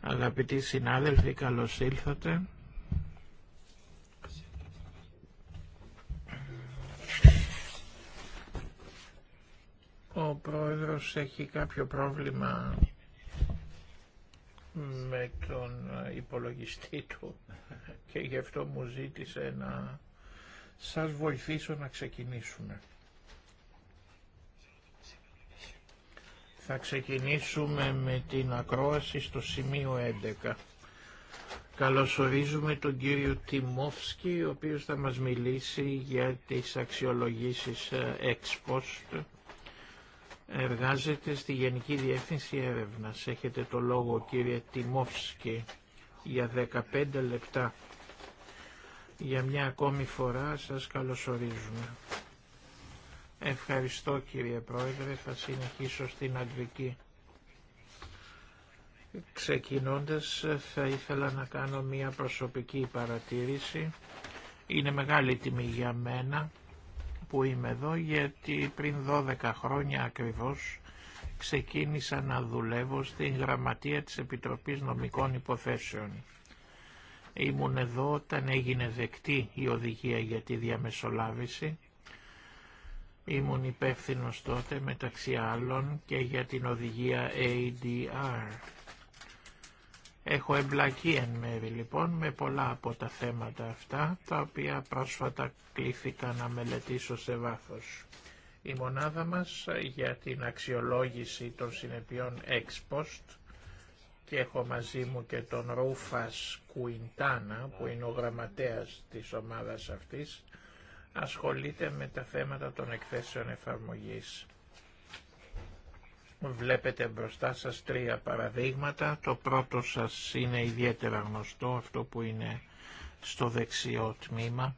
Αγαπητοί συνάδελφοι, καλώς ήλθατε. Ο πρόεδρος έχει κάποιο πρόβλημα με τον υπολογιστή του και γι' αυτό μου ζήτησε να σας βοηθήσω να ξεκινήσουμε. Θα ξεκινήσουμε με την ακρόαση στο σημείο 11. Καλωσορίζουμε τον κύριο Τιμόφσκι, ο οποίος θα μας μιλήσει για τις αξιολογήσεις ε, ex Εργάζεται στη Γενική Διεύθυνση Έρευνας. Έχετε το λόγο κύριε Τιμόφσκι για 15 λεπτά. Για μια ακόμη φορά σας καλωσορίζουμε. Ευχαριστώ κύριε Πρόεδρε, θα συνεχίσω στην Αγγλική. Ξεκινώντας θα ήθελα να κάνω μια προσωπική παρατήρηση. Είναι μεγάλη τιμή για μένα που είμαι εδώ γιατί πριν 12 χρόνια ακριβώς ξεκίνησα να δουλεύω στην γραμματεία της Επιτροπής Νομικών Υποθέσεων. Ήμουν εδώ όταν έγινε δεκτή η οδηγία για τη διαμεσολάβηση Ήμουν υπεύθυνο τότε μεταξύ άλλων και για την οδηγία ADR. Έχω εμπλακεί εν μέρη λοιπόν με πολλά από τα θέματα αυτά, τα οποία πρόσφατα κλήθηκα να μελετήσω σε βάθος. Η μονάδα μας για την αξιολόγηση των συνεπειών ex post και έχω μαζί μου και τον Ρούφας Κουιντάνα που είναι ο γραμματέας της ομάδας αυτής ασχολείται με τα θέματα των εκθέσεων εφαρμογής. Βλέπετε μπροστά σας τρία παραδείγματα. Το πρώτο σας είναι ιδιαίτερα γνωστό, αυτό που είναι στο δεξιό τμήμα.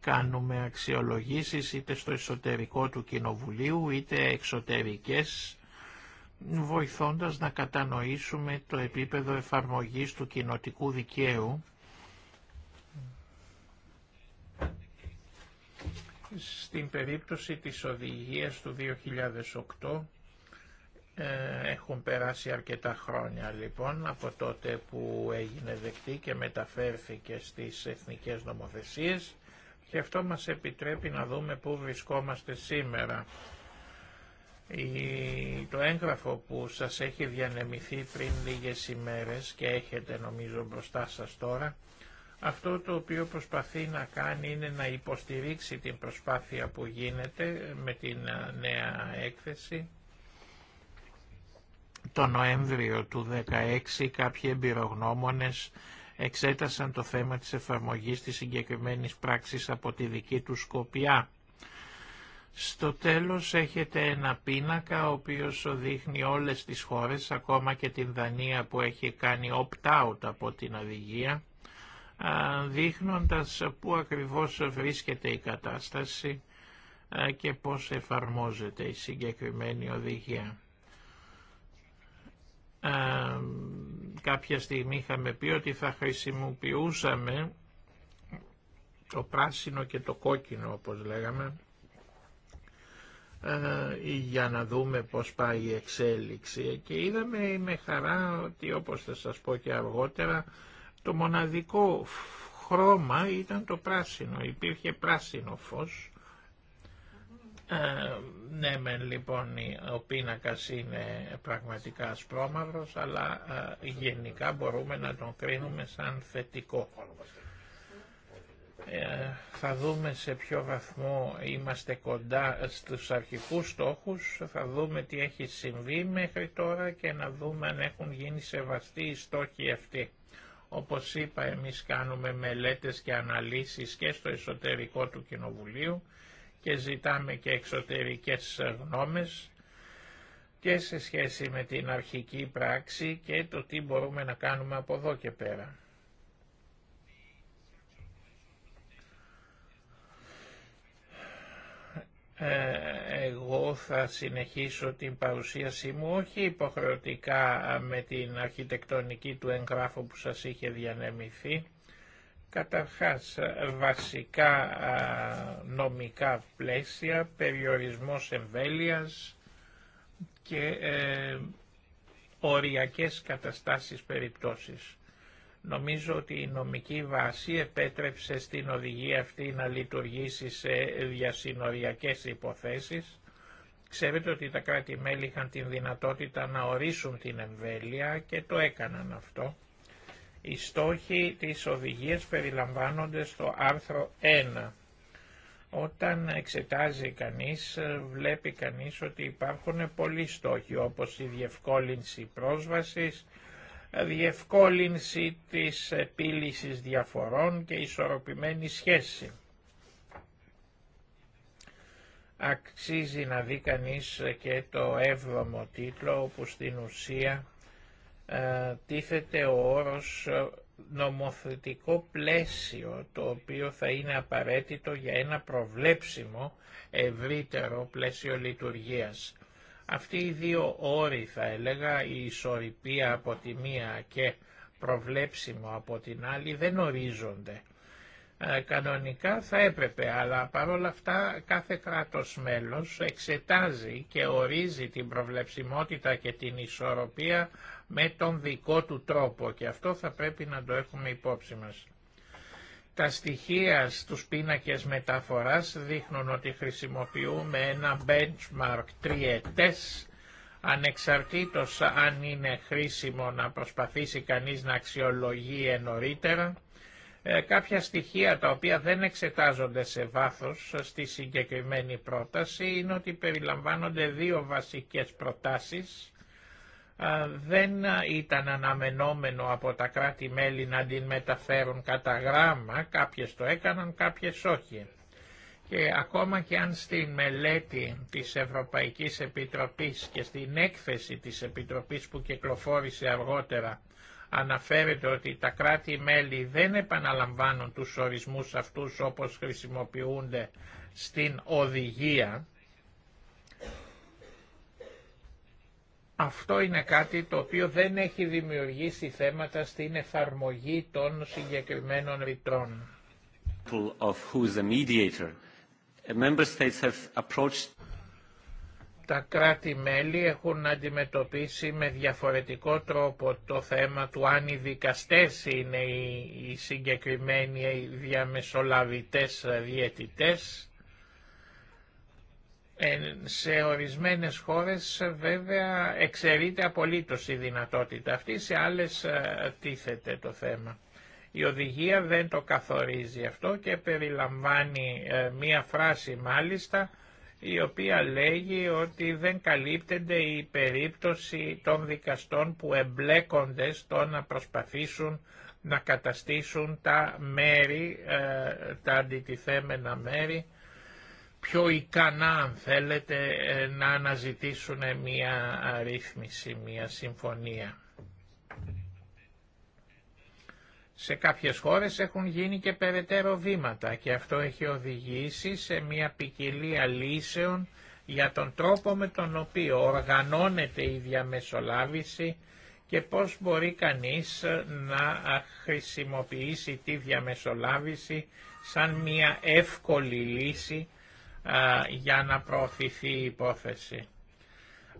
Κάνουμε αξιολογήσεις είτε στο εσωτερικό του Κοινοβουλίου είτε εξωτερικές, βοηθώντας να κατανοήσουμε το επίπεδο εφαρμογής του κοινοτικού δικαίου Στην περίπτωση της οδηγίας του 2008 ε, έχουν περάσει αρκετά χρόνια λοιπόν από τότε που έγινε δεκτή και μεταφέρθηκε στις εθνικές νομοθεσίες και αυτό μας επιτρέπει να δούμε πού βρισκόμαστε σήμερα. Το έγγραφο που σας έχει διανεμηθεί πριν λίγες ημέρες και έχετε νομίζω μπροστά σας τώρα αυτό το οποίο προσπαθεί να κάνει είναι να υποστηρίξει την προσπάθεια που γίνεται με την ε, νέα έκθεση. Το Νοέμβριο του 2016 κάποιοι εμπειρογνώμονες εξέτασαν το θέμα της εφαρμογής της συγκεκριμένης πράξης από τη δική του σκοπιά. Στο τέλος έχετε ένα πίνακα ο οποίος δείχνει όλες τις χώρες, ακόμα και την Δανία που έχει κάνει opt-out από την οδηγία, δείχνοντας πού ακριβώς βρίσκεται η κατάσταση και πώς εφαρμόζεται η συγκεκριμένη οδηγία. Κάποια στιγμή είχαμε πει ότι θα χρησιμοποιούσαμε το πράσινο και το κόκκινο όπως λέγαμε για να δούμε πώς πάει η εξέλιξη και είδαμε με χαρά ότι όπως θα σας πω και αργότερα το μοναδικό χρώμα ήταν το πράσινο, υπήρχε πράσινο φως. Ε, ναι μεν λοιπόν ο πίνακας είναι πραγματικά ασπρόμαυρος, αλλά ε, γενικά μπορούμε να τον κρίνουμε σαν θετικό. Ε, θα δούμε σε ποιο βαθμό είμαστε κοντά στους αρχικούς στόχους, θα δούμε τι έχει συμβεί μέχρι τώρα και να δούμε αν έχουν γίνει σεβαστοί οι στόχοι αυτοί. Όπως είπα εμείς κάνουμε μελέτες και αναλύσεις και στο εσωτερικό του Κοινοβουλίου και ζητάμε και εξωτερικές γνώμες και σε σχέση με την αρχική πράξη και το τι μπορούμε να κάνουμε από εδώ και πέρα. Ε, εγώ θα συνεχίσω την παρουσίασή μου όχι υποχρεωτικά με την αρχιτεκτονική του εγγράφου που σας είχε διανεμηθεί. Καταρχάς, βασικά νομικά πλαίσια, περιορισμός εμβέλειας και ε, οριακές καταστάσεις περιπτώσεις. Νομίζω ότι η νομική βάση επέτρεψε στην οδηγία αυτή να λειτουργήσει σε διασυνοριακές υποθέσεις. Ξέρετε ότι τα κράτη-μέλη είχαν την δυνατότητα να ορίσουν την εμβέλεια και το έκαναν αυτό. Οι στόχοι της οδηγίας περιλαμβάνονται στο άρθρο 1. Όταν εξετάζει κανείς, βλέπει κανείς ότι υπάρχουν πολλοί στόχοι, όπως η διευκόλυνση πρόσβασης, διευκόλυνση της επίλυσης διαφορών και ισορροπημένη σχέση. Αξίζει να δει κανείς και το έβδομο τίτλο όπου στην ουσία ε, τίθεται ο όρος νομοθετικό πλαίσιο το οποίο θα είναι απαραίτητο για ένα προβλέψιμο ευρύτερο πλαίσιο λειτουργίας. Αυτοί οι δύο όροι θα έλεγα, η ισορροπία από τη μία και προβλέψιμο από την άλλη δεν ορίζονται. Ε, κανονικά θα έπρεπε, αλλά παρόλα αυτά κάθε κράτος μέλος εξετάζει και ορίζει την προβλεψιμότητα και την ισορροπία με τον δικό του τρόπο και αυτό θα πρέπει να το έχουμε υπόψη μας. Τα στοιχεία στους πίνακες μεταφοράς δείχνουν ότι χρησιμοποιούμε ένα benchmark τριετές ανεξαρτήτως αν είναι χρήσιμο να προσπαθήσει κανείς να αξιολογεί νωρίτερα, ε, κάποια στοιχεία τα οποία δεν εξετάζονται σε βάθος στη συγκεκριμένη πρόταση είναι ότι περιλαμβάνονται δύο βασικές προτάσεις δεν ήταν αναμενόμενο από τα κράτη-μέλη να την μεταφέρουν κατά γράμμα, κάποιες το έκαναν, κάποιες όχι. Και ακόμα και αν στην μελέτη της Ευρωπαϊκής Επιτροπής και στην έκθεση της Επιτροπής που κυκλοφόρησε αργότερα αναφέρεται ότι τα κράτη-μέλη δεν επαναλαμβάνουν τους ορισμούς αυτούς όπως χρησιμοποιούνται στην οδηγία, Αυτό είναι κάτι το οποίο δεν έχει δημιουργήσει θέματα στην εφαρμογή των συγκεκριμένων ρητρών. Uh, Τα κράτη-μέλη έχουν αντιμετωπίσει με διαφορετικό τρόπο το θέμα του αν οι δικαστές είναι οι συγκεκριμένοι διαμεσολαβητές διαιτητές σε ορισμένες χώρες ε, βέβαια εξαιρείται απολύτως η δυνατότητα αυτή, σε άλλες ε, τίθεται το θέμα. Η οδηγία δεν το καθορίζει αυτό και περιλαμβάνει ε, μία φράση μάλιστα η οποία λέγει ότι δεν καλύπτεται η περίπτωση των δικαστών που εμπλέκονται στο να προσπαθήσουν να καταστήσουν τα μέρη, τα αντιτιθέμενα μέρη, πιο ικανά αν θέλετε ε, να αναζητήσουν μια αρρύθμιση, μια συμφωνία. Σε κάποιες χώρες έχουν γίνει και περαιτέρω βήματα και αυτό έχει οδηγήσει σε μια ποικιλία λύσεων για τον τρόπο με τον οποίο οργανώνεται η διαμεσολάβηση και πώς μπορεί κανείς ε, να χρησιμοποιήσει τη διαμεσολάβηση σαν μια εύκολη λύση για να προωθηθεί η υπόθεση.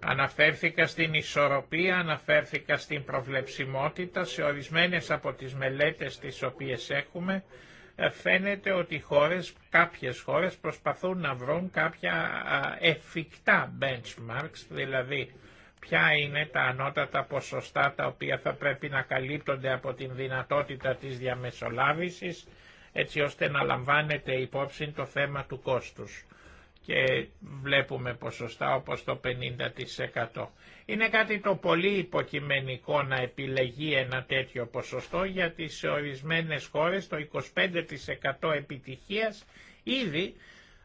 Αναφέρθηκα στην ισορροπία, αναφέρθηκα στην προβλεψιμότητα, σε ορισμένες από τις μελέτες τις οποίες έχουμε, φαίνεται ότι χώρες, κάποιες χώρες προσπαθούν να βρουν κάποια εφικτά benchmarks, δηλαδή ποια είναι τα ανώτατα ποσοστά τα οποία θα πρέπει να καλύπτονται από την δυνατότητα της διαμεσολάβησης, έτσι ώστε να λαμβάνεται υπόψη το θέμα του κόστους και βλέπουμε ποσοστά όπως το 50%. Είναι κάτι το πολύ υποκειμενικό να επιλεγεί ένα τέτοιο ποσοστό γιατί σε ορισμένες χώρες το 25% επιτυχίας ήδη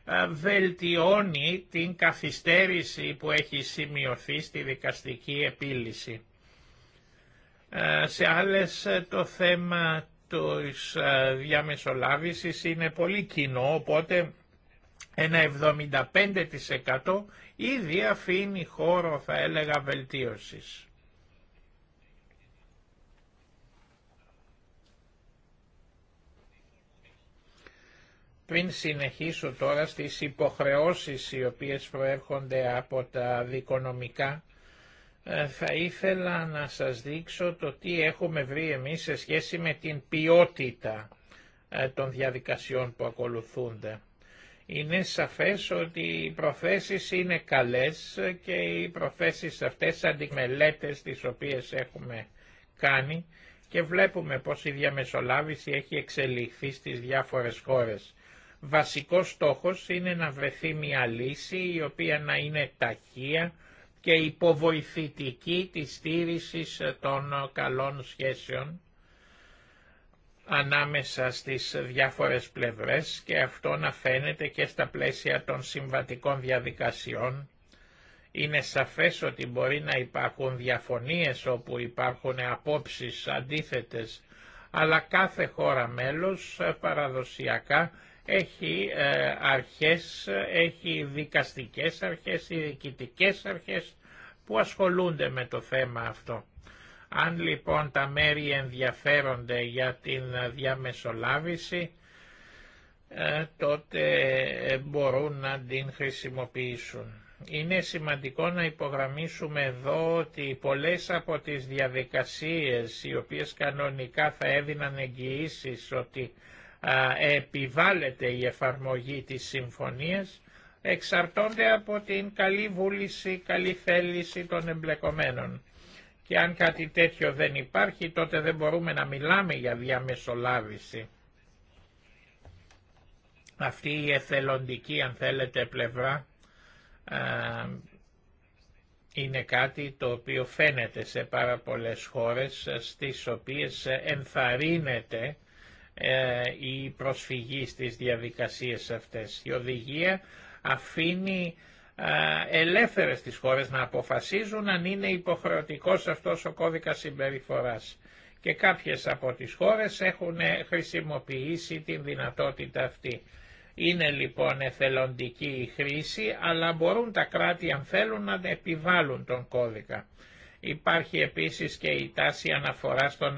ε, βελτιώνει την καθυστέρηση που έχει σημειωθεί στη δικαστική επίλυση. Ε, σε άλλες ε, το θέμα της διαμεσολάβησης είναι πολύ κοινό, οπότε ένα 75% ήδη αφήνει χώρο θα έλεγα βελτίωσης. Πριν συνεχίσω τώρα στις υποχρεώσεις οι οποίες προέρχονται από τα δικονομικά, ε, θα ήθελα να σας δείξω το τι έχουμε βρει εμείς σε σχέση με την ποιότητα ε, των διαδικασιών που ακολουθούνται. Είναι σαφές ότι οι προθέσεις είναι καλές και οι προθέσεις αυτές αντιμελέτες τις οποίες έχουμε κάνει και βλέπουμε πως η διαμεσολάβηση έχει εξελιχθεί στις διάφορες χώρες. Βασικός στόχος είναι να βρεθεί μια λύση η οποία να είναι ταχεία και υποβοηθητική της στήρισης των καλών σχέσεων ανάμεσα στις διάφορες πλευρές και αυτό να φαίνεται και στα πλαίσια των συμβατικών διαδικασιών. Είναι σαφές ότι μπορεί να υπάρχουν διαφωνίες όπου υπάρχουν απόψεις αντίθετες, αλλά κάθε χώρα μέλος ε, παραδοσιακά έχει ε, αρχές, έχει δικαστικές αρχές, διοικητικές αρχές που ασχολούνται με το θέμα αυτό. Αν λοιπόν τα μέρη ενδιαφέρονται για την διαμεσολάβηση, ε, τότε μπορούν να την χρησιμοποιήσουν. Είναι σημαντικό να υπογραμμίσουμε εδώ ότι πολλές από τις διαδικασίες οι οποίες κανονικά θα έδιναν εγγυήσει ότι επιβάλλεται η εφαρμογή της συμφωνίας εξαρτώνται από την καλή βούληση, καλή θέληση των εμπλεκομένων. Και αν κάτι τέτοιο δεν υπάρχει, τότε δεν μπορούμε να μιλάμε για διαμεσολάβηση. Αυτή η εθελοντική, αν θέλετε, πλευρά είναι κάτι το οποίο φαίνεται σε πάρα πολλές χώρες στις οποίες ενθαρρύνεται ε, η προσφυγή στις διαδικασίες αυτές. Η οδηγία αφήνει ε, ελεύθερες τις χώρες να αποφασίζουν αν είναι υποχρεωτικός αυτός ο κώδικας συμπεριφοράς. Και κάποιες από τις χώρες έχουν χρησιμοποιήσει την δυνατότητα αυτή. Είναι λοιπόν εθελοντική η χρήση, αλλά μπορούν τα κράτη αν θέλουν να επιβάλλουν τον κώδικα. Υπάρχει επίσης και η τάση αναφορά στον,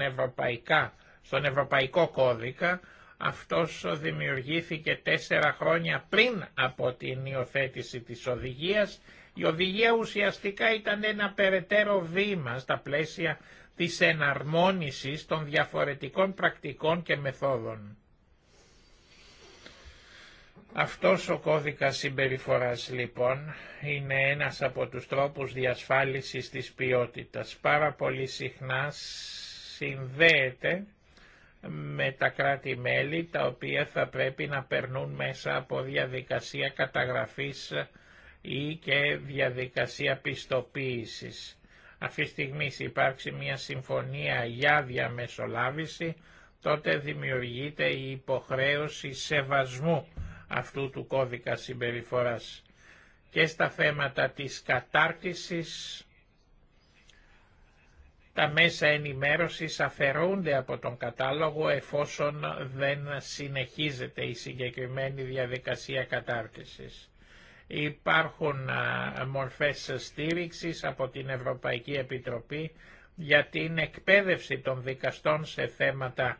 στον ευρωπαϊκό κώδικα, αυτός δημιουργήθηκε τέσσερα χρόνια πριν από την υιοθέτηση της οδηγίας. Η οδηγία ουσιαστικά ήταν ένα περαιτέρω βήμα στα πλαίσια της εναρμόνισης των διαφορετικών πρακτικών και μεθόδων. Αυτός ο κώδικας συμπεριφοράς λοιπόν είναι ένας από τους τρόπους διασφάλισης της ποιότητας. Πάρα πολύ συχνά συνδέεται με τα κράτη-μέλη τα οποία θα πρέπει να περνούν μέσα από διαδικασία καταγραφής ή και διαδικασία πιστοποίησης. Αυτή τη στιγμή υπάρξει μια συμφωνία για διαμεσολάβηση, τότε δημιουργείται η υποχρέωση σεβασμού αυτού του κώδικα συμπεριφοράς. Και στα θέματα της κατάρτισης τα μέσα ενημέρωσης αφαιρούνται από τον κατάλογο εφόσον δεν συνεχίζεται η συγκεκριμένη διαδικασία κατάρτισης. Υπάρχουν μορφές στήριξης από την Ευρωπαϊκή Επιτροπή για την εκπαίδευση των δικαστών σε θέματα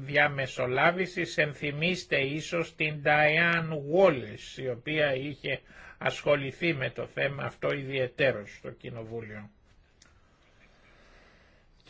διαμεσολάβησης. Ενθυμίστε ίσως την Diane Wallace, η οποία είχε ασχοληθεί με το θέμα αυτό ιδιαίτερο στο Κοινοβούλιο.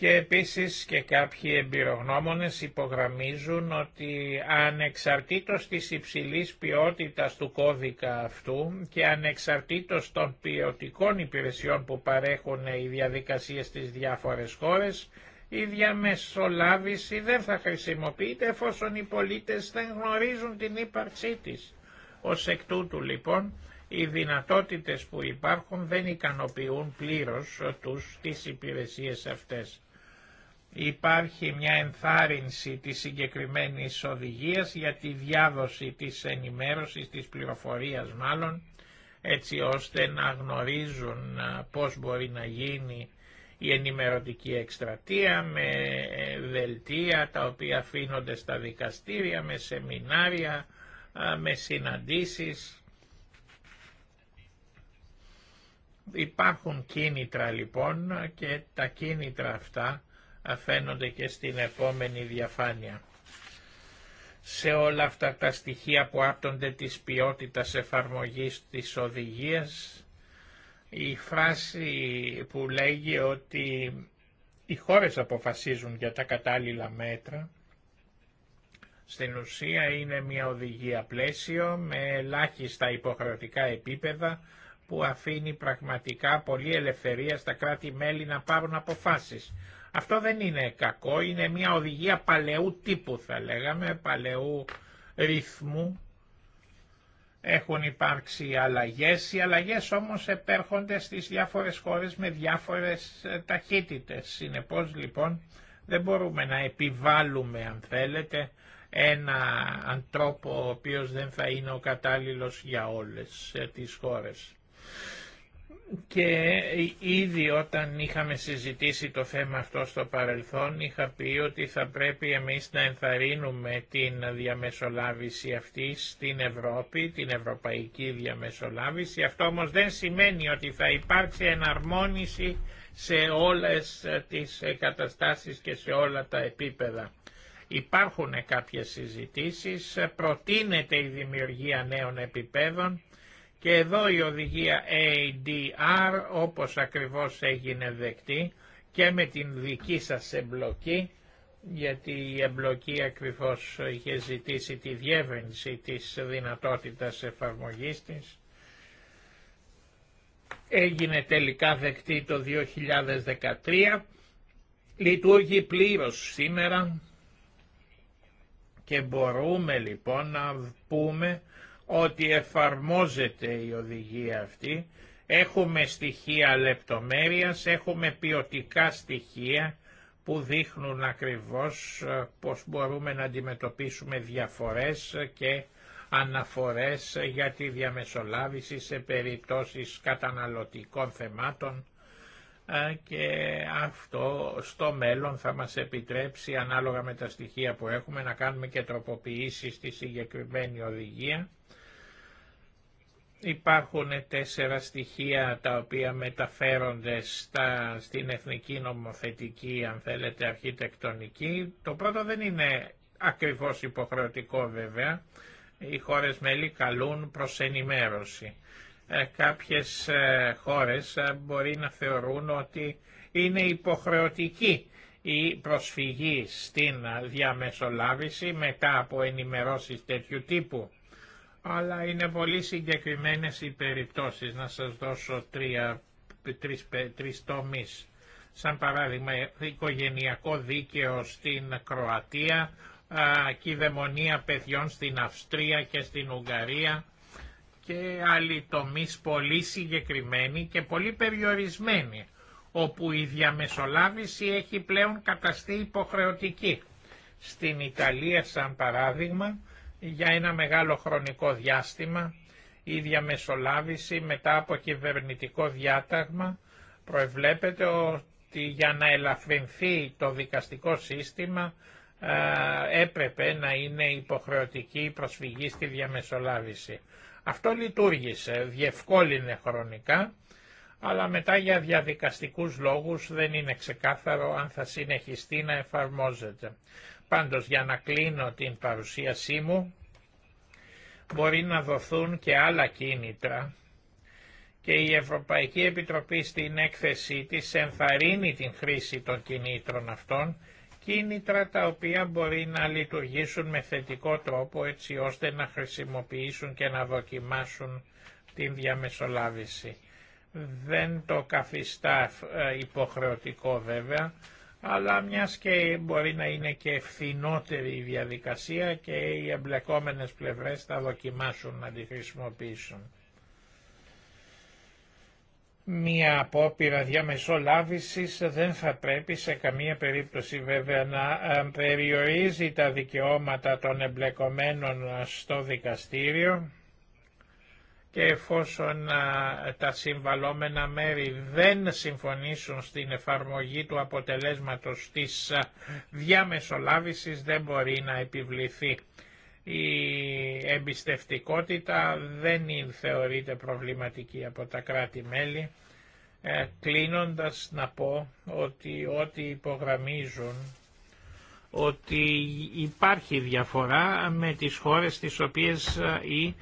Και επίσης και κάποιοι εμπειρογνώμονες υπογραμμίζουν ότι ανεξαρτήτως της υψηλής ποιότητας του κώδικα αυτού και ανεξαρτήτως των ποιοτικών υπηρεσιών που παρέχουν οι διαδικασίες στις διάφορες χώρες, η διαμεσολάβηση δεν θα χρησιμοποιείται εφόσον οι πολίτες δεν γνωρίζουν την ύπαρξή της. Ως εκ τούτου λοιπόν οι δυνατότητες που υπάρχουν δεν ικανοποιούν πλήρως τους τις υπηρεσίες αυτές. Υπάρχει μια ενθάρρυνση της συγκεκριμένης οδηγίας για τη διάδοση της ενημέρωσης, της πληροφορίας μάλλον, έτσι ώστε να γνωρίζουν πώς μπορεί να γίνει η ενημερωτική εκστρατεία με ε, δελτία τα οποία αφήνονται στα δικαστήρια, με σεμινάρια, με συναντήσεις. Υπάρχουν κίνητρα λοιπόν και τα κίνητρα αυτά αφαίνονται και στην επόμενη διαφάνεια. Σε όλα αυτά τα στοιχεία που άπτονται της ποιότητας εφαρμογής της οδηγίας, η φράση που λέγει ότι οι χώρες αποφασίζουν για τα κατάλληλα μέτρα, στην ουσία είναι μια οδηγία πλαίσιο με ελάχιστα υποχρεωτικά επίπεδα που αφήνει πραγματικά πολλή ελευθερία στα κράτη-μέλη να πάρουν αποφάσεις. Αυτό δεν είναι κακό, είναι μια οδηγία παλαιού τύπου θα λέγαμε, παλαιού ρυθμού. Έχουν υπάρξει αλλαγές, οι αλλαγές όμως επέρχονται στις διάφορες χώρες με διάφορες ε, ταχύτητες. Συνεπώς λοιπόν δεν μπορούμε να επιβάλλουμε αν θέλετε ένα τρόπο ο οποίος δεν θα είναι ο κατάλληλος για όλες ε, τις χώρες. Και ε, ήδη όταν είχαμε συζητήσει το θέμα αυτό στο παρελθόν είχα πει ότι θα πρέπει εμείς να ενθαρρύνουμε την διαμεσολάβηση αυτή στην Ευρώπη, την ευρωπαϊκή διαμεσολάβηση. Αυτό όμως δεν σημαίνει ότι θα υπάρξει εναρμόνιση σε όλες τις καταστάσεις και σε όλα τα επίπεδα. Υπάρχουν κάποιες συζητήσεις, προτείνεται η δημιουργία νέων επιπέδων, και εδώ η οδηγία ADR όπως ακριβώς έγινε δεκτή και με την δική σας εμπλοκή γιατί η εμπλοκή ακριβώς είχε ζητήσει τη διεύρυνση της δυνατότητας εφαρμογής της. Έγινε τελικά δεκτή το 2013, λειτουργεί πλήρως σήμερα και μπορούμε λοιπόν να πούμε ότι εφαρμόζεται η οδηγία αυτή, έχουμε στοιχεία λεπτομέρειας, έχουμε ποιοτικά στοιχεία που δείχνουν ακριβώς ε, πώς μπορούμε να αντιμετωπίσουμε διαφορές και αναφορές για τη διαμεσολάβηση σε περιπτώσεις καταναλωτικών θεμάτων ε, και αυτό στο μέλλον θα μας επιτρέψει ανάλογα με τα στοιχεία που έχουμε να κάνουμε και τροποποιήσεις στη συγκεκριμένη οδηγία Υπάρχουν τέσσερα στοιχεία τα οποία μεταφέρονται στα, στην εθνική νομοθετική, αν θέλετε, αρχιτεκτονική. Το πρώτο δεν είναι ακριβώς υποχρεωτικό βέβαια. Οι χώρες μέλη καλούν προς ενημέρωση. Ε, κάποιες ε, χώρες ε, μπορεί να θεωρούν ότι είναι υποχρεωτική η προσφυγή στην διαμεσολάβηση μετά από ενημερώσεις τέτοιου τύπου αλλά είναι πολύ συγκεκριμένες οι περιπτώσεις. Να σας δώσω τρία, τρεις, Σαν παράδειγμα, οικογενειακό δίκαιο στην Κροατία, κυδαιμονία παιδιών στην Αυστρία και στην Ουγγαρία και άλλοι τομείς πολύ συγκεκριμένοι και πολύ περιορισμένοι, όπου η διαμεσολάβηση έχει πλέον καταστεί υποχρεωτική. Στην Ιταλία, σαν παράδειγμα, για ένα μεγάλο χρονικό διάστημα η διαμεσολάβηση μετά από κυβερνητικό διάταγμα προεβλέπεται ότι για να ελαφρυνθεί το δικαστικό σύστημα ε, έπρεπε να είναι υποχρεωτική η προσφυγή στη διαμεσολάβηση. Αυτό λειτουργήσε, διευκόλυνε χρονικά, αλλά μετά για διαδικαστικούς λόγους δεν είναι ξεκάθαρο αν θα συνεχιστεί να εφαρμόζεται. Πάντως για να κλείνω την παρουσίασή μου, μπορεί να δοθούν και άλλα κίνητρα και η Ευρωπαϊκή Επιτροπή στην έκθεσή της ενθαρρύνει την χρήση των κινήτρων αυτών, κίνητρα τα οποία μπορεί να λειτουργήσουν με θετικό τρόπο έτσι ώστε να χρησιμοποιήσουν και να δοκιμάσουν την διαμεσολάβηση. Δεν το καθιστά ε, υποχρεωτικό βέβαια, αλλά μιας και μπορεί να είναι και φθηνότερη η διαδικασία και οι εμπλεκόμενες πλευρές θα δοκιμάσουν να τη χρησιμοποιήσουν. Μία απόπειρα διαμεσολάβησης δεν θα πρέπει σε καμία περίπτωση βέβαια να ε, περιορίζει τα δικαιώματα των εμπλεκομένων στο δικαστήριο και εφόσον τα συμβαλόμενα μέρη δεν συμφωνήσουν στην εφαρμογή του αποτελέσματος της διαμεσολάβησης δεν μπορεί να επιβληθεί. Η εμπιστευτικότητα δεν θεωρείται προβληματική από τα κράτη-μέλη. Ε, κλείνοντας να πω ότι ό,τι υπογραμμίζουν ότι υπάρχει διαφορά με τις χώρες τις οποίες η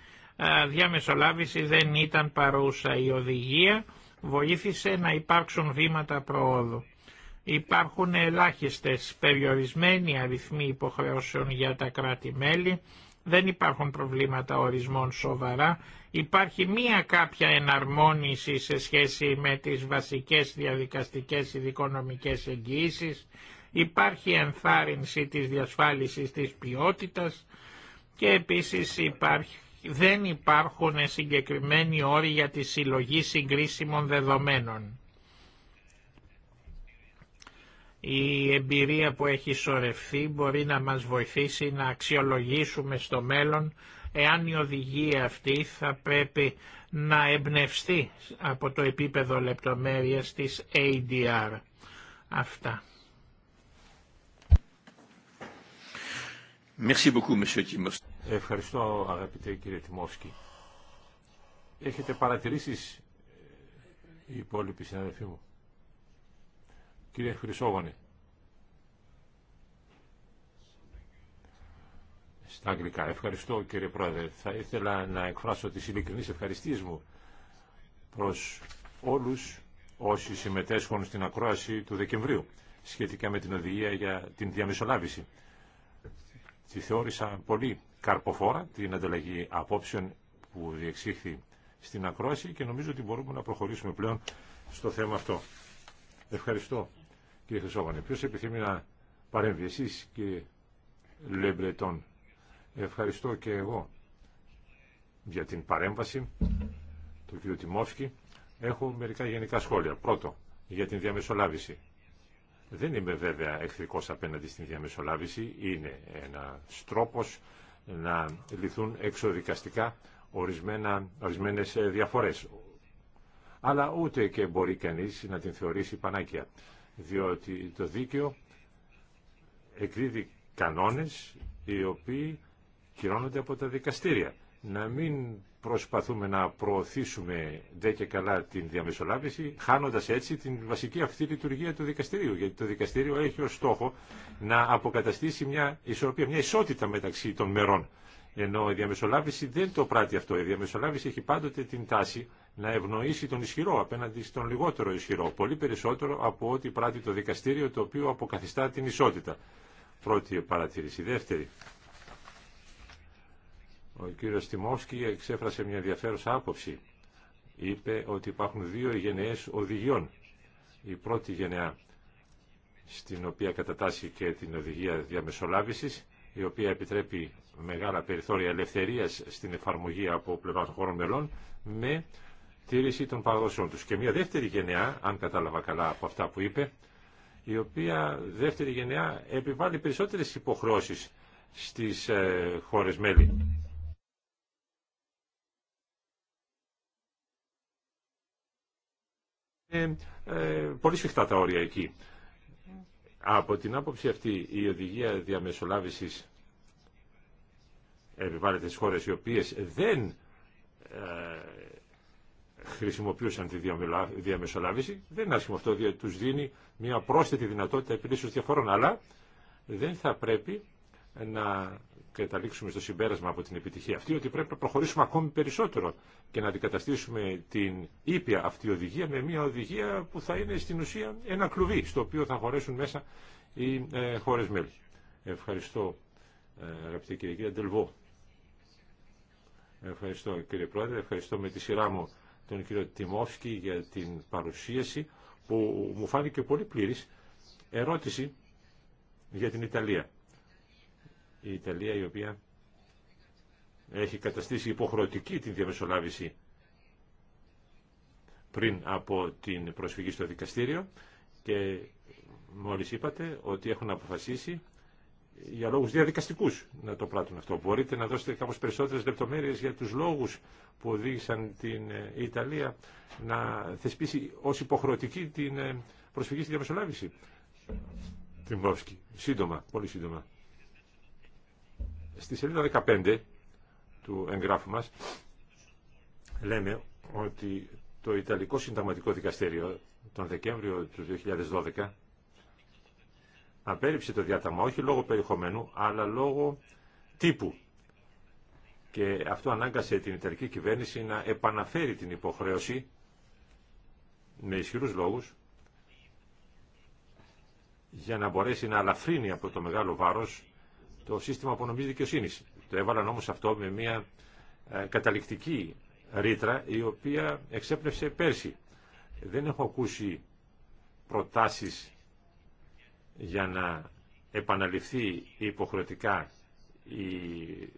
διαμεσολάβηση δεν ήταν παρούσα. Η οδηγία βοήθησε να υπάρξουν βήματα προόδου. Υπάρχουν ελάχιστες περιορισμένοι αριθμοί υποχρεώσεων για τα κράτη-μέλη, δεν υπάρχουν προβλήματα ορισμών σοβαρά, υπάρχει μία κάποια εναρμόνιση σε σχέση με τις βασικές διαδικαστικές ειδικονομικές εγγυήσεις, υπάρχει ενθάρρυνση της διασφάλισης της ποιότητας και επίσης υπάρχει δεν υπάρχουν συγκεκριμένοι όροι για τη συλλογή συγκρίσιμων δεδομένων. Η εμπειρία που έχει σωρευθεί μπορεί να μας βοηθήσει να αξιολογήσουμε στο μέλλον εάν η οδηγία αυτή θα πρέπει να εμπνευστεί από το επίπεδο λεπτομέρειας της ADR. Αυτά. Merci beaucoup, Monsieur Ευχαριστώ αγαπητέ κύριε Τιμόσκι. Έχετε παρατηρήσεις οι υπόλοιποι συναδελφοί μου. Κύριε Χρυσόγονη. Στα αγγλικά. Ευχαριστώ κύριε Πρόεδρε. Θα ήθελα να εκφράσω τις ειλικρινείς ευχαριστίες μου προς όλους όσοι συμμετέσχουν στην ακρόαση του Δεκεμβρίου σχετικά με την οδηγία για την διαμεσολάβηση. Τη θεώρησα πολύ καρποφόρα την ανταλλαγή απόψεων που διεξήχθη στην ακρόαση και νομίζω ότι μπορούμε να προχωρήσουμε πλέον στο θέμα αυτό. Ευχαριστώ κύριε Χρυσόγανε. Ποιος επιθυμεί να παρέμβει εσείς κύριε Λεμπρετών. Ευχαριστώ και εγώ για την παρέμβαση του κύριου Τιμόφσκι. Έχω μερικά γενικά σχόλια. Πρώτο, για την διαμεσολάβηση. Δεν είμαι βέβαια εχθρικός απέναντι στην διαμεσολάβηση. Είναι ένα τρόπος να λυθούν εξοδικαστικά ορισμένα, ορισμένες ε, διαφορές. Αλλά ούτε και μπορεί κανείς να την θεωρήσει πανάκια, διότι το δίκαιο εκδίδει κανόνες οι οποίοι κυρώνονται από τα δικαστήρια. Να μην προσπαθούμε να προωθήσουμε δε και καλά την διαμεσολάβηση, χάνοντας έτσι την βασική αυτή λειτουργία του δικαστηρίου. Γιατί το δικαστήριο έχει ως στόχο να αποκαταστήσει μια ισορροπία, μια ισότητα μεταξύ των μερών. Ενώ η διαμεσολάβηση δεν το πράττει αυτό. Η διαμεσολάβηση έχει πάντοτε την τάση να ευνοήσει τον ισχυρό απέναντι στον λιγότερο ισχυρό. Πολύ περισσότερο από ό,τι πράττει το δικαστήριο το οποίο αποκαθιστά την ισότητα. Πρώτη παρατήρηση. Δεύτερη. Ο κύριος Τιμόφσκι εξέφρασε μια ενδιαφέρουσα άποψη. Είπε ότι υπάρχουν δύο γενναίες οδηγιών. Η πρώτη γενναία στην οποία κατατάσσει και την οδηγία διαμεσολάβησης, η οποία επιτρέπει μεγάλα περιθώρια ελευθερίας στην εφαρμογή από πλευρά των χωρών μελών, με τήρηση των παραδόσεων τους. Και μια δεύτερη γενναία, αν κατάλαβα καλά από αυτά που είπε, η οποία δεύτερη γενεά επιβάλλει περισσότερες υποχρεώσεις στις ε, χώρες μέλη. είναι ε, πολύ σφιχτά τα όρια εκεί. Από την άποψη αυτή η οδηγία διαμεσολάβησης επιβάλλεται στις χώρες οι οποίες δεν ε, χρησιμοποιούσαν τη διαμεσολάβηση. Δεν είναι άσχημο αυτό, διότι τους δίνει μια πρόσθετη δυνατότητα επιλύσεως διαφορών, αλλά δεν θα πρέπει να καταλήξουμε στο συμπέρασμα από την επιτυχία αυτή ότι πρέπει να προχωρήσουμε ακόμη περισσότερο και να αντικαταστήσουμε την ήπια αυτή οδηγία με μια οδηγία που θα είναι στην ουσία ένα κλουβί στο οποίο θα χωρέσουν μέσα οι ε, χώρε μέλη. Ευχαριστώ ε, αγαπητή κύριε κύριε Ντελβό. Ευχαριστώ κύριε Πρόεδρε, ευχαριστώ με τη σειρά μου τον κύριο Τιμόφσκι για την παρουσίαση που μου φάνηκε πολύ πλήρης ερώτηση για την Ιταλία η Ιταλία η οποία έχει καταστήσει υποχρεωτική την διαμεσολάβηση πριν από την προσφυγή στο δικαστήριο και μόλις είπατε ότι έχουν αποφασίσει για λόγους διαδικαστικούς να το πράττουν αυτό. Μπορείτε να δώσετε κάπως περισσότερες λεπτομέρειες για τους λόγους που οδήγησαν την ε, Ιταλία να θεσπίσει ως υποχρεωτική την ε, προσφυγή στη διαμεσολάβηση. Σύντομα, πολύ σύντομα. Στη σελίδα 15 του εγγράφου μας λέμε ότι το Ιταλικό Συνταγματικό Δικαστήριο τον Δεκέμβριο του 2012 απέριψε το διάταγμα όχι λόγω περιεχομένου αλλά λόγω τύπου και αυτό ανάγκασε την Ιταλική κυβέρνηση να επαναφέρει την υποχρέωση με ισχυρούς λόγους για να μπορέσει να αλαφρύνει από το μεγάλο βάρος το σύστημα απονομής δικαιοσύνης. Το έβαλαν όμως αυτό με μια ε, καταληκτική ρήτρα η οποία εξέπνευσε πέρσι. Δεν έχω ακούσει προτάσεις για να επαναληφθεί υποχρεωτικά η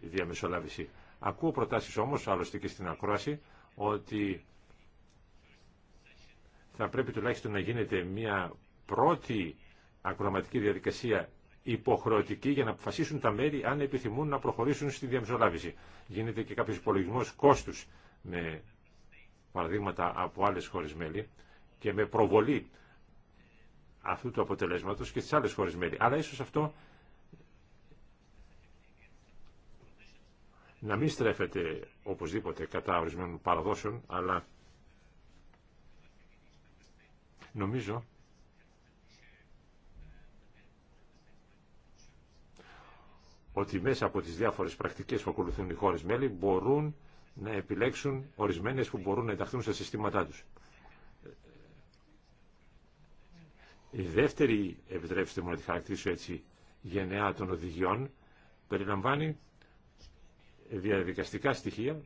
διαμεσολάβηση. Ακούω προτάσεις όμως, άλλωστε και στην ακρόαση, ότι θα πρέπει τουλάχιστον να γίνεται μια πρώτη ακροματική διαδικασία υποχρεωτική για να αποφασίσουν τα μέρη αν επιθυμούν να προχωρήσουν στη διαμεσολάβηση. Γίνεται και κάποιο υπολογισμό κόστου με παραδείγματα από άλλε χώρε μέλη και με προβολή αυτού του αποτελέσματος και στι άλλες χώρε μέλη. Αλλά ίσως αυτό να μην στρέφεται οπωσδήποτε κατά ορισμένων παραδόσεων, αλλά νομίζω ότι μέσα από τις διάφορες πρακτικές που ακολουθούν οι χώρες μέλη μπορούν να επιλέξουν ορισμένες που μπορούν να ενταχθούν στα συστήματά τους. Η δεύτερη, επιτρέψτε μου να τη χαρακτήσω έτσι, γενεά των οδηγιών περιλαμβάνει διαδικαστικά στοιχεία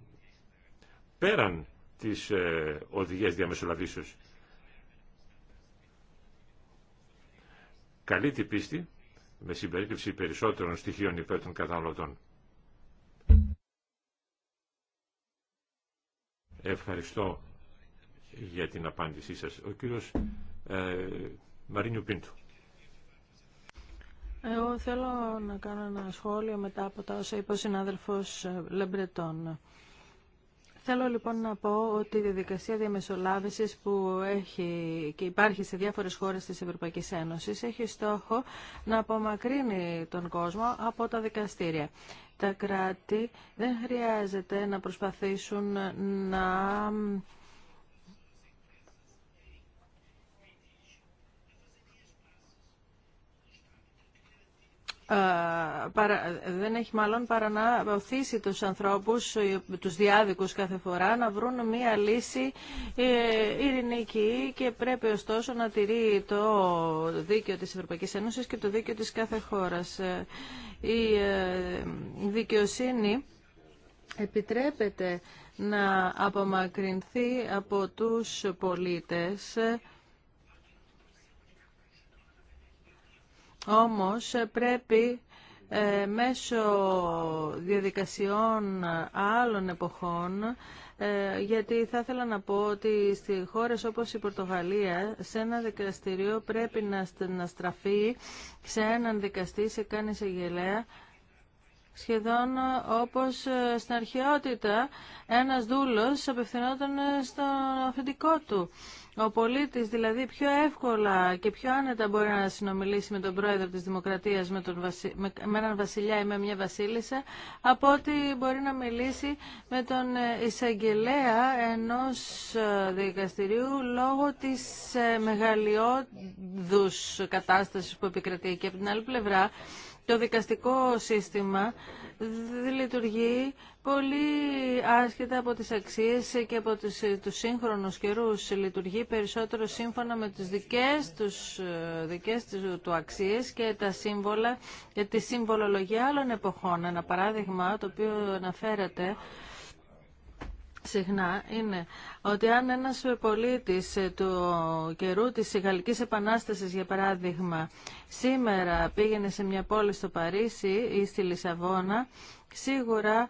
πέραν της ε, οδηγίας διαμεσολαβήσεως. Καλή την πίστη με συμπερίληψη περισσότερων στοιχείων υπέρ των καταναλωτών. Ευχαριστώ για την απάντησή σας. Ο κύριος ε, Μαρίνιου Πίντου. Εγώ θέλω να κάνω ένα σχόλιο μετά από τα όσα είπε ο συνάδελφος Λεμπρετών. Θέλω λοιπόν να πω ότι η διαδικασία διαμεσολάβησης που έχει και υπάρχει σε διάφορες χώρες της Ευρωπαϊκής Ένωσης έχει στόχο να απομακρύνει τον κόσμο από τα δικαστήρια. Τα κράτη δεν χρειάζεται να προσπαθήσουν να δεν έχει μάλλον παρά να οθήσει τους ανθρώπους, ε, τους διάδικους κάθε φορά να βρουν μία λύση ε, ειρηνική και πρέπει ωστόσο να τηρεί το δίκαιο της Ευρωπαϊκής Ένωσης και το δίκαιο της κάθε χώρας. Ε, η δικαιοσύνη επιτρέπεται να απομακρυνθεί από τους πολίτες Όμως ε, πρέπει ε, μέσω διαδικασιών άλλων εποχών ε, γιατί θα ήθελα να πω ότι στι χώρες όπως η Πορτογαλία σε ένα δικαστηριό πρέπει να, στραφεί σε έναν δικαστή, σε κάνει εισαγγελέα Σχεδόν όπως ε, στην αρχαιότητα ένας δούλος απευθυνόταν ε, στον αφεντικό του. Ο πολίτης δηλαδή πιο εύκολα και πιο άνετα μπορεί να συνομιλήσει με τον πρόεδρο της δημοκρατίας, με, τον έναν βασιλιά ή με μια βασίλισσα, από ότι μπορεί να μιλήσει με τον ε, εισαγγελέα ενός δικαστηρίου λόγω της μεγαλειώδους κατάστασης που επικρατεί. Και από την άλλη πλευρά, το δικαστικό σύστημα λειτουργεί πολύ άσχετα από τις αξίες και από τους, τους σύγχρονους καιρούς. Λειτουργεί περισσότερο σύμφωνα με τις δικές, τους, δικές του, του αξίες και τα σύμβολα και τη συμβολολογία άλλων εποχών. Ένα παράδειγμα το οποίο αναφέρεται συχνά είναι ότι αν ένας πολίτης του καιρού της Γαλλικής Επανάστασης, για παράδειγμα, σήμερα πήγαινε σε μια πόλη στο Παρίσι ή στη Λισαβόνα, σίγουρα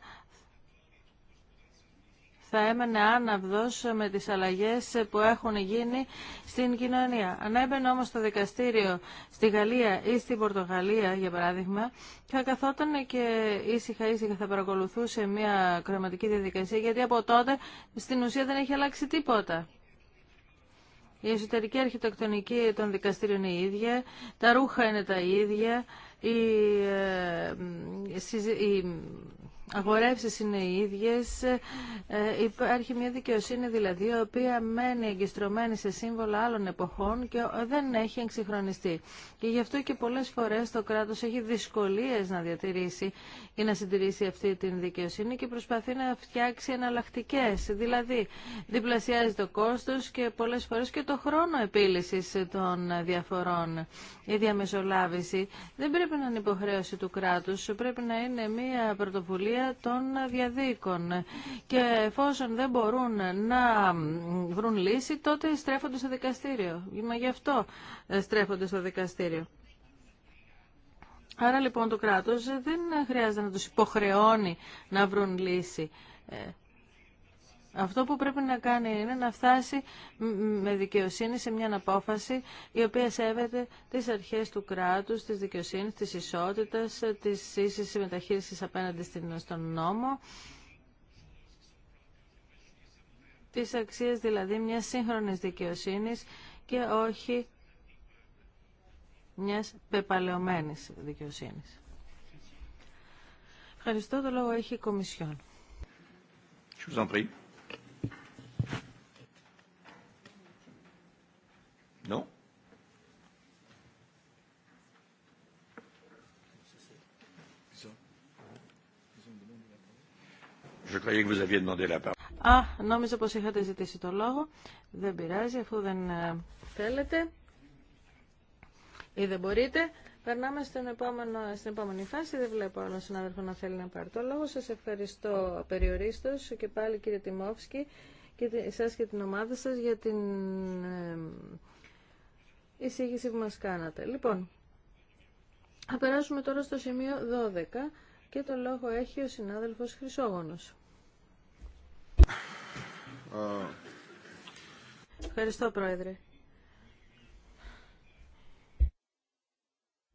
θα έμενε άναυδος με τις αλλαγές που έχουν γίνει στην κοινωνία. Αν έμπαινε όμως το δικαστήριο στη Γαλλία ή στην Πορτογαλία, για παράδειγμα, θα καθόταν και ήσυχα ήσυχα θα παρακολουθούσε μια κρεματική διαδικασία, γιατί από τότε στην ουσία δεν έχει αλλάξει τίποτα. Η εσωτερική αρχιτεκτονική των δικαστήριων είναι η ίδια, τα ρούχα είναι τα ίδια, η, ε, η, αγορεύσεις είναι οι ίδιε, ε, υπάρχει μια δικαιοσύνη δηλαδή η οποία μένει εγκιστρωμένη σε σύμβολα άλλων εποχών και δεν έχει εξυγχρονιστεί. Και γι' αυτό και πολλέ φορέ το κράτο έχει δυσκολίε να διατηρήσει ή να συντηρήσει αυτή την δικαιοσύνη και προσπαθεί να φτιάξει εναλλακτικέ. Δηλαδή διπλασιάζει το κόστο και πολλέ φορέ και το χρόνο επίλυση των διαφορών. Η διαμεσολάβηση δεν πρέπει να είναι υποχρέωση του κράτου, πρέπει να είναι μια πρωτοβουλία των διαδίκων. Και εφόσον δεν μπορούν να βρουν λύση, τότε στρέφονται στο δικαστήριο. Μα γι' αυτό ε, στρέφονται στο δικαστήριο. Άρα λοιπόν το κράτος δεν χρειάζεται να τους υποχρεώνει να βρουν λύση. Ε, αυτό που πρέπει να κάνει είναι να φτάσει με δικαιοσύνη σε μια απόφαση η οποία σέβεται τις αρχές του κράτους, της δικαιοσύνης, της ισότητας, της ίσης μεταχείρισης απέναντι στον νόμο, τις αξίες δηλαδή μια σύγχρονης δικαιοσύνης και όχι μιας πεπαλαιωμένης δικαιοσύνης. Ευχαριστώ. Το λόγο έχει η Κομισιόν. Non Α, νόμιζα πως είχατε ζητήσει το λόγο. Δεν πειράζει, αφού δεν ε, θέλετε ή δεν μπορείτε. Περνάμε στην επόμενη φάση. Δεν βλέπω άλλο συνάδελφο να θέλει να πάρει το λόγο. Σας ευχαριστώ περιορίστως και πάλι κύριε Τιμόφσκι και εσάς και την ομάδα σας για την ε, εισήγηση που μας κάνατε. Λοιπόν, θα περάσουμε τώρα στο σημείο 12 και το λόγο έχει ο συνάδελφος Χρυσόγονος. Uh. Ευχαριστώ, Πρόεδρε.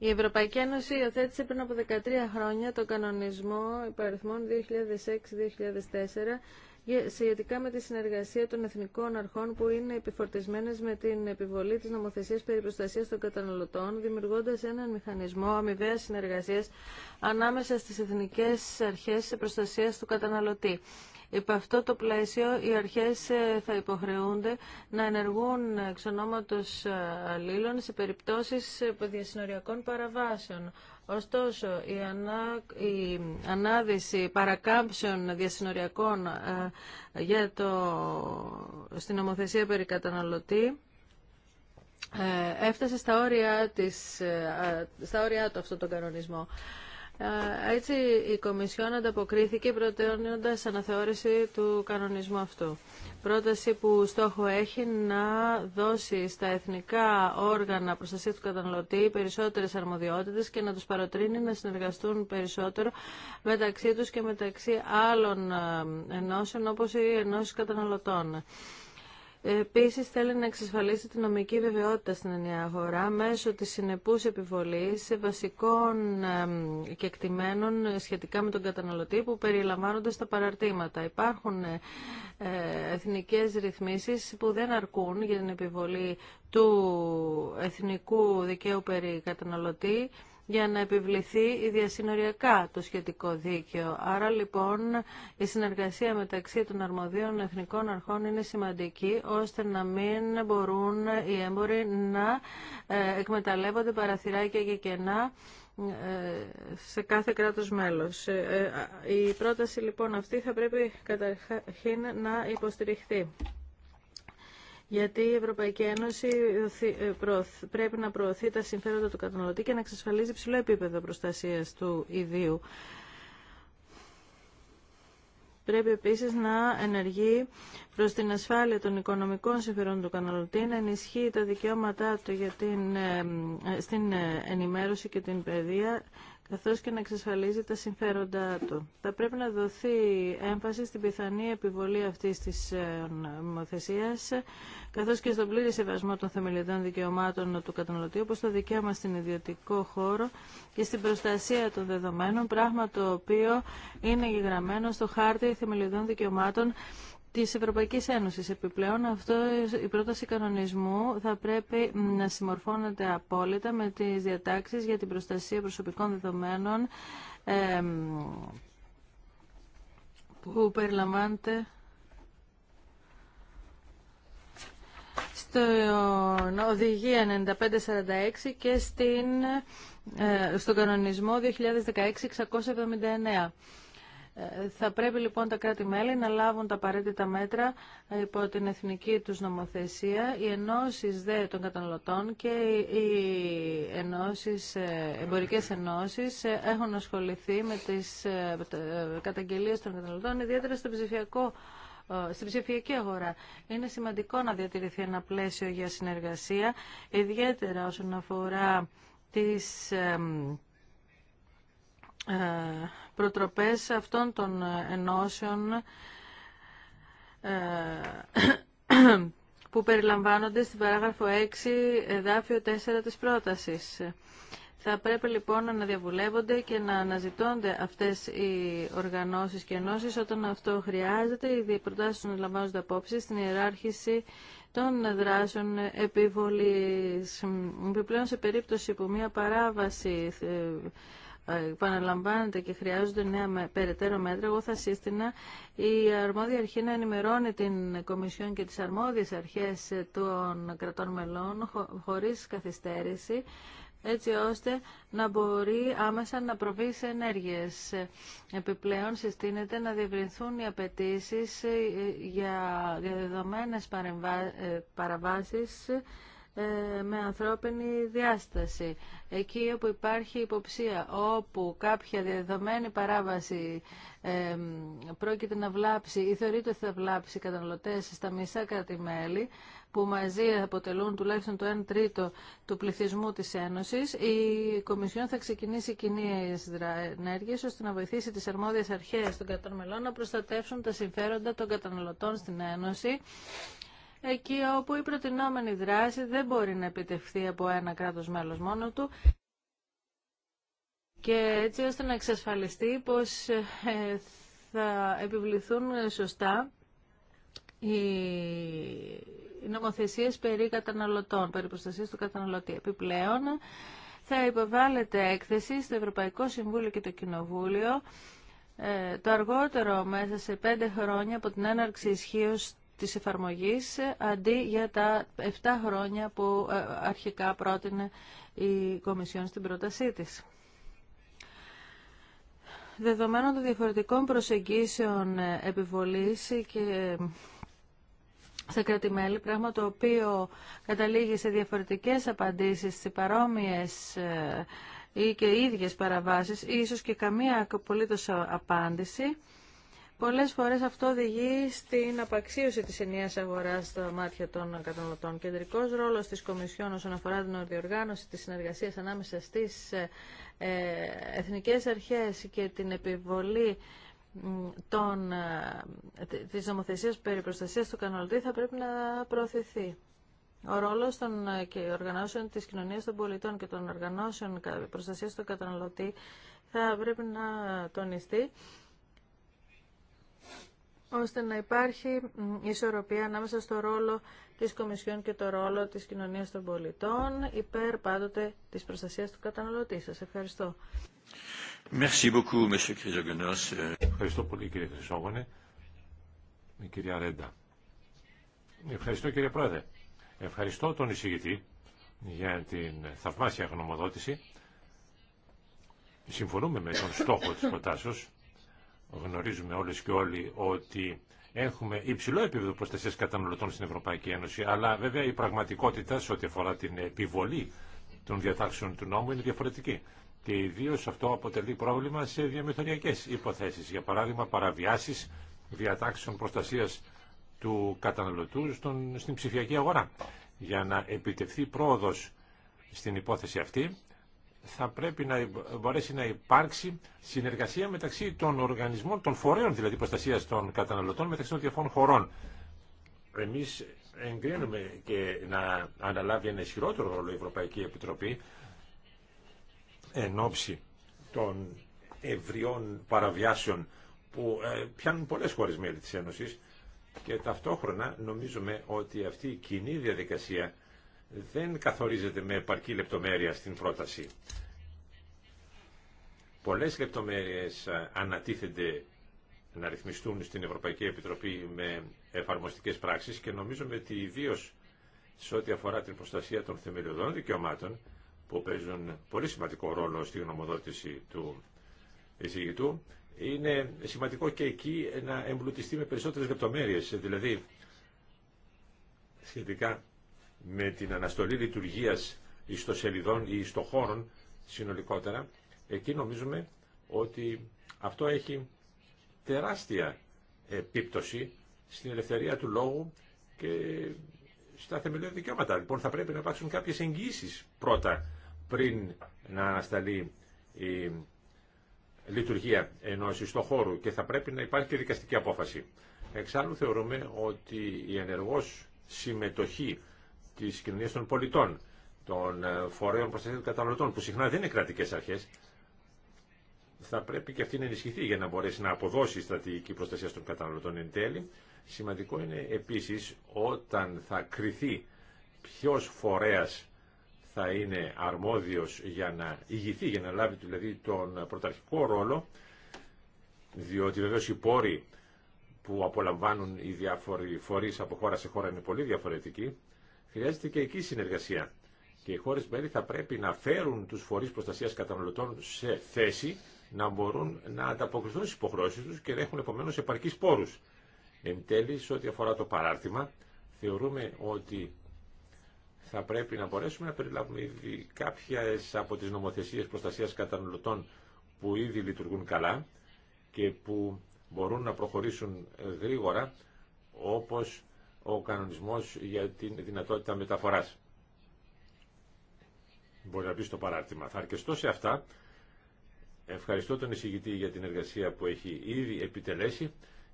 Η Ευρωπαϊκή Ένωση υιοθέτησε πριν από 13 χρόνια το κανονισμό υπαριθμών 2006-2004 ε, σχετικά με τη συνεργασία των εθνικών αρχών που είναι επιφορτισμένες με την επιβολή της νομοθεσίας περί προστασίας των καταναλωτών, δημιουργώντας έναν μηχανισμό αμοιβαία συνεργασία ανάμεσα στις εθνικές αρχές προστασία του καταναλωτή. Υπ' αυτό το πλαίσιο οι αρχές ε, θα υποχρεούνται να ενεργούν εξ ονόματος ε, αλλήλων σε περιπτώσεις διασυνοριακών παραβάσεων. Ωστόσο, η, ανά, η ανάδυση παρακάμψεων διασυνοριακών ε, για το, στην νομοθεσία περί καταναλωτή ε, έφτασε στα όρια, της, ε, στα όρια του αυτόν τον κανονισμό. Έτσι η Κομισιόν ανταποκρίθηκε προτείνοντας αναθεώρηση του κανονισμού αυτού. Πρόταση που στόχο έχει να δώσει στα εθνικά όργανα προστασία του καταναλωτή περισσότερες αρμοδιότητες και να τους παροτρύνει να συνεργαστούν περισσότερο μεταξύ τους και μεταξύ άλλων ενώσεων όπως οι ενώσεις καταναλωτών. Επίσης θέλει να εξασφαλίσει την νομική βεβαιότητα στην ενιαία αγορά μέσω της συνεπούς επιβολής βασικών και εκτιμένων σχετικά με τον καταναλωτή που περιλαμβάνονται στα παραρτήματα. Υπάρχουν ε, εθνικές ρυθμίσεις που δεν αρκούν για την επιβολή του εθνικού δικαίου περί καταναλωτή για να επιβληθεί διασυνοριακά το σχετικό δίκαιο. Άρα λοιπόν η συνεργασία μεταξύ των αρμοδίων εθνικών αρχών είναι σημαντική ώστε να μην μπορούν οι έμποροι να ε, εκμεταλλεύονται παραθυράκια και κενά ε, σε κάθε κράτος μέλος. Ε, η πρόταση λοιπόν αυτή θα πρέπει καταρχήν να υποστηριχθεί γιατί η Ευρωπαϊκή Ένωση ε, πρέπει να προωθεί τα συμφέροντα του καταναλωτή και να εξασφαλίζει ψηλό επίπεδο προστασίας του ιδίου. Πρέπει επίσης να ενεργεί προς την ασφάλεια των οικονομικών συμφερόντων του καταναλωτή, να ενισχύει τα δικαιώματά του για την, ε, ε, στην ενημέρωση και την παιδεία, καθώς και να εξασφαλίζει τα συμφέροντά του. Θα πρέπει να δοθεί έμφαση στην πιθανή επιβολή αυτής της ε, νομοθεσίας, καθώς και στον πλήρη σεβασμό των θεμελιωδών δικαιωμάτων του καταναλωτή, όπως το δικαίωμα στην ιδιωτικό χώρο και στην προστασία των δεδομένων, πράγμα το οποίο είναι γεγραμμένο στο χάρτη θεμελιδών δικαιωμάτων Τη Ευρωπαϊκή Ένωσης. Επιπλέον, αυτό η πρόταση κανονισμού θα πρέπει να συμμορφώνεται απόλυτα με τις διατάξεις για την προστασία προσωπικών δεδομένων που περιλαμβάνεται στην Οδηγία 9546 και στην, ε, στον κανονισμό 2016-679. Θα πρέπει λοιπόν τα κράτη-μέλη να λάβουν τα απαραίτητα μέτρα υπό την εθνική τους νομοθεσία. Οι ενώσεις δε των καταναλωτών και οι ενώσεις, ε, εμπορικές ενώσεις ε, έχουν ασχοληθεί με τις ε, καταγγελίες των καταναλωτών, ιδιαίτερα στο ψηφιακό στην ψηφιακή αγορά. Είναι σημαντικό να διατηρηθεί ένα πλαίσιο για συνεργασία, ιδιαίτερα όσον αφορά τις ε, προτροπές αυτών των ενώσεων ε, που περιλαμβάνονται στην παράγραφο 6, εδάφιο 4 της πρότασης. Θα πρέπει λοιπόν να διαβουλεύονται και να αναζητώνται αυτές οι οργανώσεις και ενώσεις όταν αυτό χρειάζεται. Οι προτάσεις να λαμβάνονται απόψη στην ιεράρχηση των δράσεων επιβολής. Επιπλέον σε περίπτωση που μια παράβαση ε, επαναλαμβάνεται και χρειάζονται νέα με, περαιτέρω μέτρα, εγώ θα σύστηνα η αρμόδια αρχή να ενημερώνει την Κομισιόν και τις αρμόδιες αρχές των κρατών μελών χωρίς καθυστέρηση έτσι ώστε να μπορεί άμεσα να προβεί σε ενέργειες. Επιπλέον συστήνεται να διευρυνθούν οι απαιτήσει ε, για δεδομένες ε, παραβάσεις ε, με ανθρώπινη διάσταση. Εκεί όπου υπάρχει υποψία, όπου κάποια διαδεδομένη παράβαση ε, πρόκειται να βλάψει ή θεωρείται ότι θα βλάψει καταναλωτέ στα μισά κράτη-μέλη, που μαζί αποτελούν τουλάχιστον το 1 τρίτο του πληθυσμού της Ένωσης, η Κομισιόν θα ξεκινήσει κοινέ ενέργειε ώστε να βοηθήσει τις αρμόδιες αρχές των καταναλωτών να προστατεύσουν τα συμφέροντα των καταναλωτών στην Ένωση εκεί όπου η προτινόμενη δράση δεν μπορεί να επιτευχθεί από ένα κράτος μέλος μόνο του και έτσι ώστε να εξασφαλιστεί πως ε, θα επιβληθούν σωστά οι νομοθεσίες περί καταναλωτών, περί προστασίας του καταναλωτή. Επιπλέον, θα υποβάλλεται έκθεση στο Ευρωπαϊκό Συμβούλιο και το Κοινοβούλιο ε, το αργότερο μέσα σε πέντε χρόνια από την έναρξη ισχύω της εφαρμογής αντί για τα 7 χρόνια που ε, αρχικά πρότεινε η Κομισιόν στην πρότασή της. Δεδομένων των διαφορετικών προσεγγίσεων ε, επιβολής και ε, σε κρατημέλη, πράγμα το οποίο καταλήγει σε διαφορετικές απαντήσεις, σε παρόμοιες ή και ίδιες παραβάσεις, ίσως και καμία απολύτως απάντηση, Πολλές φορές αυτό οδηγεί στην απαξίωση της ενιαίας αγοράς στα μάτια των καταναλωτών. Κεντρικός ρόλος της Κομισιόν όσον αφορά την οδιοργάνωση της συνεργασίας ανάμεσα στις ε, εθνικές αρχές και την επιβολή των, ε, της νομοθεσίας περί προστασίας του καταναλωτή θα πρέπει να προωθηθεί. Ο ρόλος των ε, και οργανώσεων της κοινωνίας των πολιτών και των οργανώσεων προστασίας του καταναλωτή θα πρέπει να τονιστεί ώστε να υπάρχει ισορροπία ανάμεσα στο ρόλο της Κομισιόν και το ρόλο της κοινωνίας των πολιτών υπέρ πάντοτε της προστασίας του καταναλωτή. Σας ευχαριστώ. Merci beaucoup, monsieur Ευχαριστώ πολύ κύριε Χρυσόγονε. κυρία Ρέντα. Ευχαριστώ κύριε Πρόεδρε. Ευχαριστώ τον εισηγητή για την θαυμάσια γνωμοδότηση. Συμφωνούμε με τον στόχο της προτάσεως γνωρίζουμε όλες και όλοι ότι έχουμε υψηλό επίπεδο προστασίας καταναλωτών στην Ευρωπαϊκή Ένωση, αλλά βέβαια η πραγματικότητα σε ό,τι αφορά την επιβολή των διατάξεων του νόμου είναι διαφορετική. Και ιδίω αυτό αποτελεί πρόβλημα σε διαμεθοριακές υποθέσεις. Για παράδειγμα, παραβιάσεις διατάξεων προστασίας του καταναλωτού στον, στην ψηφιακή αγορά. Για να επιτευθεί πρόοδος στην υπόθεση αυτή, θα πρέπει να μπορέσει να υπάρξει συνεργασία μεταξύ των οργανισμών, των φορέων δηλαδή προστασία των καταναλωτών μεταξύ των διαφόρων χωρών. Εμεί εγκρίνουμε και να αναλάβει ένα ισχυρότερο ρόλο η Ευρωπαϊκή Επιτροπή εν ώψη των ευριών παραβιάσεων που ε, πιάνουν πολλέ χώρε μέλη τη Ένωση και ταυτόχρονα νομίζουμε ότι αυτή η κοινή διαδικασία δεν καθορίζεται με επαρκή λεπτομέρεια στην πρόταση. Πολλές λεπτομέρειες ε, ανατίθενται να ρυθμιστούν στην Ευρωπαϊκή Επιτροπή με εφαρμοστικές πράξεις και νομίζουμε ότι ιδίω σε ό,τι αφορά την προστασία των θεμελιωδών δικαιωμάτων που παίζουν πολύ σημαντικό ρόλο στη γνωμοδότηση του εισηγητού είναι σημαντικό και εκεί να εμπλουτιστεί με περισσότερες λεπτομέρειες δηλαδή σχετικά με την αναστολή λειτουργίας ιστοσελιδών ή ιστοχώρων συνολικότερα, εκεί νομίζουμε ότι αυτό έχει τεράστια επίπτωση στην ελευθερία του λόγου και στα θεμελιώδη δικαιώματα. Λοιπόν, θα πρέπει να υπάρξουν κάποιες εγγύσεις πρώτα πριν να ανασταλεί η λειτουργία ενός ιστοχώρου και θα πρέπει να υπάρχει και δικαστική απόφαση. Εξάλλου θεωρούμε ότι η ενεργός συμμετοχή Τη κοινωνία των πολιτών, των ε, φορέων προστασία των καταναλωτών, που συχνά δεν είναι κρατικέ αρχέ, θα πρέπει και αυτή να ενισχυθεί για να μπορέσει να αποδώσει η στρατηγική προστασία των καταναλωτών εν τέλει. Σημαντικό είναι επίση όταν θα κριθεί ποιο φορέας θα είναι αρμόδιο για να ηγηθεί, για να λάβει δηλαδή τον πρωταρχικό ρόλο, διότι βεβαίω οι πόροι που απολαμβάνουν οι διάφοροι φορείς από χώρα σε χώρα είναι πολύ διαφορετικοί χρειάζεται και εκεί συνεργασία. Και οι χώρες μέλη θα πρέπει να φέρουν τους φορείς προστασίας καταναλωτών σε θέση να μπορούν να ανταποκριθούν στις υποχρεώσεις τους και να έχουν επομένως επαρκείς πόρους. Εν τέλει, σε ό,τι αφορά το παράρτημα, θεωρούμε ότι θα πρέπει να μπορέσουμε να περιλάβουμε ήδη κάποιες από τις νομοθεσίες προστασίας καταναλωτών που ήδη λειτουργούν καλά και που μπορούν να προχωρήσουν γρήγορα, όπως ο κανονισμός για τη δυνατότητα μεταφοράς. Μπορεί να μπει στο παράρτημα. Θα αρκεστώ σε αυτά. Ευχαριστώ τον εισηγητή για την εργασία που έχει ήδη επιτελέσει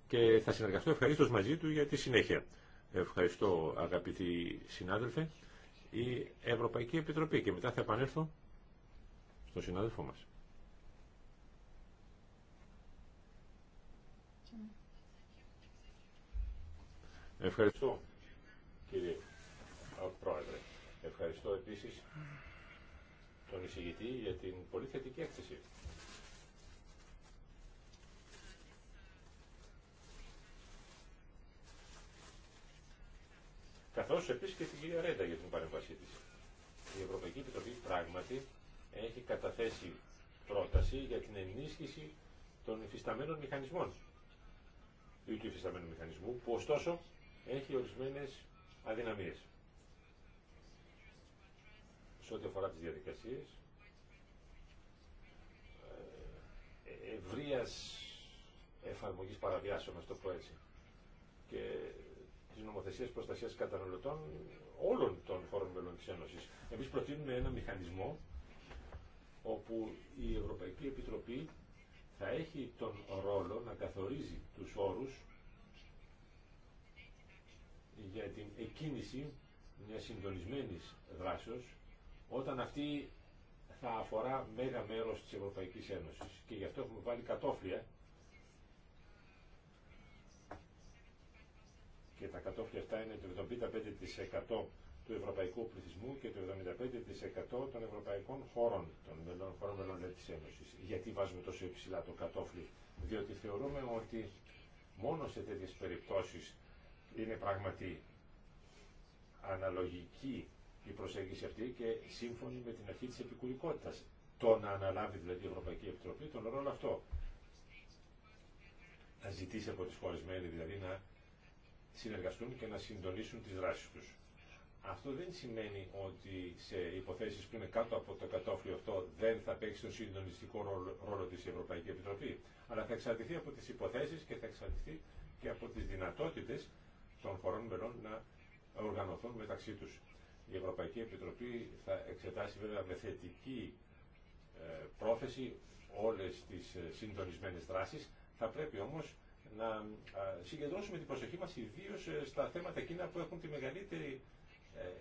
και θα συνεργαστώ ευχαρίστω μαζί του για τη συνέχεια. Ευχαριστώ αγαπητοί συνάδελφε. Η Ευρωπαϊκή Επιτροπή και μετά θα επανέλθω στον συνάδελφό μας. Ευχαριστώ, κύριε Πρόεδρε. Ευχαριστώ επίσης τον εισηγητή για την πολύ θετική έκθεση. Καθώς επίσης και την κυρία Ρέντα για την παρέμβασή της. Η Ευρωπαϊκή Επιτροπή πράγματι έχει καταθέσει πρόταση για την ενίσχυση των υφισταμένων μηχανισμών του υφισταμένου μηχανισμού, που ωστόσο έχει ορισμένες αδυναμίες. Σε ό,τι αφορά τις διαδικασίες, ε, ε, ευρείας εφαρμογής παραβιάσεων, να το πω έτσι, και της νομοθεσίας προστασίας καταναλωτών όλων των χώρων μελών της Ένωσης. Εμείς προτείνουμε ένα μηχανισμό όπου η Ευρωπαϊκή Επιτροπή θα έχει τον ρόλο να καθορίζει τους όρους για την εκκίνηση μιας συντονισμένη δράσεως όταν αυτή θα αφορά μέγα μέρος της Ευρωπαϊκής Ένωσης και γι' αυτό έχουμε βάλει κατόφλια και τα κατόφλια αυτά είναι το 75% του ευρωπαϊκού πληθυσμού και το 75% των ευρωπαϊκών χωρών, των μελών, χωρών μελών δηλαδή τη Ένωσης. Γιατί βάζουμε τόσο υψηλά το κατόφλι, διότι θεωρούμε ότι μόνο σε τέτοιε περιπτώσει είναι πράγματι αναλογική η προσέγγιση αυτή και σύμφωνη με την αρχή της επικουρικότητας. Το να αναλάβει δηλαδή η Ευρωπαϊκή Επιτροπή τον ρόλο αυτό. Να ζητήσει από τις χώρες μέλη δηλαδή να συνεργαστούν και να συντονίσουν τις δράσεις τους. Αυτό δεν σημαίνει ότι σε υποθέσεις που είναι κάτω από το κατόφλι αυτό δεν θα παίξει τον συντονιστικό ρόλο της Ευρωπαϊκή Επιτροπή, αλλά θα εξαρτηθεί από τις υποθέσεις και θα εξαρτηθεί και από τις δυνατότητες των χωρών μελών να οργανωθούν μεταξύ τους. Η Ευρωπαϊκή Επιτροπή θα εξετάσει βέβαια με θετική ε, πρόθεση όλες τις ε, συντονισμένες δράσεις. Θα πρέπει όμως να ε, συγκεντρώσουμε την προσοχή μας ιδίως στα θέματα εκείνα που έχουν τη μεγαλύτερη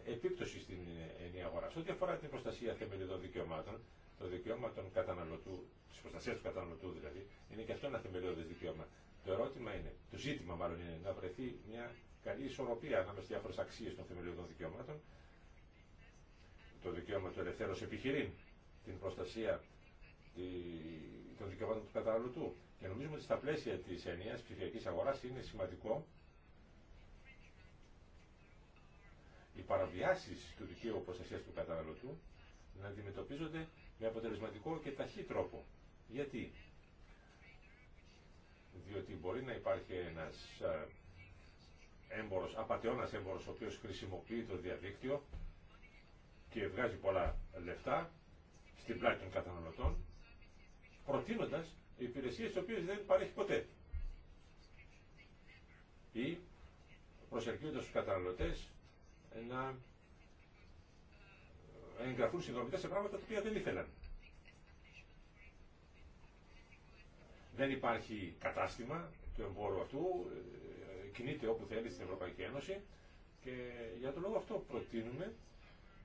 επίπτωση στην ενιαία αγορά. Σε ό,τι αφορά την προστασία θεμελιωδών δικαιωμάτων, το δικαίωμα των καταναλωτού, τη προστασία του καταναλωτού δηλαδή, είναι και αυτό ένα θεμελιωδή δικαίωμα. Το ερώτημα είναι, το ζήτημα μάλλον είναι να βρεθεί μια καλή ισορροπία ανάμεσα στι διάφορε αξίε των θεμελιωδών δικαιωμάτων, το δικαίωμα του ελευθέρω επιχειρήν, την προστασία των δικαιωμάτων του καταναλωτού. Και νομίζουμε ότι στα πλαίσια τη ενιαία ψηφιακή αγορά είναι σημαντικό οι παραβιάσει του δικαίου προστασία του καταναλωτού να αντιμετωπίζονται με αποτελεσματικό και ταχύ τρόπο. Γιατί? Διότι μπορεί να υπάρχει ένας ε, έμπορος, απαταιώνας έμπορος ο οποίος χρησιμοποιεί το διαδίκτυο και βγάζει πολλά λεφτά στην πλάτη των καταναλωτών προτείνοντας υπηρεσίες τις οποίες δεν παρέχει ποτέ ή προσελκύοντας τους καταναλωτές να εγγραφούν συνδρομητές σε πράγματα τα οποία δεν ήθελαν. Δεν υπάρχει κατάστημα, του εμπόρου αυτού, ε, κινείται όπου θέλει στην Ευρωπαϊκή Ένωση και για τον λόγο αυτό προτείνουμε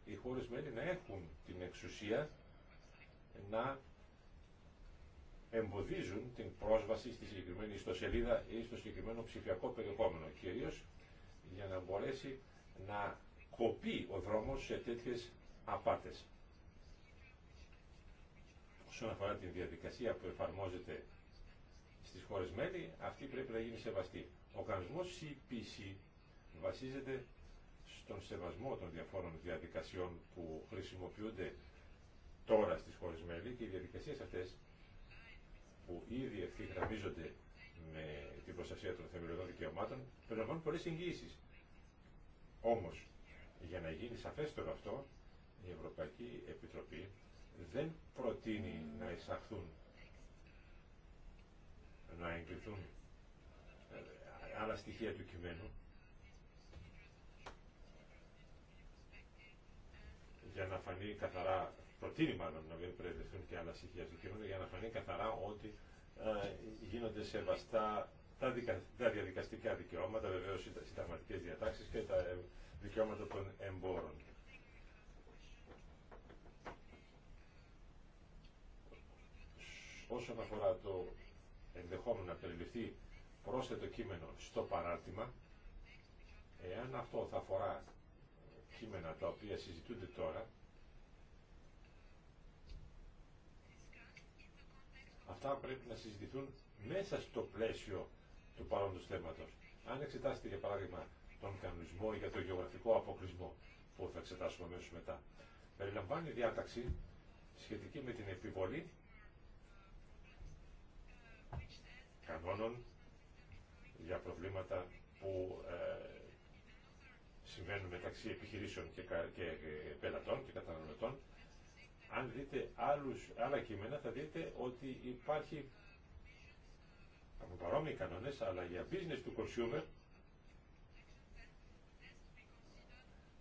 οι χώρες μέλη να έχουν την εξουσία να εμποδίζουν την πρόσβαση στη συγκεκριμένη ιστοσελίδα ή στο συγκεκριμένο ψηφιακό περιεχόμενο, κυρίως για να μπορέσει να κοπεί ο δρόμος σε τέτοιες απάτες. Όσον αφορά την διαδικασία που εφαρμόζεται στις χώρες μέλη, αυτή πρέπει να γίνει σεβαστή. Ο κανονισμός CPC βασίζεται στον σεβασμό των διαφόρων διαδικασιών που χρησιμοποιούνται τώρα στις χώρες μέλη και οι διαδικασίες αυτές που ήδη ευθυγραμμίζονται με την προστασία των θεμελιωδών δικαιωμάτων περιλαμβάνουν πολλές εγγύησεις. Όμως, για να γίνει σαφέστερο αυτό, η Ευρωπαϊκή Επιτροπή δεν προτείνει να εισαχθούν να εγκριθούν ε, άλλα στοιχεία του κειμένου για να φανεί καθαρά, προτείνει μάλλον να προεδρευτούν και άλλα στοιχεία του κειμένου για να φανεί καθαρά ότι ε, γίνονται σεβαστά τα, δικα, τα διαδικαστικά δικαιώματα, βεβαίω οι συνταγματικέ διατάξει και τα ε, δικαιώματα των εμπόρων. Όσον αφορά το ενδεχόμενο να περιληφθεί πρόσθετο κείμενο στο παράρτημα, εάν αυτό θα αφορά κείμενα τα οποία συζητούνται τώρα, αυτά πρέπει να συζητηθούν μέσα στο πλαίσιο του παρόντος θέματος. Αν εξετάσετε για παράδειγμα τον κανονισμό για το γεωγραφικό αποκλεισμό που θα εξετάσουμε αμέσως μετά, περιλαμβάνει διάταξη σχετική με την επιβολή κανόνων για προβλήματα που ε, συμβαίνουν μεταξύ επιχειρήσεων και, και ε, πελατών και καταναλωτών. Αν δείτε άλλους, άλλα κείμενα θα δείτε ότι υπάρχει από παρόμοιοι κανόνες, αλλά για business του consumer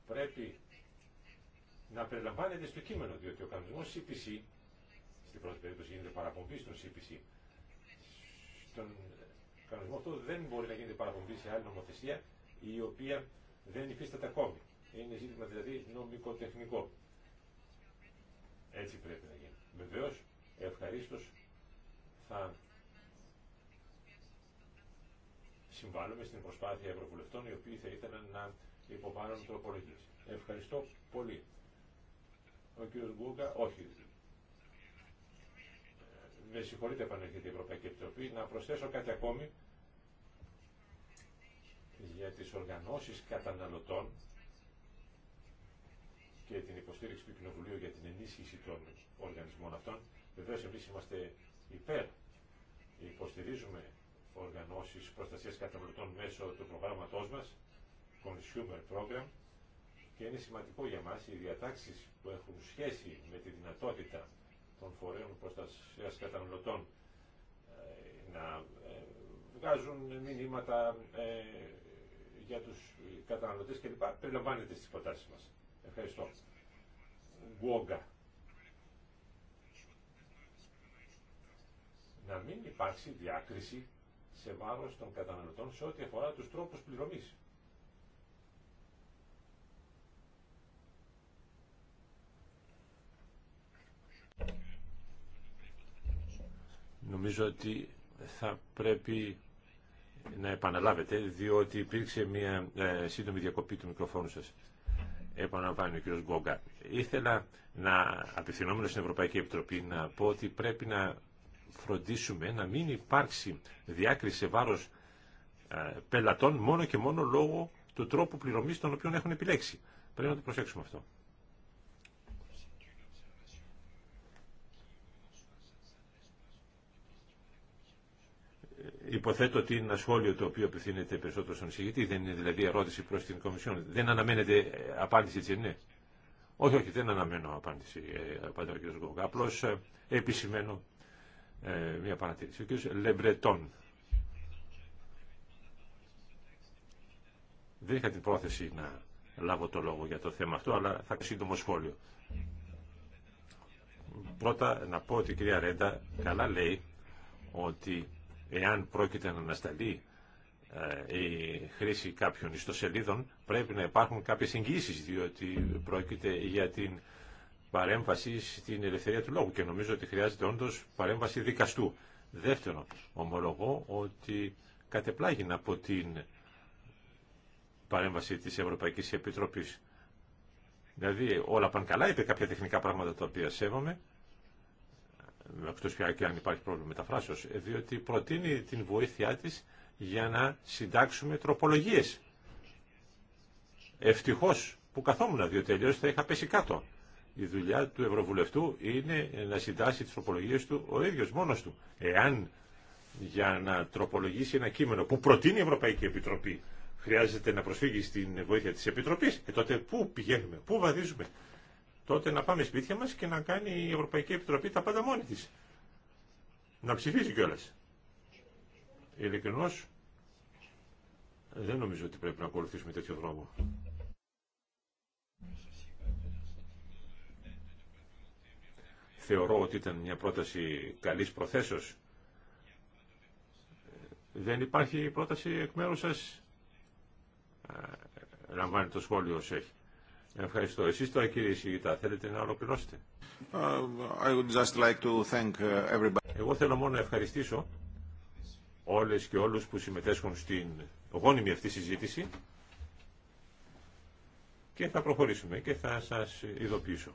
πρέπει να περιλαμβάνεται στο κείμενο, διότι ο κανονισμός CPC, στην πρώτη περίπτωση γίνεται παραπομπή στον CPC, κανονισμό αυτό δεν μπορεί να γίνεται παραπομπή σε άλλη νομοθεσία η οποία δεν υφίσταται ακόμη. Είναι ζήτημα δηλαδή νομικοτεχνικό. Έτσι πρέπει να γίνει. Βεβαίω, ευχαρίστω θα συμβάλλουμε στην προσπάθεια ευρωβουλευτών οι οποίοι θα ήθελαν να υποβάλλουν τροπολογίε. Ευχαριστώ πολύ. Ο κύριος όχι, με συγχωρείτε επανέρχεται η Ευρωπαϊκή Επιτροπή, να προσθέσω κάτι ακόμη για τις οργανώσεις καταναλωτών και την υποστήριξη του Κοινοβουλίου για την ενίσχυση των οργανισμών αυτών. Βεβαίω εμείς είμαστε υπέρ, υποστηρίζουμε οργανώσεις προστασίας καταναλωτών μέσω του προγράμματός μας, Consumer Program, και είναι σημαντικό για μας οι διατάξεις που έχουν σχέση με τη δυνατότητα των φορέων προστασίας καταναλωτών ε, να ε, βγάζουν μηνύματα ε, για τους καταναλωτές κλπ. Περιλαμβάνεται στις προτάσεις μας. Ευχαριστώ. Γουόγκα. Να μην υπάρξει διάκριση σε βάρος των καταναλωτών σε ό,τι αφορά τους τρόπους πληρωμής. νομίζω ότι θα πρέπει να επαναλάβετε, διότι υπήρξε μια ε, σύντομη διακοπή του μικροφόνου σας. Επαναλαμβάνει ο κ. Γκόγκα. Ήθελα να απευθυνόμενο στην Ευρωπαϊκή Επιτροπή να πω ότι πρέπει να φροντίσουμε να μην υπάρξει διάκριση σε βάρος ε, πελατών μόνο και μόνο λόγω του τρόπου πληρωμής των οποίων έχουν επιλέξει. Πρέπει να το προσέξουμε αυτό. Υποθέτω ότι είναι ένα σχόλιο το οποίο απευθύνεται περισσότερο στον εισηγητή, δεν είναι δηλαδή ερώτηση προ την Κομισιόν. Δεν αναμένεται ε, απάντηση, έτσι είναι. Όχι, όχι, δεν αναμένω απάντηση, ε, απάντησε ο κ. Γκόγκ. Απλώ ε, επισημαίνω μια παρατήρηση. Ο κ. Λεμπρετών. Δεν είχα την πρόθεση να λάβω το λόγο για το θέμα αυτό, αλλά θα κάνω σύντομο σχόλιο. Πρώτα να πω ότι η κυρία Ρέντα καλά λέει ότι εάν πρόκειται να ανασταλεί ε, η χρήση κάποιων ιστοσελίδων πρέπει να υπάρχουν κάποιες εγγύησεις διότι πρόκειται για την παρέμβαση στην ελευθερία του λόγου και νομίζω ότι χρειάζεται όντως παρέμβαση δικαστού. Δεύτερον, ομολογώ ότι κατεπλάγει από την παρέμβαση της Ευρωπαϊκής Επιτροπής. Δηλαδή όλα πάνε καλά, είπε κάποια τεχνικά πράγματα τα οποία σέβομαι εκτός πια και αν υπάρχει πρόβλημα μεταφράσεως, ε, διότι προτείνει την βοήθειά της για να συντάξουμε τροπολογίες. Ευτυχώς που καθόμουν, διότι θα είχα πέσει κάτω. Η δουλειά του Ευρωβουλευτού είναι να συντάσει τις τροπολογίες του ο ίδιος μόνος του. Εάν για να τροπολογήσει ένα κείμενο που προτείνει η Ευρωπαϊκή Επιτροπή χρειάζεται να προσφύγει στην βοήθεια της Επιτροπής, ε, τότε πού πηγαίνουμε, πού βαδίζουμε τότε να πάμε σπίτια μας και να κάνει η Ευρωπαϊκή Επιτροπή τα πάντα μόνη της. Να ψηφίσει κιόλας. Ειλικρινώς, δεν νομίζω ότι πρέπει να ακολουθήσουμε τέτοιο δρόμο. Θεωρώ ότι ήταν μια πρόταση καλής προθέσεως. Δεν υπάρχει πρόταση εκ μέρους σας. Ε, Λαμβάνει το σχόλιο όσο έχει. Ευχαριστώ. Εσείς τώρα κύριε Σιγητά θέλετε να ολοκληρώσετε. Uh, I would just like to thank uh, everybody. Εγώ θέλω μόνο να ευχαριστήσω όλες και όλους που συμμετέσχουν στην γόνιμη αυτή συζήτηση και θα προχωρήσουμε και θα σας ειδοποιήσω.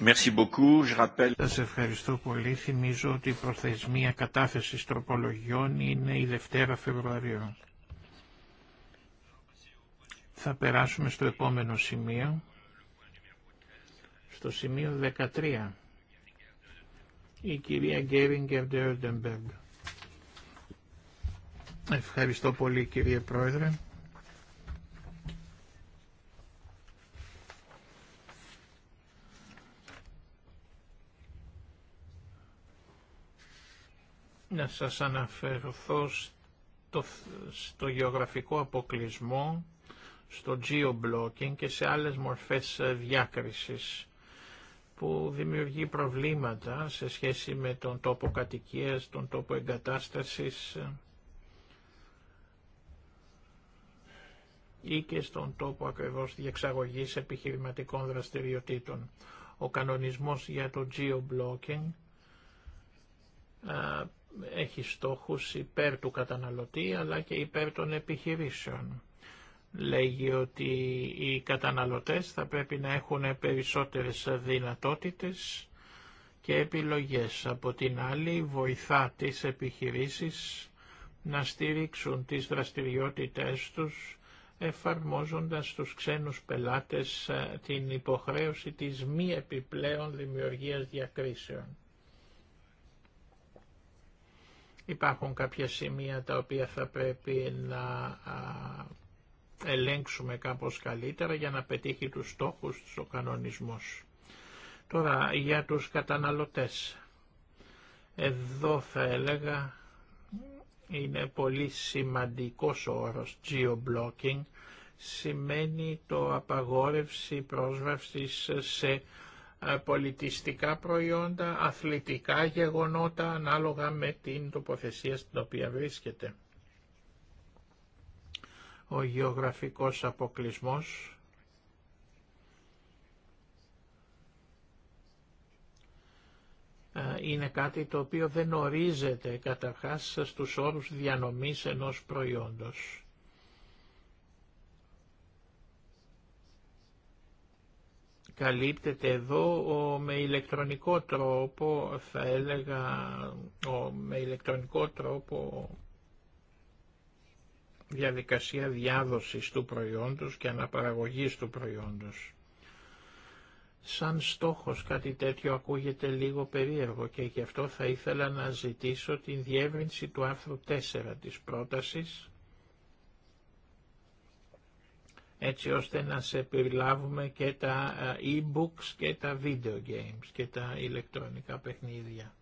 Merci beaucoup. Je rappelle... Σας ευχαριστώ πολύ. Θυμίζω ότι η προθεσμία κατάθεσης τροπολογιών είναι η Δευτέρα Φεβρουαρίου. Θα περάσουμε στο επόμενο σημείο, στο σημείο 13. Η κυρία Γκέριγκερ Ντεόρντεμπεργκ. Ευχαριστώ πολύ κύριε Πρόεδρε. Να σας αναφερθώ στο, στο γεωγραφικό αποκλεισμό στο geo-blocking και σε άλλες μορφές ε, διάκρισης που δημιουργεί προβλήματα σε σχέση με τον τόπο κατοικίας, τον τόπο εγκατάστασης ε, ή και στον τόπο ακριβώς διεξαγωγής επιχειρηματικών δραστηριοτήτων. Ο κανονισμός για το geo-blocking ε, έχει στόχους υπέρ του καταναλωτή αλλά και υπέρ των επιχειρήσεων λέγει ότι οι καταναλωτές θα πρέπει να έχουν περισσότερες δυνατότητες και επιλογές. Από την άλλη βοηθά τις επιχειρήσεις να στηρίξουν τις δραστηριότητες τους εφαρμόζοντας στους ξένους πελάτες ε, την υποχρέωση της μη επιπλέον δημιουργίας διακρίσεων. Υπάρχουν κάποια σημεία τα οποία θα πρέπει να ελέγξουμε κάπως καλύτερα για να πετύχει τους στόχους του ο κανονισμός. Τώρα για τους καταναλωτές. Εδώ θα έλεγα είναι πολύ σημαντικός ο όρος geo-blocking, σημαίνει το απαγόρευση πρόσβασης σε ε, πολιτιστικά προϊόντα, αθλητικά γεγονότα ανάλογα με την τοποθεσία στην οποία βρίσκεται ο γεωγραφικός αποκλισμός, ε, είναι κάτι το οποίο δεν ορίζεται καταρχάς στους όρους διανομής ενός προϊόντος. Καλύπτεται εδώ ο, με ηλεκτρονικό τρόπο, θα έλεγα, ο, με ηλεκτρονικό τρόπο διαδικασία διάδοσης του προϊόντος και αναπαραγωγής του προϊόντος. Σαν στόχος κάτι τέτοιο ακούγεται λίγο περίεργο και γι' αυτό θα ήθελα να ζητήσω την διεύρυνση του άρθρου 4 της πρότασης έτσι ώστε να σε περιλάβουμε και τα ε, e-books και τα video games και τα ηλεκτρονικά παιχνίδια.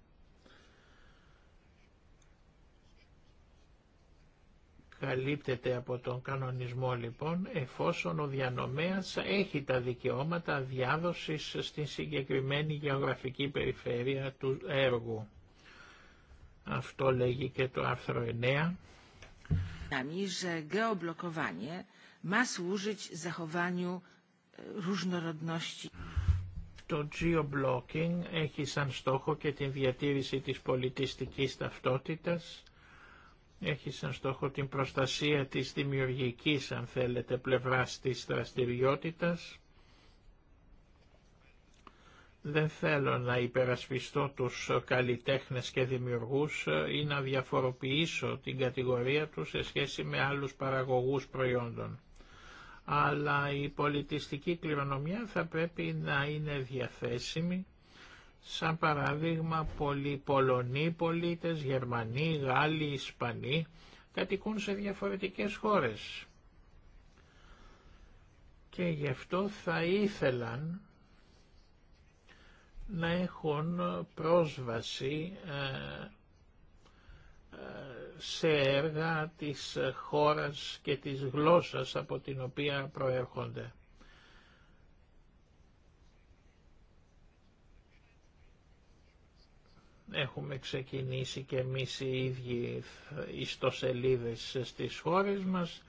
καλύπτεται από τον κανονισμό λοιπόν εφόσον ο διανομέας έχει τα δικαιώματα διάδοσης στην συγκεκριμένη γεωγραφική περιφέρεια του έργου. Αυτό λέγει και το άρθρο 9. Ε, το geo-blocking έχει σαν στόχο και την διατήρηση της πολιτιστικής ταυτότητας έχει σαν στόχο την προστασία της δημιουργικής, αν θέλετε, πλευράς της δραστηριότητας. Δεν θέλω να υπερασπιστώ τους καλλιτέχνες και δημιουργούς ή να διαφοροποιήσω την κατηγορία τους σε σχέση με άλλους παραγωγούς προϊόντων. Αλλά η πολιτιστική κληρονομιά θα πρέπει να είναι διαθέσιμη σαν παράδειγμα πολλοί Πολωνοί πολίτες, Γερμανοί, Γάλλοι, Ισπανοί κατοικούν σε διαφορετικές χώρες. Και γι' αυτό θα ήθελαν να έχουν πρόσβαση ε, ε, σε έργα της χώρας και της γλώσσας από την οποία προέρχονται. Έχουμε ξεκινήσει και εμείς οι ίδιοι ιστοσελίδες στις χώρες μας.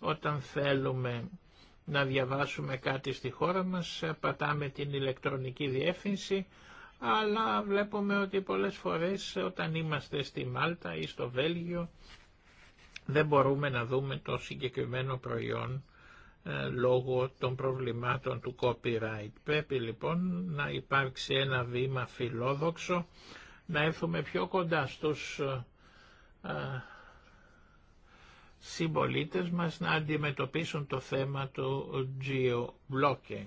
Όταν θέλουμε να διαβάσουμε κάτι στη χώρα μας, πατάμε την ηλεκτρονική διεύθυνση, αλλά βλέπουμε ότι πολλές φορές όταν είμαστε στη Μάλτα ή στο Βέλγιο δεν μπορούμε να δούμε το συγκεκριμένο προϊόν ε, λόγω των προβλημάτων του copyright. Πρέπει λοιπόν να υπάρξει ένα βήμα φιλόδοξο να έρθουμε πιο κοντά στους ε, ε, συμπολίτες μας να αντιμετωπίσουν το θέμα του geo-blocking.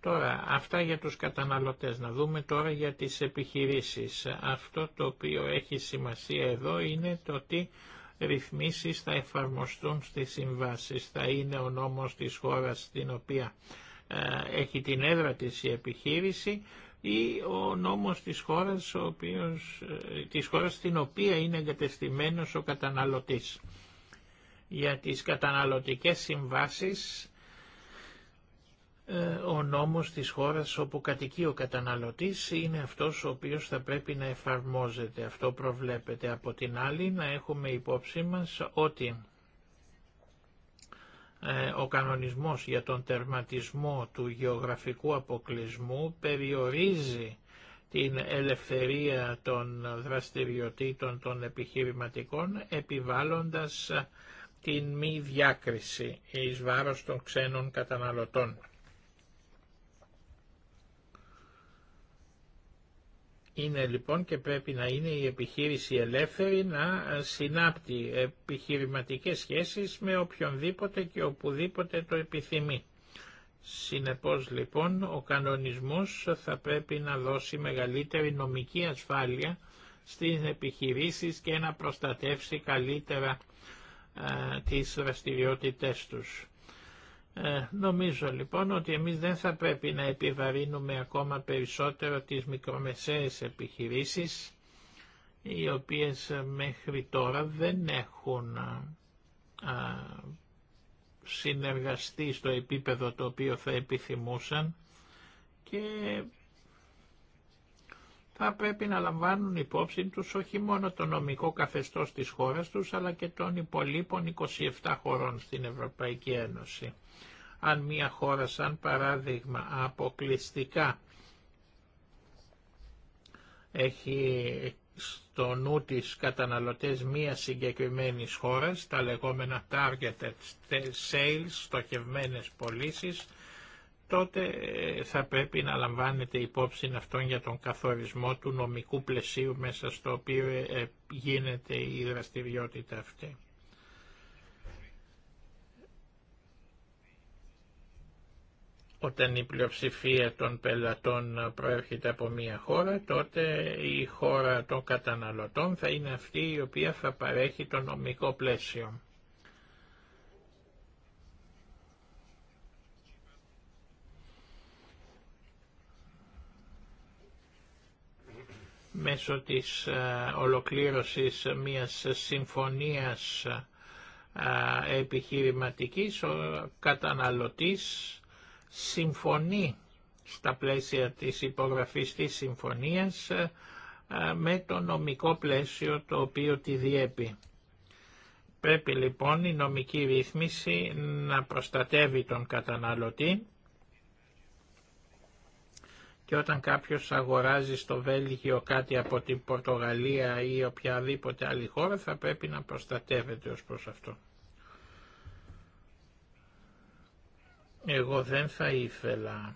Τώρα, αυτά για τους καταναλωτές. Να δούμε τώρα για τις επιχειρήσεις. Αυτό το οποίο έχει σημασία εδώ είναι το ότι ρυθμίσεις θα εφαρμοστούν στις συμβάσεις. Θα είναι ο νόμος της χώρας στην οποία ε, έχει την έδρα της η επιχείρηση ή ο νόμος της χώρας, ο οποίος, ε, της χώρας στην οποία είναι εγκατεστημένος ο καταναλωτής. Για τις καταναλωτικές συμβάσεις ε, ο νόμος της χώρας όπου κατοικεί ο καταναλωτής είναι αυτός ο οποίος θα πρέπει να εφαρμόζεται. Αυτό προβλέπεται από την άλλη να έχουμε υπόψη μας ότι ε, ο κανονισμός για τον τερματισμό του γεωγραφικού αποκλεισμού περιορίζει την ελευθερία των δραστηριοτήτων των επιχειρηματικών επιβάλλοντας την μη διάκριση εις βάρος των ξένων καταναλωτών. Είναι λοιπόν και πρέπει να είναι η επιχείρηση ελεύθερη να ε, συνάπτει επιχειρηματικές σχέσεις με οποιονδήποτε και οπουδήποτε το επιθυμεί. Συνεπώς λοιπόν ο κανονισμός θα πρέπει να δώσει μεγαλύτερη νομική ασφάλεια στις επιχειρήσεις και να προστατεύσει καλύτερα α, ε, τις δραστηριότητές τους. Ε, νομίζω λοιπόν ότι εμείς δεν θα πρέπει να επιβαρύνουμε ακόμα περισσότερο τις μικρομεσαίες επιχειρήσεις οι οποίες μέχρι τώρα δεν έχουν α, συνεργαστεί στο επίπεδο το οποίο θα επιθυμούσαν και θα πρέπει να λαμβάνουν υπόψη τους όχι μόνο το νομικό καθεστώς της χώρας τους αλλά και των υπολείπων 27 χωρών στην Ευρωπαϊκή Ένωση αν μια χώρα σαν παράδειγμα αποκλειστικά έχει στο νου της καταναλωτές μία συγκεκριμένης χώρας, τα λεγόμενα targeted sales, στοχευμένες πωλήσει, τότε ε, θα πρέπει να λαμβάνεται υπόψη αυτόν για τον καθορισμό του νομικού πλαισίου μέσα στο οποίο ε, ε, γίνεται η δραστηριότητα αυτή. Όταν η πλειοψηφία των πελατών προέρχεται από μία χώρα, τότε η χώρα των καταναλωτών θα είναι αυτή η οποία θα παρέχει το νομικό πλαίσιο. μέσω της ε, ολοκλήρωσης μιας συμφωνίας ε, επιχειρηματικής ο καταναλωτής συμφωνεί στα πλαίσια της υπογραφής της συμφωνίας ε, με το νομικό πλαίσιο το οποίο τη διέπει. Πρέπει λοιπόν η νομική ρύθμιση να προστατεύει τον καταναλωτή και όταν κάποιος αγοράζει στο Βέλγιο κάτι από την Πορτογαλία ή οποιαδήποτε άλλη χώρα θα πρέπει να προστατεύεται ως προς αυτό. Εγώ δεν θα ήθελα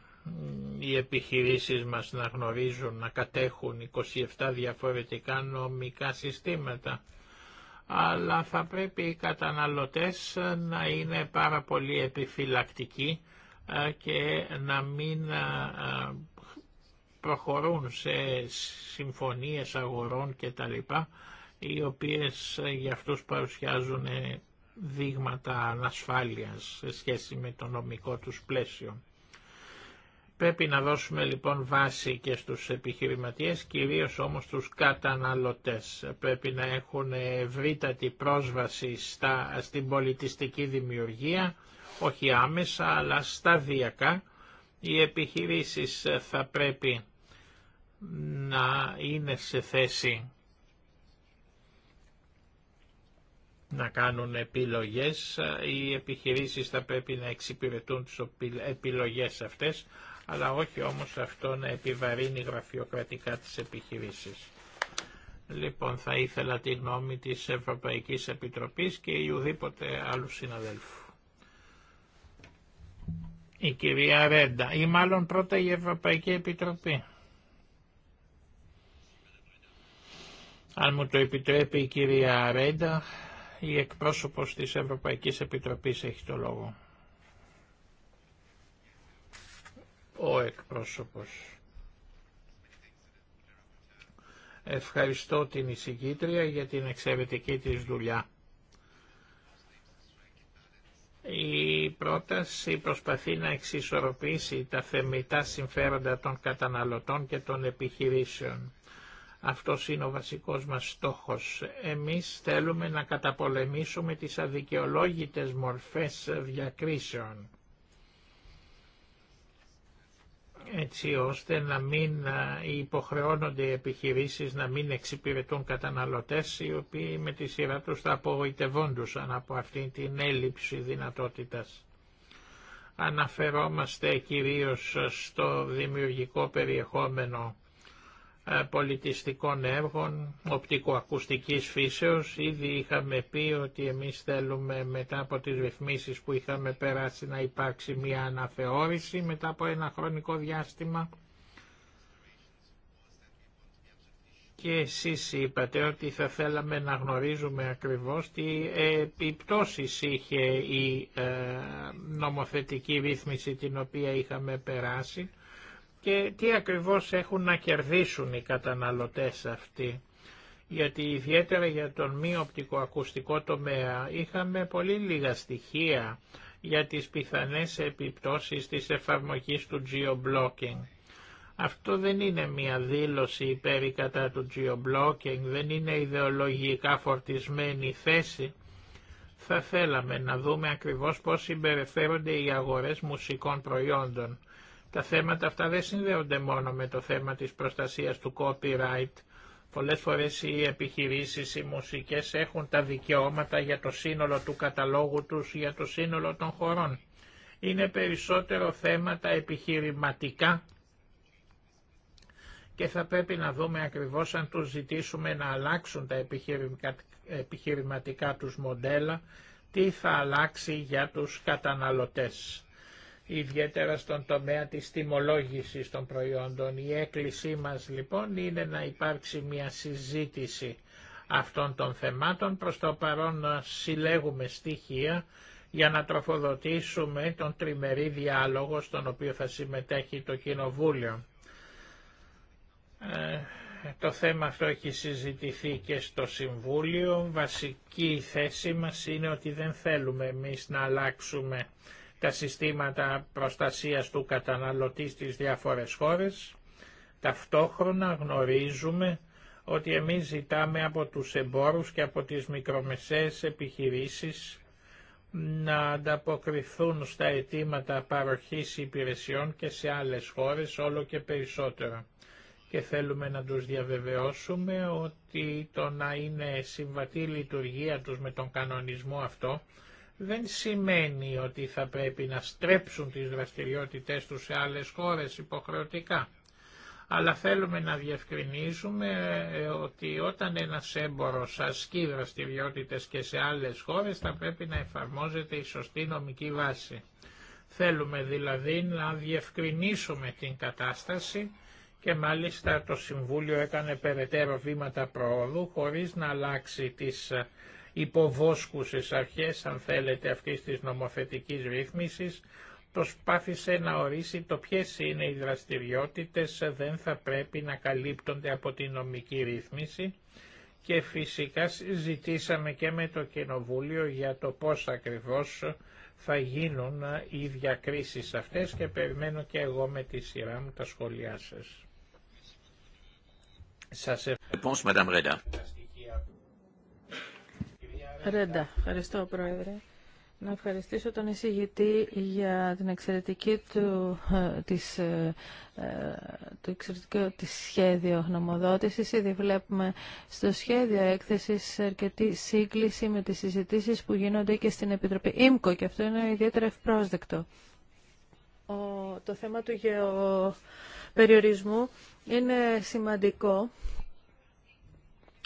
οι επιχειρήσεις μας να γνωρίζουν, να κατέχουν 27 διαφορετικά νομικά συστήματα. Αλλά θα πρέπει οι καταναλωτές να είναι πάρα πολύ επιφυλακτικοί ε, και να μην ε, ε, προχωρούν σε συμφωνίες αγορών κτλ οι οποίες για αυτούς παρουσιάζουν δείγματα ανασφάλειας σε σχέση με το νομικό τους πλαίσιο. Πρέπει να δώσουμε λοιπόν βάση και στους επιχειρηματίες, κυρίως όμως τους καταναλωτές. Πρέπει να έχουν ευρύτατη πρόσβαση στα, στην πολιτιστική δημιουργία, όχι άμεσα αλλά σταδιακά. Οι επιχειρήσεις θα πρέπει να είναι σε θέση να κάνουν επιλογές. Οι επιχειρήσεις θα πρέπει να εξυπηρετούν τις επιλογές αυτές, αλλά όχι όμως αυτό να επιβαρύνει γραφειοκρατικά τις επιχειρήσεις. Λοιπόν, θα ήθελα τη γνώμη της Ευρωπαϊκής Επιτροπής και ουδήποτε άλλου συναδέλφου. Η κυρία Ρέντα, ή μάλλον πρώτα η Ευρωπαϊκή Επιτροπή. Αν μου το επιτρέπει η κυρία Ρέντα, η εκπρόσωπος της Ευρωπαϊκής Επιτροπής έχει το λόγο. Ο εκπρόσωπος. Ευχαριστώ την εισηγήτρια για την εξαιρετική της δουλειά. Η πρόταση προσπαθεί να εξισορροπήσει τα θεμητά συμφέροντα των καταναλωτών και των επιχειρήσεων. Αυτός είναι ο βασικός μας στόχος. Εμείς θέλουμε να καταπολεμήσουμε τις αδικαιολόγητες μορφές διακρίσεων. έτσι ώστε να μην υποχρεώνονται οι επιχειρήσεις να μην εξυπηρετούν καταναλωτές οι οποίοι με τη σειρά τους θα απογοητευόντουσαν από αυτήν την έλλειψη δυνατότητας. Αναφερόμαστε κυρίως στο δημιουργικό περιεχόμενο ε, πολιτιστικών έργων, οπτικοακουστικής φύσεως. Ήδη είχαμε πει ότι εμείς θέλουμε μετά από τις ρυθμίσεις που είχαμε περάσει να υπάρξει μια αναθεώρηση μετά από ένα χρονικό διάστημα. Και εσείς είπατε ότι θα θέλαμε να γνωρίζουμε ακριβώς τι επιπτώσεις είχε η ε, νομοθετική ρύθμιση την οποία είχαμε περάσει και τι ακριβώς έχουν να κερδίσουν οι καταναλωτές αυτοί. Γιατί ιδιαίτερα για τον μη οπτικοακουστικό τομέα είχαμε πολύ λίγα στοιχεία για τις πιθανές επιπτώσεις της εφαρμογής του geo-blocking. Αυτό δεν είναι μια δήλωση υπέρ κατά του geo-blocking, δεν είναι ιδεολογικά φορτισμένη θέση. Θα θέλαμε να δούμε ακριβώς πώς συμπεριφέρονται οι αγορές μουσικών προϊόντων. Τα θέματα αυτά δεν συνδέονται μόνο με το θέμα της προστασίας του copyright. Πολλές φορές οι επιχειρήσεις, οι μουσικές έχουν τα δικαιώματα για το σύνολο του καταλόγου τους, για το σύνολο των χωρών. Είναι περισσότερο θέματα επιχειρηματικά και θα πρέπει να δούμε ακριβώς αν τους ζητήσουμε να αλλάξουν τα επιχειρηματικά τους μοντέλα, τι θα αλλάξει για τους καταναλωτές ιδιαίτερα στον τομέα της τιμολόγησης των προϊόντων. Η έκκλησή μας λοιπόν είναι να υπάρξει μια συζήτηση αυτών των θεμάτων. Προς το παρόν ε, συλλέγουμε στοιχεία για να τροφοδοτήσουμε τον τριμερή διάλογο στον οποίο θα συμμετέχει το Κοινοβούλιο. Ε, το θέμα αυτό έχει συζητηθεί και στο Συμβούλιο. Βασική θέση μας είναι ότι δεν θέλουμε εμείς να αλλάξουμε τα συστήματα προστασίας του καταναλωτή στις διάφορες χώρες. Ταυτόχρονα γνωρίζουμε ότι εμείς ζητάμε από τους εμπόρους και από τις μικρομεσαίες επιχειρήσεις να ανταποκριθούν στα αιτήματα παροχής υπηρεσιών και σε άλλες χώρες όλο και περισσότερο. Και θέλουμε να τους διαβεβαιώσουμε ότι το να είναι συμβατή λειτουργία τους με τον κανονισμό αυτό δεν σημαίνει ότι θα πρέπει να στρέψουν τις δραστηριότητές τους σε άλλες χώρες υποχρεωτικά. Αλλά θέλουμε να διευκρινίσουμε ε, ότι όταν ένας έμπορος ασκεί δραστηριότητες και σε άλλες χώρες θα πρέπει να εφαρμόζεται η σωστή νομική βάση. Θέλουμε δηλαδή να διευκρινίσουμε την κατάσταση και μάλιστα το Συμβούλιο έκανε περαιτέρω βήματα προόδου χωρίς να αλλάξει τις ε, υποβόσκουσες αρχές, αν θέλετε, αυτής της νομοθετικής ρύθμισης, προσπάθησε να ορίσει το ποιες είναι οι δραστηριότητες δεν θα πρέπει να καλύπτονται από την νομική ρύθμιση και φυσικά ζητήσαμε και με το Κοινοβούλιο για το πώς ακριβώς θα γίνουν οι διακρίσεις αυτές και περιμένω και εγώ με τη σειρά μου τα σχόλιά σας. Σας ευχαριστώ. Ρέντα. Ευχαριστώ, Πρόεδρε. Να ευχαριστήσω τον εισηγητή για την εξαιρετική του, ε, της, ε, ε, το εξαιρετικό της σχέδιο γνωμοδότησης. Ήδη βλέπουμε στο σχέδιο έκθεσης αρκετή σύγκληση με τις συζητήσεις που γίνονται και στην Επιτροπή ΙΜΚΟ και αυτό είναι ιδιαίτερα ευπρόσδεκτο. το θέμα του γεωπεριορισμού είναι σημαντικό.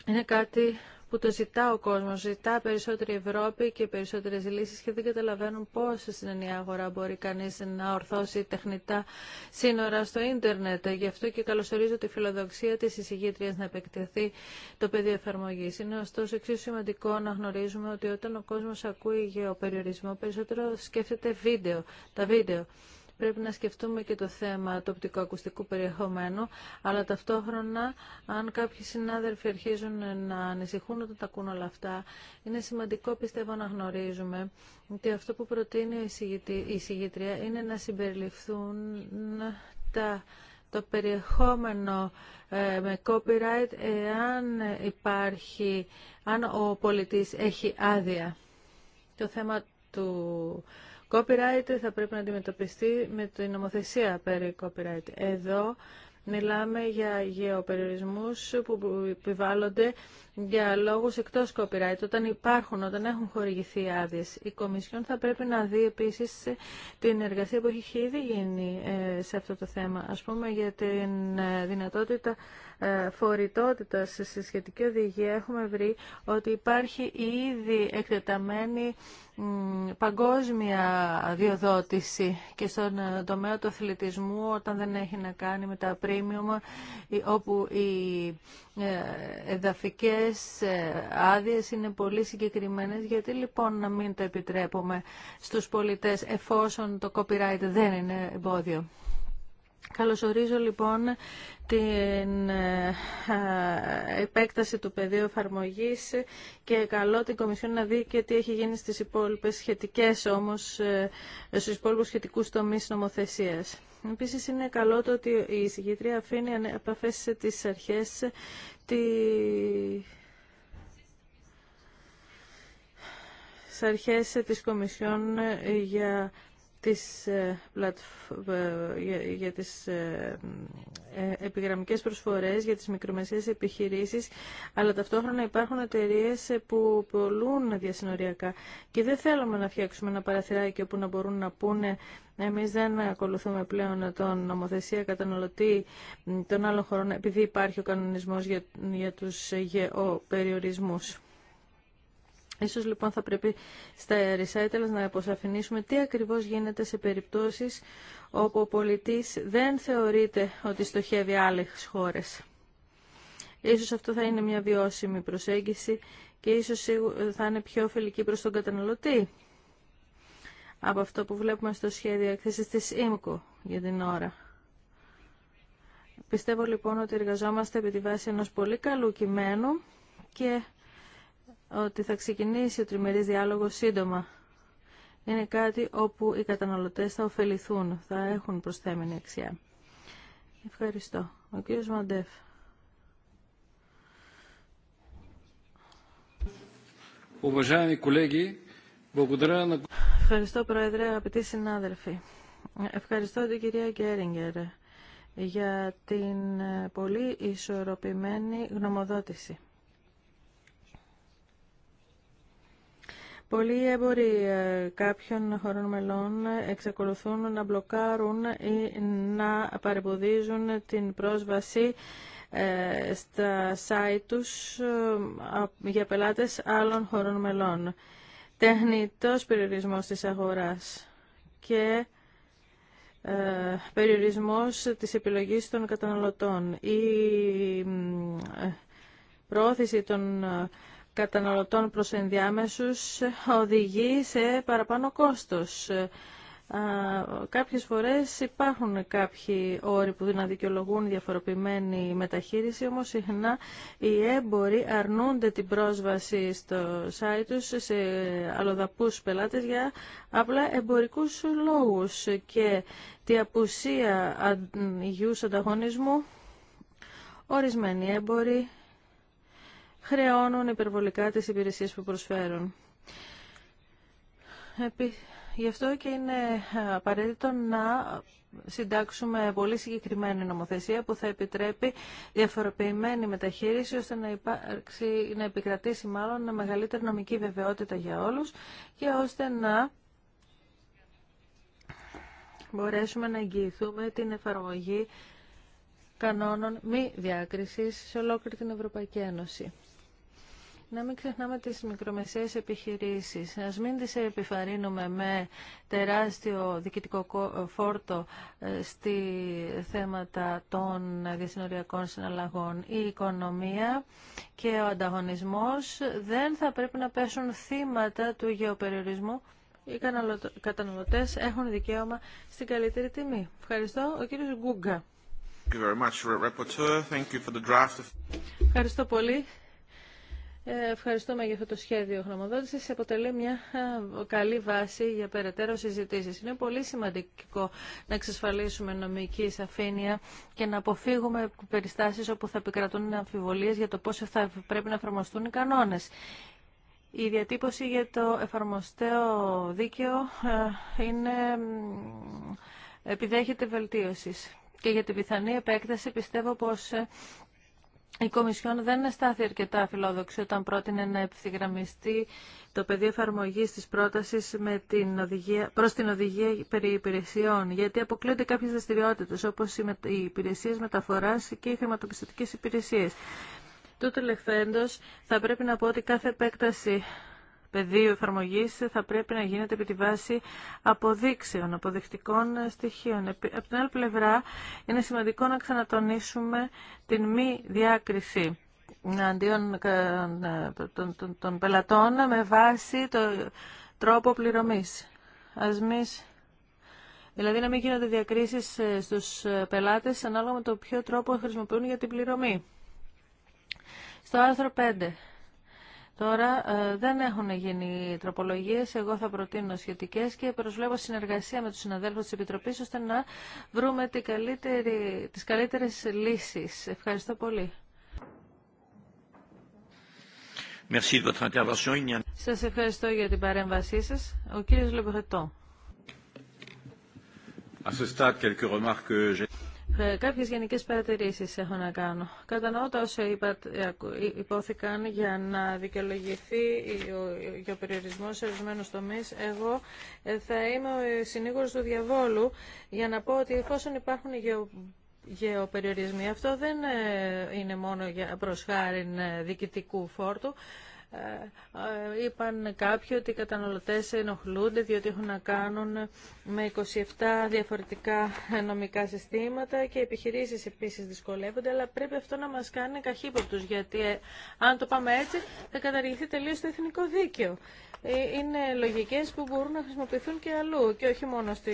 Είναι κάτι που το ζητά ο κόσμος. Ζητά περισσότερη Ευρώπη και περισσότερες λύσεις και δεν καταλαβαίνουν πώ στην ενιαία αγορά μπορεί κανείς να ορθώσει τεχνητά σύνορα στο ίντερνετ. Γι' αυτό και καλωσορίζω τη φιλοδοξία της εισηγήτρια να επεκτεθεί το πεδίο εφαρμογή. Είναι ωστόσο εξίσου σημαντικό να γνωρίζουμε ότι όταν ο κόσμο ακούει για περιορισμό περισσότερο σκέφτεται βίντεο, τα βίντεο. Πρέπει να σκεφτούμε και το θέμα του οπτικοακουστικού περιεχομένου, αλλά ταυτόχρονα αν κάποιοι συνάδελφοι αρχίζουν να ανησυχούν όταν τα ακούν όλα αυτά, είναι σημαντικό πιστεύω να γνωρίζουμε ότι αυτό που προτείνει η συγγήτρια είναι να συμπεριληφθούν τα το περιεχόμενο ε, με copyright εάν υπάρχει, αν ο πολιτής έχει άδεια. Το θέμα του Copyright θα πρέπει να αντιμετωπιστεί με την νομοθεσία περί copyright. Εδώ Μιλάμε για γεωπεριορισμούς που επιβάλλονται για λόγους εκτός copyright, όταν υπάρχουν, όταν έχουν χορηγηθεί άδειε. Η Κομισιόν θα πρέπει να δει επίσης την εργασία που έχει ήδη γίνει ε, σε αυτό το θέμα. Ας πούμε για την ε, δυνατότητα ε, φορητότητας στη σχετική οδηγία έχουμε βρει ότι υπάρχει ήδη εκτεταμένη παγκόσμια διοδότηση και στον ε, τομέα του αθλητισμού όταν δεν έχει να κάνει με τα premium όπου οι ε, εδαφικές ε, άδειες είναι πολύ συγκεκριμένες γιατί λοιπόν να μην το επιτρέπουμε στους πολιτές εφόσον το copyright δεν είναι εμπόδιο. Καλωσορίζω λοιπόν την ε, επέκταση του πεδίου εφαρμογή και καλό την Κομισιόν να δει και τι έχει γίνει στις υπόλοιπες σχετικές όμως, ε, στους υπόλοιπους σχετικούς τομείς νομοθεσίας. Επίσης είναι καλό το ότι η συγκήτρια αφήνει επαφές σε τις αρχές τη... στις αρχές της Κομισιόν για τις, ε, ε, για τις ε, επιγραμμικές προσφορές, για τις μικρομεσαίες επιχειρήσεις, αλλά ταυτόχρονα υπάρχουν εταιρείε που πολλούν διασυνοριακά. Και δεν θέλουμε να φτιάξουμε ένα παραθυράκι όπου να μπορούν να πούνε εμείς δεν ακολουθούμε πλέον τον νομοθεσία καταναλωτή των άλλων χωρών επειδή υπάρχει ο κανονισμός για, για τους γεωπεριορισμούς. Ίσως λοιπόν θα πρέπει στα recitals να αποσαφηνίσουμε τι ακριβώς γίνεται σε περιπτώσεις όπου ο πολιτής δεν θεωρείται ότι στοχεύει άλλες χώρες. Ίσως αυτό θα είναι μια βιώσιμη προσέγγιση και ίσως θα είναι πιο ωφελική προς τον καταναλωτή από αυτό που βλέπουμε στο σχέδιο εκθέσης της ΙΜΚΟ για την ώρα. Πιστεύω λοιπόν ότι εργαζόμαστε επί τη βάση ενός πολύ καλού κειμένου και ότι θα ξεκινήσει ο τριμερής διάλογος σύντομα. Είναι κάτι όπου οι καταναλωτές θα ωφεληθούν, θα έχουν προσθέμενη αξιά. Ευχαριστώ. Ο κύριος Μαντεύ. Ευχαριστώ, Πρόεδρε, αγαπητοί συνάδελφοι. Ευχαριστώ την κυρία Γκέριγκερ για την ε, πολύ ισορροπημένη γνωμοδότηση. Πολλοί έμποροι ε, κάποιων χωρών μελών εξακολουθούν να μπλοκάρουν ή να παρεμποδίζουν την πρόσβαση ε, στα site τους ε, για πελάτες άλλων χωρών μελών. Τεχνητός περιορισμός της αγοράς και περιορισμός της επιλογής των καταναλωτών. Η πρόθεση των καταναλωτών προς ενδιάμεσους οδηγεί σε παραπάνω κόστος. Κάποιες φορές υπάρχουν κάποιοι όροι που να δικαιολογούν διαφοροποιημένη μεταχείριση, όμως συχνά οι έμποροι αρνούνται την πρόσβαση στο site τους σε αλλοδαπούς πελάτες για απλά εμπορικούς λόγους και τη απουσία υγιούς ανταγωνισμού. Ορισμένοι έμποροι χρεώνουν υπερβολικά τις υπηρεσίες που προσφέρουν. Γι' αυτό και είναι απαραίτητο να συντάξουμε πολύ συγκεκριμένη νομοθεσία που θα επιτρέπει διαφοροποιημένη μεταχείριση ώστε να, υπάρξει, να επικρατήσει μάλλον μεγαλύτερη νομική βεβαιότητα για όλους και ώστε να μπορέσουμε να εγγυηθούμε την εφαρμογή κανόνων μη διάκρισης σε ολόκληρη την Ευρωπαϊκή Ένωση να μην ξεχνάμε τις μικρομεσαίες επιχειρήσεις, να μην τις επιφαρύνουμε με τεράστιο διοικητικό φόρτο ε, στη θέματα των διασυνοριακών συναλλαγών. Η οικονομία και ο ανταγωνισμός δεν θα πρέπει να πέσουν θύματα του γεωπεριορισμού οι καταναλωτές έχουν δικαίωμα στην καλύτερη τιμή. Ευχαριστώ. Ο κύριος Γκούγκα. Ευχαριστώ πολύ. Ε, ευχαριστούμε για αυτό το σχέδιο γνωμοδότησης. Αποτελεί μια ε, καλή βάση για περαιτέρω συζητήσει. Είναι πολύ σημαντικό να εξασφαλίσουμε νομική σαφήνεια και να αποφύγουμε περιστάσεις όπου θα επικρατούν αμφιβολίες για το πώ θα πρέπει να εφαρμοστούν οι κανόνες. Η διατύπωση για το εφαρμοστέο δίκαιο ε, είναι, επιδέχεται βελτίωση. Και για την πιθανή επέκταση πιστεύω πως η Κομισιόν δεν στάθη αρκετά φιλόδοξη όταν πρότεινε να επιθυγραμμιστεί το πεδίο εφαρμογή τη πρόταση προ την οδηγία περί υπηρεσιών, γιατί αποκλείονται κάποιε δραστηριότητε όπω οι υπηρεσίε μεταφορά και οι χρηματοπιστωτικέ υπηρεσίε. Τούτου λεχθέντο, θα πρέπει να πω ότι κάθε επέκταση πεδίο εφαρμογή θα πρέπει να γίνεται επί τη βάση αποδείξεων, αποδεικτικών στοιχείων. Από την άλλη πλευρά, είναι σημαντικό να ξανατονίσουμε την μη διάκριση αντίον των, πελατών με βάση το τρόπο πληρωμής. Ας Δηλαδή να μην γίνονται διακρίσεις ε, στους ε, πελάτες ανάλογα με το ποιο τρόπο χρησιμοποιούν για την πληρωμή. Στο άρθρο 5 Τώρα ε, δεν έχουν γίνει τροπολογίε. Εγώ θα προτείνω σχετικέ και προσβλέπω συνεργασία με του συναδέλφου τη Επιτροπή ώστε να βρούμε τι καλύτερε λύσει. Ευχαριστώ πολύ. Σα ευχαριστώ για την παρέμβασή σα, Ο κύριος Λεμπρετό. Ε, Κάποιε γενικές παρατηρήσεις έχω να κάνω. Κατανοώ τα όσα υπόθηκαν για να δικαιολογηθεί ο, ο σε ορισμένου τομεί. Εγώ ε, θα είμαι ο συνήγορος του διαβόλου για να πω ότι εφόσον υπάρχουν γεωπεριορισμοί. Αυτό δεν ε, είναι μόνο για προς χάρη διοικητικού φόρτου, ε, ε, είπαν κάποιοι ότι οι καταναλωτές ενοχλούνται διότι έχουν να κάνουν με 27 διαφορετικά νομικά συστήματα και οι επιχειρήσεις επίσης δυσκολεύονται, αλλά πρέπει αυτό να μας κάνει καχύποπτους, γιατί ε, αν το πάμε έτσι θα καταργηθεί τελείως το εθνικό δίκαιο. Είναι λογικές που μπορούν να χρησιμοποιηθούν και αλλού και όχι μόνο στο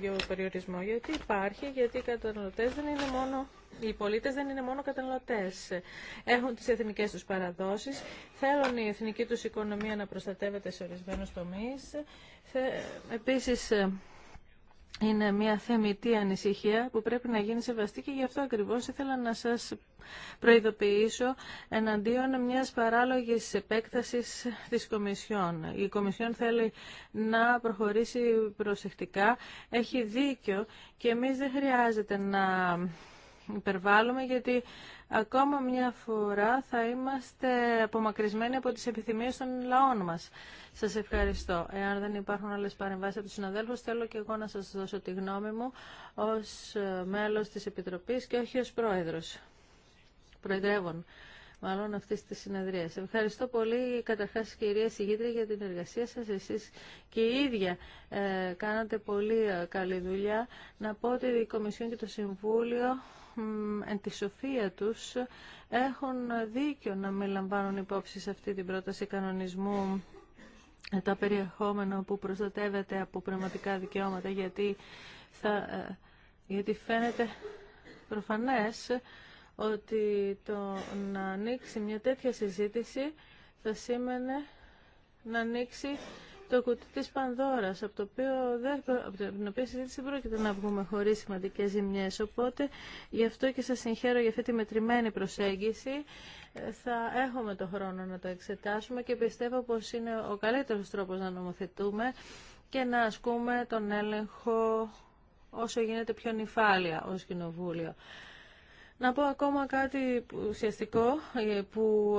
γεωπεριορισμό, γιατί υπάρχει, γιατί οι καταναλωτές δεν είναι μόνο οι πολίτες δεν είναι μόνο καταναλωτές. Έχουν τις εθνικές τους παραδόσεις, θέλουν η εθνική τους οικονομία να προστατεύεται σε ορισμένους τομείς. Επίσης, ε, είναι μια θεμητή ανησυχία που πρέπει να γίνει σεβαστή και γι' αυτό ακριβώς ήθελα να σας προειδοποιήσω εναντίον μιας παράλογης επέκτασης της Κομισιόν. Η Κομισιόν θέλει να προχωρήσει προσεκτικά, έχει δίκιο και εμείς δεν χρειάζεται να υπερβάλλουμε γιατί ακόμα μια φορά θα είμαστε απομακρυσμένοι από τις επιθυμίες των λαών μας. Σας ευχαριστώ. Εάν δεν υπάρχουν άλλες παρεμβάσεις από τους συναδέλφους, θέλω και εγώ να σας δώσω τη γνώμη μου ως μέλος της Επιτροπής και όχι ως πρόεδρος. Προεδρεύων μάλλον αυτή τη συνεδρία. Ευχαριστώ πολύ καταρχά, κυρία Σιγήτρια, για την εργασία σα. Εσεί και η ίδια ε, κάνατε πολύ ε, καλή δουλειά. Να πω ότι η Κομισιόν και το Συμβούλιο εν τη σοφία τους έχουν δίκιο να μην λαμβάνουν υπόψη σε αυτή την πρόταση κανονισμού ε, τα περιεχόμενα που προστατεύεται από πνευματικά δικαιώματα γιατί, θα, ε, γιατί φαίνεται προφανές ότι το να ανοίξει μια τέτοια συζήτηση θα σήμαινε να ανοίξει το κουτί της Πανδώρας, από, το οποίο δεν, από την οποία συζήτηση πρόκειται να βγούμε χωρίς σημαντικές ζημιές. Οπότε, γι' αυτό και σας συγχαίρω για αυτή τη μετρημένη προσέγγιση. Ε, θα έχουμε το χρόνο να το εξετάσουμε και πιστεύω πως είναι ο καλύτερος τρόπος να νομοθετούμε και να ασκούμε τον έλεγχο όσο γίνεται πιο νυφάλια ως κοινοβούλιο. Να πω ακόμα κάτι ουσιαστικό ε, που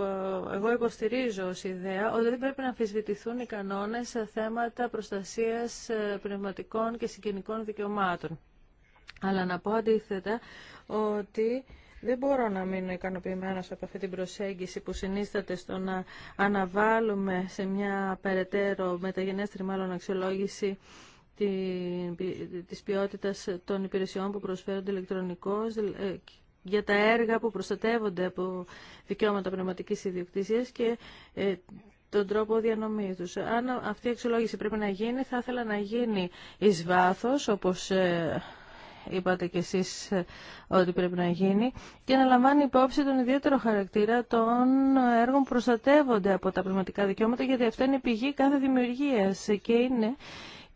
ε, εγώ υποστηρίζω ως ιδέα, ότι δεν πρέπει να αμφισβητηθούν οι κανόνες σε θέματα προστασίας ε, πνευματικών και συγγενικών δικαιωμάτων. Αλλά να πω αντίθετα ότι δεν μπορώ να μείνω ικανοποιημένο από αυτή την προσέγγιση που συνίσταται στο να αναβάλουμε σε μια περαιτέρω μεταγενέστερη μάλλον αξιολόγηση της ποιότητας των υπηρεσιών που προσφέρονται ηλεκτρονικώς για τα έργα που προστατεύονται από δικαιώματα πνευματικής ιδιοκτησίας και ε, τον τρόπο διανομής τους. Αν αυτή η αξιολόγηση πρέπει να γίνει, θα ήθελα να γίνει εις βάθος, όπως ε, είπατε κι εσείς ε, ότι πρέπει να γίνει, και να λαμβάνει υπόψη τον ιδιαίτερο χαρακτήρα των έργων που προστατεύονται από τα πνευματικά δικαιώματα, γιατί αυτά είναι πηγή κάθε δημιουργίας και είναι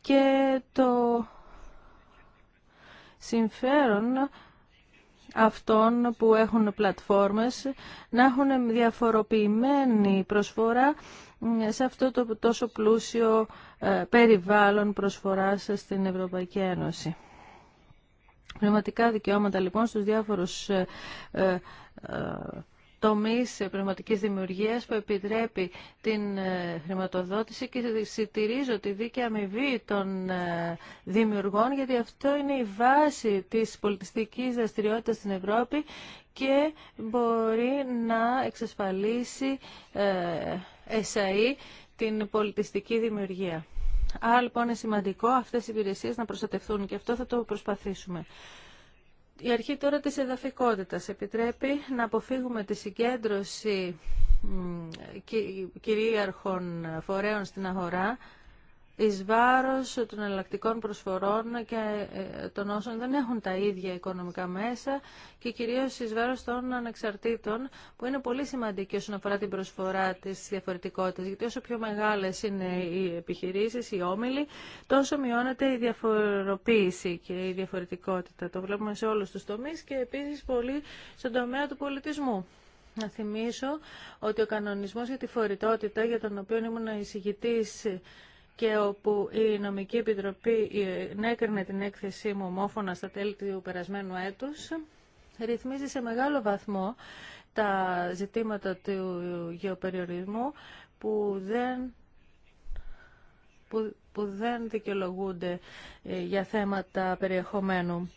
και το συμφέρον αυτών που έχουν πλατφόρμες να έχουν διαφοροποιημένη προσφορά σε αυτό το τόσο πλούσιο ε, περιβάλλον προσφοράς στην Ευρωπαϊκή Ένωση. Πνευματικά δικαιώματα λοιπόν στους διάφορους ε, ε, Τομεί πνευματική δημιουργίας που επιτρέπει την ε, χρηματοδότηση και συντηρίζω τη δίκαια αμοιβή των ε, δημιουργών γιατί αυτό είναι η βάση της πολιτιστικής δραστηριότητας στην Ευρώπη και μπορεί να εξασφαλίσει ε, εσαΐ την πολιτιστική δημιουργία. Άρα λοιπόν είναι σημαντικό αυτές οι υπηρεσίες να προστατευτούν και αυτό θα το προσπαθήσουμε. Η αρχή τώρα της εδαφικότητας επιτρέπει να αποφύγουμε τη συγκέντρωση κυρίαρχων φορέων στην αγορά εις βάρος των ελλακτικών προσφορών και ε, των όσων δεν έχουν τα ίδια οικονομικά μέσα και κυρίως εις βάρος των ανεξαρτήτων που είναι πολύ σημαντική όσον αφορά την προσφορά της διαφορετικότητας γιατί όσο πιο μεγάλες είναι οι επιχειρήσεις, οι όμιλοι τόσο μειώνεται η διαφοροποίηση και η διαφορετικότητα. Το βλέπουμε σε όλους τους τομείς και επίσης πολύ στον τομέα του πολιτισμού. Να θυμίσω ότι ο κανονισμός για τη φορητότητα, για τον οποίο ήμουν εισηγητής και όπου η Νομική Επιτροπή ναι, έκρινε την έκθεσή μου ομόφωνα στα τέλη του περασμένου έτους, ρυθμίζει σε μεγάλο βαθμό τα ζητήματα του γεωπεριορισμού που δεν, που, που δεν δικαιολογούνται ε, για θέματα περιεχομένου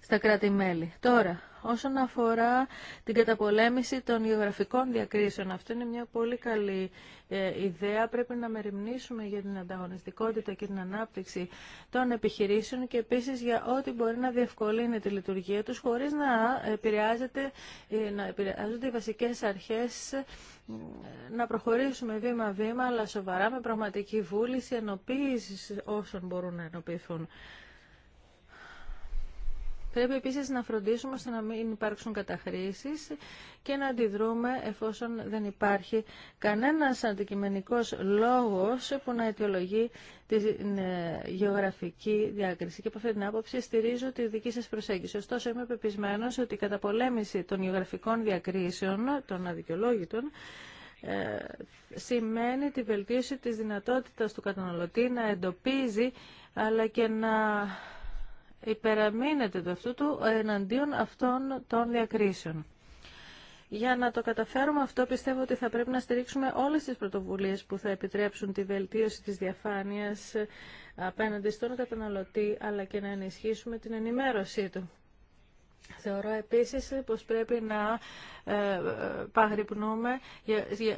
στα κράτη-μέλη. Τώρα, Όσον αφορά την καταπολέμηση των γεωγραφικών διακρίσεων, αυτό είναι μια πολύ καλή ε, ιδέα. Πρέπει να μεριμνήσουμε για την ανταγωνιστικότητα και την ανάπτυξη των επιχειρήσεων και επίσης για ό,τι μπορεί να διευκολύνει τη λειτουργία τους χωρίς να, επηρεάζεται, ε, να επηρεάζονται οι βασικές αρχές ε, να προχωρήσουμε βήμα-βήμα, αλλά σοβαρά με πραγματική βούληση ενοποίησης όσων μπορούν να ενοποιηθούν. Πρέπει επίσης να φροντίσουμε ώστε να μην υπάρξουν καταχρήσεις και να αντιδρούμε εφόσον δεν υπάρχει κανένας αντικειμενικός λόγος που να αιτιολογεί τη ε, γεωγραφική διάκριση. Και από αυτή την άποψη στηρίζω τη δική σας προσέγγιση. Ωστόσο είμαι πεπισμένος ότι η καταπολέμηση των γεωγραφικών διακρίσεων, των αδικαιολόγητων, ε, σημαίνει τη βελτίωση της δυνατότητας του καταναλωτή να εντοπίζει αλλά και να υπεραμείνεται το αυτού του εναντίον αυτών των διακρίσεων. Για να το καταφέρουμε αυτό πιστεύω ότι θα πρέπει να στηρίξουμε όλες τις πρωτοβουλίες που θα επιτρέψουν τη βελτίωση της διαφάνειας απέναντι στον καταναλωτή αλλά και να ενισχύσουμε την ενημέρωσή του. Θεωρώ επίσης πως πρέπει να ε, παγρυπνούμε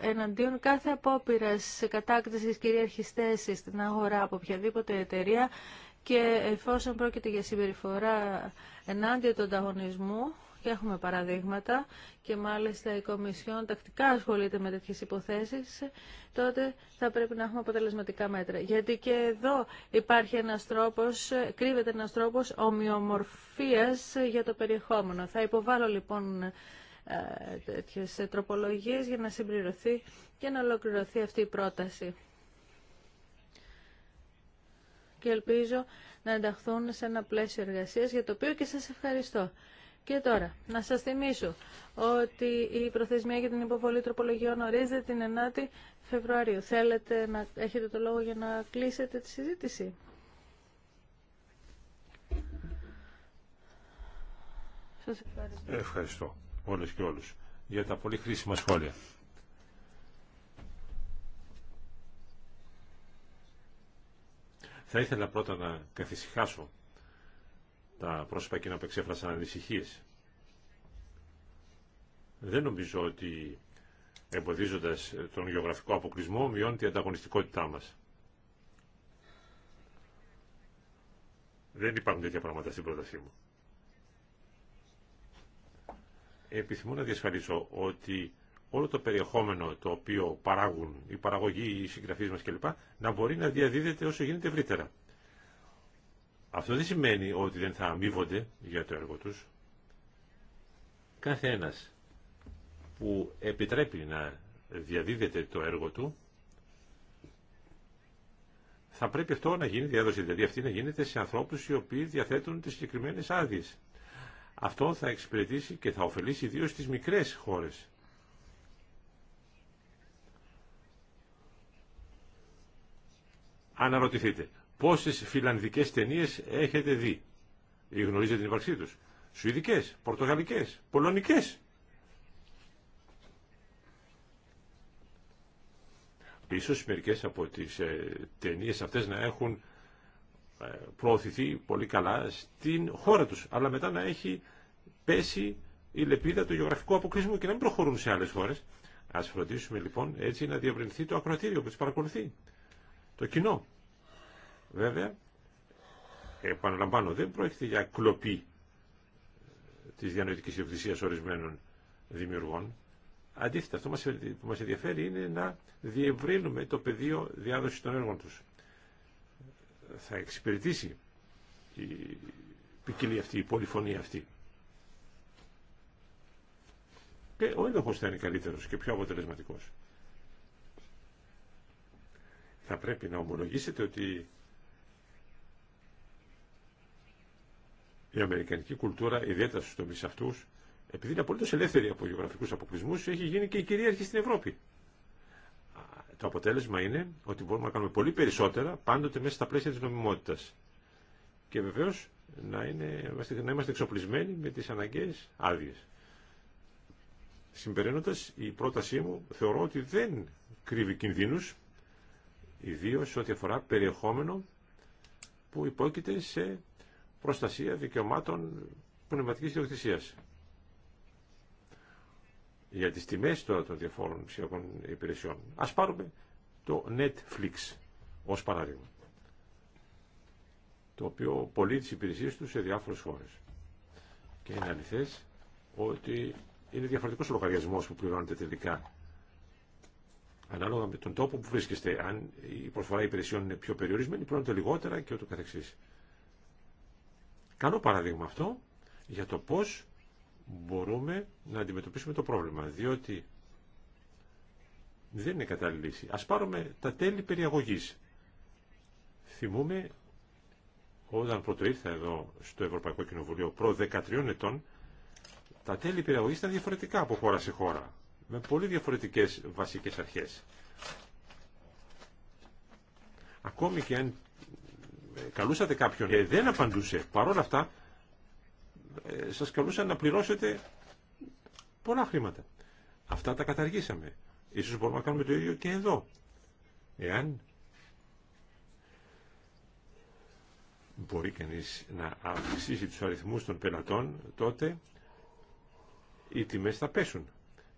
εναντίον κάθε απόπειρας κατάκτησης κυρίαρχης θέσης στην αγορά από οποιαδήποτε εταιρεία και εφόσον πρόκειται για συμπεριφορά ενάντια του ανταγωνισμού, και έχουμε παραδείγματα και μάλιστα η Κομισιόν τακτικά ασχολείται με τέτοιες υποθέσεις, τότε θα πρέπει να έχουμε αποτελεσματικά μέτρα. Γιατί και εδώ υπάρχει ένας τρόπος, κρύβεται ένας τρόπος ομοιομορφίας για το περιεχόμενο. Θα υποβάλω λοιπόν ε, τέτοιες τροπολογίες για να συμπληρωθεί και να ολοκληρωθεί αυτή η πρόταση και ελπίζω να ενταχθούν σε ένα πλαίσιο εργασίας για το οποίο και σας ευχαριστώ. Και τώρα, να σας θυμίσω ότι η προθεσμία για την υποβολή τροπολογιών ορίζεται την 9η Φεβρουαρίου. Θέλετε να έχετε το λόγο για να κλείσετε τη συζήτηση. Σας ευχαριστώ. Ευχαριστώ όλες και όλους για τα πολύ χρήσιμα σχόλια. Θα ήθελα πρώτα να καθησυχάσω τα πρόσωπα εκείνα που εξέφρασαν ανησυχίες. Δεν νομίζω ότι εμποδίζοντας τον γεωγραφικό αποκλεισμό μειώνεται την ανταγωνιστικότητά μας. Δεν υπάρχουν τέτοια πράγματα στην πρότασή μου. Επιθυμώ να διασφαλίσω ότι όλο το περιεχόμενο το οποίο παράγουν οι παραγωγοί, οι συγγραφείς μας κλπ. να μπορεί να διαδίδεται όσο γίνεται ευρύτερα. Αυτό δεν σημαίνει ότι δεν θα αμείβονται για το έργο τους. Κάθε ένας που επιτρέπει να διαδίδεται το έργο του θα πρέπει αυτό να γίνει διάδοση, δηλαδή αυτή να γίνεται σε ανθρώπους οι οποίοι διαθέτουν τις συγκεκριμένες άδειες. Αυτό θα εξυπηρετήσει και θα ωφελήσει ιδίω τις μικρές χώρες Αναρωτηθείτε, πόσες φιλανδικές ταινίες έχετε δει ή γνωρίζετε την ύπαρξή τους. Σουηδικές, Πορτογαλικές, Πολωνικές. Ίσως μερικές από τις ε, ταινίες αυτές να έχουν ε, προωθηθεί πολύ καλά στην χώρα τους, αλλά μετά να έχει πέσει η λεπίδα του γεωγραφικού αποκλεισμού και να μην προχωρούν σε άλλες χώρες. Ας φροντίσουμε λοιπόν έτσι να διευρυνθεί το ακροατήριο που τις παρακολουθεί, το κοινό. Βέβαια, επαναλαμβάνω, δεν πρόκειται για κλοπή της διανοητικής ιδιοκτησίας ορισμένων δημιουργών. Αντίθετα, αυτό που μας ενδιαφέρει είναι να διευρύνουμε το πεδίο διάδοση των έργων τους. Θα εξυπηρετήσει η ποικιλία αυτή, η πολυφωνία αυτή. Και ο έλεγχος θα είναι καλύτερος και πιο αποτελεσματικός. Θα πρέπει να ομολογήσετε ότι Η αμερικανική κουλτούρα, ιδιαίτερα στου τομεί αυτού, επειδή είναι απολύτω ελεύθερη από γεωγραφικού αποκλεισμού, έχει γίνει και η κυρίαρχη στην Ευρώπη. Το αποτέλεσμα είναι ότι μπορούμε να κάνουμε πολύ περισσότερα πάντοτε μέσα στα πλαίσια τη νομιμότητα. Και βεβαίω να, να είμαστε εξοπλισμένοι με τι αναγκαίε άδειε. Συμπεραίνοντα, η πρότασή μου θεωρώ ότι δεν κρύβει κινδύνου, ιδίω ό,τι αφορά περιεχόμενο που υπόκειται σε προστασία δικαιωμάτων πνευματική διοκτησίας. Για τι τιμέ τώρα των διαφόρων ψηφιακών υπηρεσιών. Α πάρουμε το Netflix ω παράδειγμα. Το οποίο πωλεί τις υπηρεσίες του σε διάφορε χώρε. Και είναι αληθέ ότι είναι διαφορετικό ο λογαριασμό που πληρώνεται τελικά ανάλογα με τον τόπο που βρίσκεστε. Αν η προσφορά υπηρεσιών είναι πιο περιορισμένη, πληρώνεται λιγότερα και ούτω καθεξής. Καλό παράδειγμα αυτό για το πώς μπορούμε να αντιμετωπίσουμε το πρόβλημα, διότι δεν είναι κατάλληλη λύση. Ας πάρουμε τα τέλη περιαγωγής. Θυμούμε όταν πρώτο ήρθα εδώ στο Ευρωπαϊκό Κοινοβουλίο προ 13 ετών, τα τέλη περιαγωγής ήταν διαφορετικά από χώρα σε χώρα, με πολύ διαφορετικές βασικές αρχές. Ακόμη και αν καλούσατε κάποιον και ε, δεν απαντούσε. Παρ' όλα αυτά ε, σας καλούσαν να πληρώσετε πολλά χρήματα. Αυτά τα καταργήσαμε. Ίσως μπορούμε να κάνουμε το ίδιο και εδώ. Εάν μπορεί κανείς να αυξήσει τους αριθμούς των πελατών, τότε οι τιμές θα πέσουν.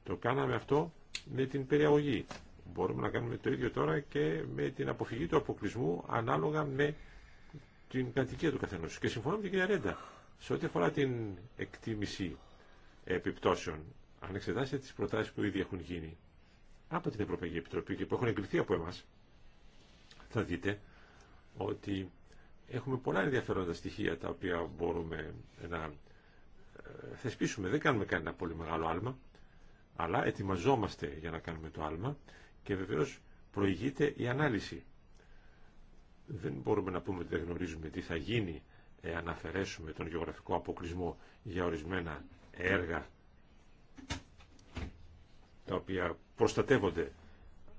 Το κάναμε αυτό με την περιαγωγή. Μπορούμε να κάνουμε το ίδιο τώρα και με την αποφυγή του αποκλεισμού ανάλογα με την κατοικία του καθενό. Και συμφωνώ με την κυρία Ρέντα, σε ό,τι αφορά την εκτίμηση επιπτώσεων, αν εξετάσετε τι προτάσει που ήδη έχουν γίνει από την Ευρωπαϊκή Επιτροπή και που έχουν εγκριθεί από εμά, θα δείτε ότι έχουμε πολλά ενδιαφέροντα στοιχεία τα οποία μπορούμε να ε, θεσπίσουμε. Δεν κάνουμε κανένα πολύ μεγάλο άλμα, αλλά ετοιμαζόμαστε για να κάνουμε το άλμα και βεβαίως προηγείται η ανάλυση δεν μπορούμε να πούμε ότι δεν γνωρίζουμε τι θα γίνει εάν αφαιρέσουμε τον γεωγραφικό αποκλεισμό για ορισμένα έργα τα οποία προστατεύονται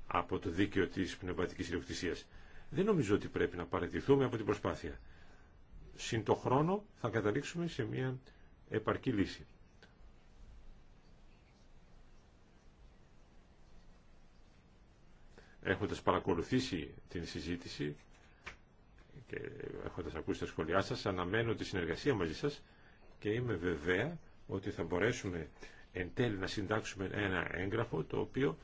από το δίκαιο της πνευματικής ιδιοκτησίας. Δεν νομίζω ότι πρέπει να παραιτηθούμε από την προσπάθεια. Συν το χρόνο θα καταλήξουμε σε μια επαρκή λύση. Έχοντας παρακολουθήσει την συζήτηση, και ακούσει τα σχόλιά σα, αναμένω τη συνεργασία μαζί σας και είμαι βεβαία ότι θα μπορέσουμε εν τέλει να συντάξουμε ένα έγγραφο το οποίο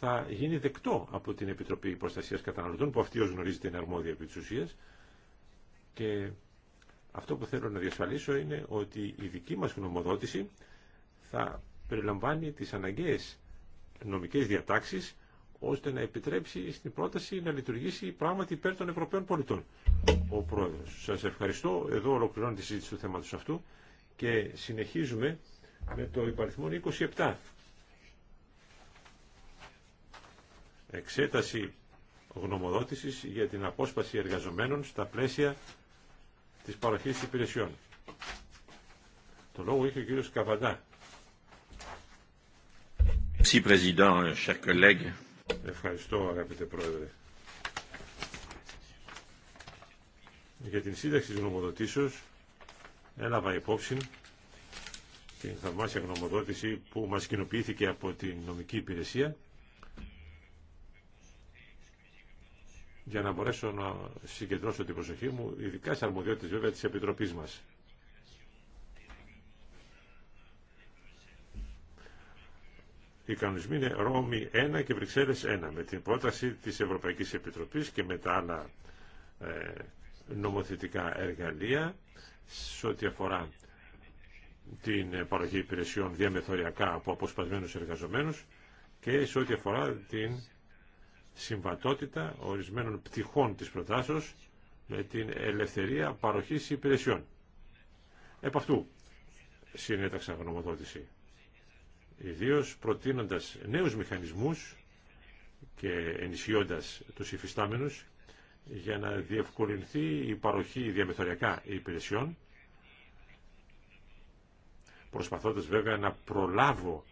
θα γίνει δεκτό από την Επιτροπή Προστασία Καταναλωτών που αυτή ω γνωρίζετε είναι αρμόδια επί και αυτό που θέλω να διασφαλίσω είναι ότι η δική μα γνωμοδότηση θα περιλαμβάνει τι αναγκαίε νομικές διατάξεις ώστε να επιτρέψει στην πρόταση να λειτουργήσει πράγματι υπέρ των Ευρωπαίων πολιτών. Ο Πρόεδρος. Σας ευχαριστώ. Εδώ ολοκληρώνω τη συζήτηση του θέματος αυτού και συνεχίζουμε με το υπαριθμό 27. Εξέταση γνωμοδότησης για την απόσπαση εργαζομένων στα πλαίσια της παροχής υπηρεσιών. Το λόγο είχε ο κύριος Καβαντά. Merci, Président, chers collègues. Ευχαριστώ αγαπητέ Πρόεδρε. Για την σύνταξη της γνωμοδοτήσεως έλαβα υπόψη την θαυμάσια γνωμοδότηση που μας κοινοποιήθηκε από την νομική υπηρεσία για να μπορέσω να συγκεντρώσω την προσοχή μου, ειδικά στις αρμοδιότητες βέβαια της Επιτροπής μας. Οι κανονισμοί είναι Ρώμη 1 και Βρυξέλλες 1 με την πρόταση της Ευρωπαϊκής Επιτροπής και με τα άλλα ε, νομοθετικά εργαλεία σε ό,τι αφορά την παροχή υπηρεσιών διαμεθοριακά από αποσπασμένους εργαζομένους και σε ό,τι αφορά την συμβατότητα ορισμένων πτυχών της προτάσεως με την ελευθερία παροχής υπηρεσιών. Επ' αυτού συνέταξα γνωμοδότηση ιδίως προτείνοντας νέους μηχανισμούς και ενισχύοντας τους υφιστάμενους για να διευκολυνθεί η παροχή διαμεθοριακά υπηρεσιών, προσπαθώντας βέβαια να προλάβω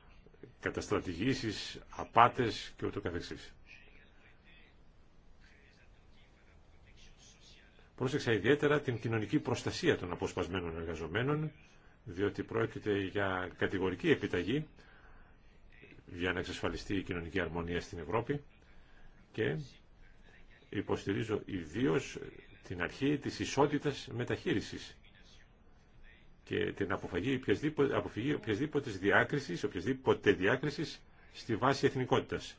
καταστρατηγήσεις, απάτες και ούτω καθεξής. Πρόσεξα ιδιαίτερα την κοινωνική προστασία των αποσπασμένων εργαζομένων, διότι πρόκειται για κατηγορική επιταγή για να εξασφαλιστεί η κοινωνική αρμονία στην Ευρώπη και υποστηρίζω ιδίω την αρχή της ισότητας μεταχείρισης και την αποφυγή οποιασδήποτε, αποφυγή οποιασδήποτε διάκρισης, οποιασδήποτε διάκρισης στη βάση εθνικότητας.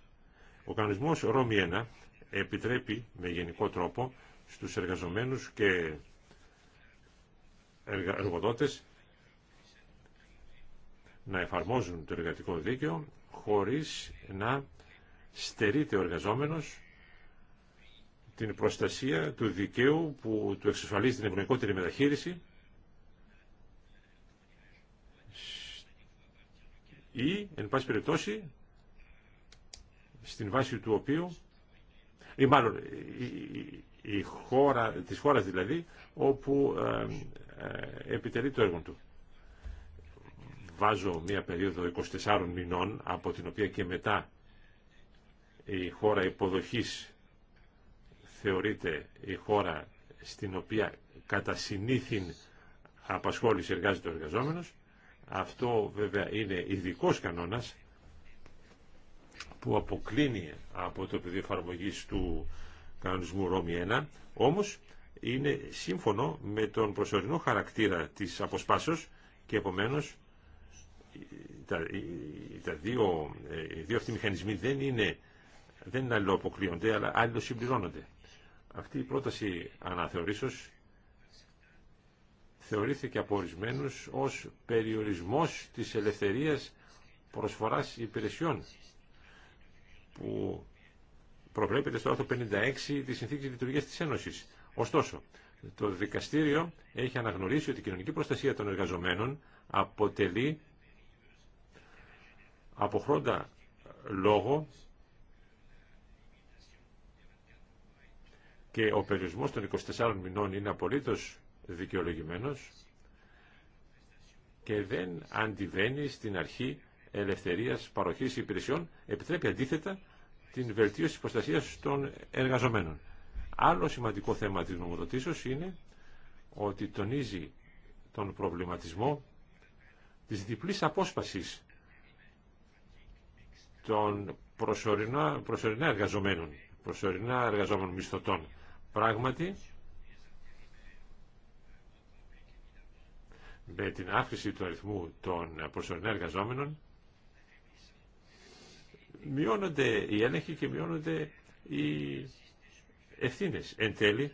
Ο κανονισμός Ρώμη 1 επιτρέπει με γενικό τρόπο στους εργαζομένους και εργοδότες να εφαρμόζουν το εργατικό δίκαιο χωρίς να στερείται ο εργαζόμενος την προστασία του δικαίου που του εξασφαλίζει την ευνοϊκότερη μεταχείριση ή, εν πάση περιπτώσει, στην βάση του οποίου, ή μάλλον η, χώρα, της χώρας δηλαδή, όπου ε, ε, επιτελεί το έργο του βάζω μια περίοδο 24 μηνών από την οποία και μετά η χώρα υποδοχής θεωρείται η χώρα στην οποία κατά συνήθιν απασχόληση εργάζεται ο εργαζόμενος. Αυτό βέβαια είναι ειδικό κανόνας που αποκλίνει από το πεδίο εφαρμογή του κανονισμού Ρώμη 1, όμως είναι σύμφωνο με τον προσωρινό χαρακτήρα της αποσπάσεως και επομένως τα, τα δύο, ε, οι δύο αυτοί μηχανισμοί δεν είναι, δεν είναι αλληλοποκλείονται, αλλά αλληλοσυμπληρώνονται. Αυτή η πρόταση αναθεωρήσεως θεωρήθηκε από ορισμένου ως περιορισμός της ελευθερίας προσφοράς υπηρεσιών που προβλέπεται στο άρθρο 56 της Συνθήκης Λειτουργίας της Ένωσης. Ωστόσο, το δικαστήριο έχει αναγνωρίσει ότι η κοινωνική προστασία των εργαζομένων αποτελεί αποχρόντα λόγο και ο περιορισμός των 24 μηνών είναι απολύτως δικαιολογημένος και δεν αντιβαίνει στην αρχή ελευθερίας παροχής υπηρεσιών, επιτρέπει αντίθετα την βελτίωση της προστασίας των εργαζομένων. Άλλο σημαντικό θέμα της νομοδοτήσεως είναι ότι τονίζει τον προβληματισμό της διπλής απόσπασης των προσωρινά, προσωρινά εργαζομένων, προσωρινά εργαζόμενων μισθωτών. Πράγματι, με την αύξηση του αριθμού των προσωρινά εργαζόμενων, μειώνονται οι έλεγχοι και μειώνονται οι ευθύνες. Εν τέλει,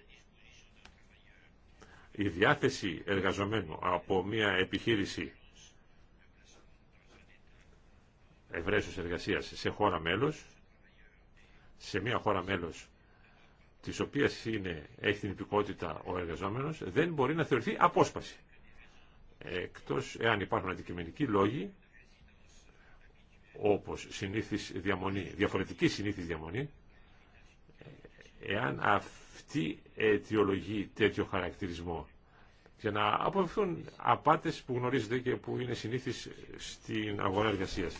η διάθεση εργαζομένου από μια επιχείρηση ευρέσεως εργασίας σε χώρα μέλος, σε μια χώρα μέλος της οποίας είναι, έχει την υπηκότητα ο εργαζόμενος, δεν μπορεί να θεωρηθεί απόσπαση. Εκτός εάν υπάρχουν αντικειμενικοί λόγοι, όπως συνήθις διαμονή, διαφορετική συνήθις διαμονή, εάν αυτή αιτιολογεί τέτοιο χαρακτηρισμό για να αποφευθούν απάτες που γνωρίζετε και που είναι συνήθις στην αγορά εργασίας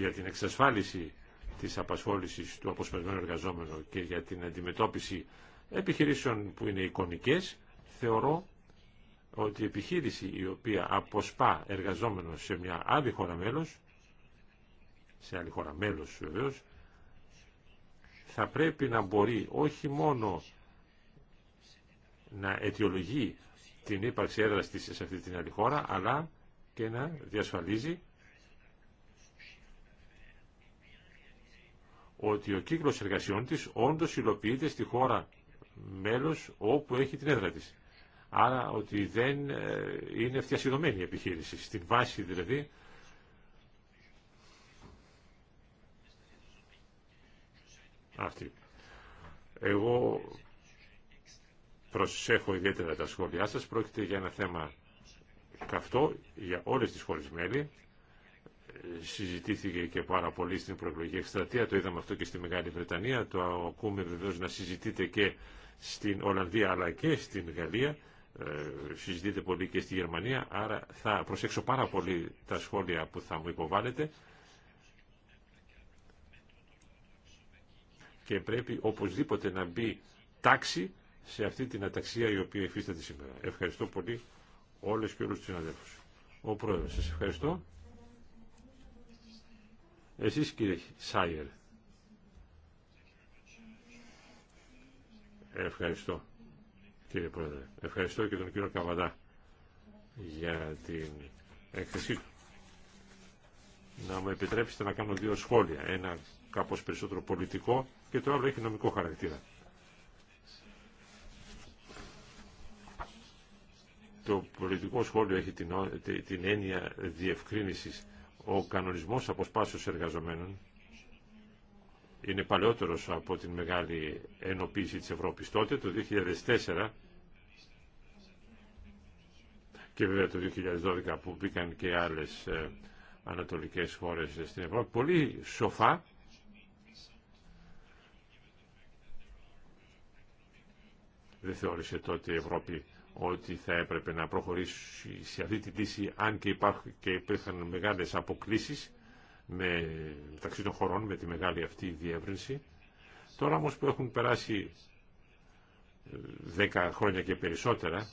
για την εξασφάλιση της απασχόλησης του αποσπασμένου εργαζόμενου και για την αντιμετώπιση επιχειρήσεων που είναι εικονικές, θεωρώ ότι η επιχείρηση η οποία αποσπά εργαζόμενο σε μια άλλη χώρα μέλος, σε άλλη χώρα μέλος βεβαίως, θα πρέπει να μπορεί όχι μόνο να αιτιολογεί την ύπαρξη έδρας σε αυτή την άλλη χώρα, αλλά και να διασφαλίζει ότι ο κύκλος εργασιών της όντως υλοποιείται στη χώρα μέλος όπου έχει την έδρα της. Άρα ότι δεν ε, είναι φτιασιδωμένη η επιχείρηση. Στην βάση δηλαδή αυτή. Εγώ προσέχω ιδιαίτερα τα σχόλιά σας. Πρόκειται για ένα θέμα καυτό για όλες τις χώρες μέλη συζητήθηκε και πάρα πολύ στην προεκλογική εκστρατεία, το είδαμε αυτό και στη Μεγάλη Βρετανία, το ακούμε βεβαίω να συζητείται και στην Ολλανδία αλλά και στην Γαλλία, ε, συζητείται πολύ και στη Γερμανία, άρα θα προσέξω πάρα πολύ τα σχόλια που θα μου υποβάλλετε και πρέπει οπωσδήποτε να μπει τάξη σε αυτή την αταξία η οποία υφίσταται σήμερα. Ευχαριστώ πολύ όλες και όλους τους συναδέλφους. Ο Πρόεδρος, σας ευχαριστώ. Εσείς κύριε Σάιερ. Ευχαριστώ κύριε Πρόεδρε. Ευχαριστώ και τον κύριο Καβαδά για την έκθεσή του. Να μου επιτρέψετε να κάνω δύο σχόλια. Ένα κάπως περισσότερο πολιτικό και το άλλο έχει νομικό χαρακτήρα. Το πολιτικό σχόλιο έχει την έννοια διευκρίνησης ο κανονισμός αποσπάσεως εργαζομένων είναι παλαιότερος από την μεγάλη ενοποίηση της Ευρώπης τότε, το 2004 και βέβαια το 2012 που μπήκαν και άλλες ε, ανατολικές χώρες στην Ευρώπη. Πολύ σοφά δεν θεώρησε τότε η Ευρώπη ότι θα έπρεπε να προχωρήσει σε αυτή τη λύση αν και, υπάρχουν, και υπήρχαν μεγάλες αποκλήσεις με, μεταξύ των χωρών με τη μεγάλη αυτή διεύρυνση. Τώρα όμως που έχουν περάσει 10 ε, χρόνια και περισσότερα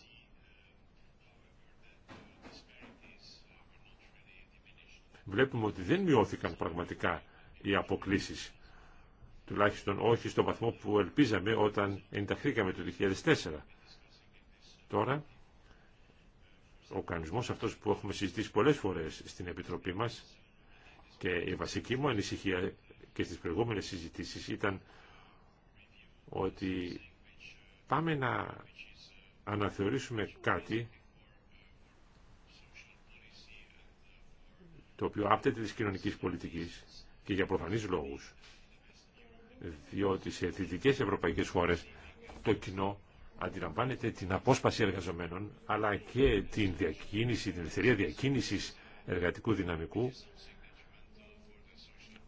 βλέπουμε ότι δεν μειώθηκαν πραγματικά οι αποκλήσεις τουλάχιστον όχι στο βαθμό που ελπίζαμε όταν ενταχθήκαμε το 2004. Τώρα, ο κανονισμός αυτός που έχουμε συζητήσει πολλές φορές στην Επιτροπή μας και η βασική μου ανησυχία και στις προηγούμενες συζητήσεις ήταν ότι πάμε να αναθεωρήσουμε κάτι το οποίο άπτεται της κοινωνικής πολιτικής και για προφανείς λόγους διότι σε δυτικές ευρωπαϊκές χώρες το κοινό αντιλαμβάνεται την απόσπαση εργαζομένων αλλά και την διακίνηση, την ελευθερία διακίνησης εργατικού δυναμικού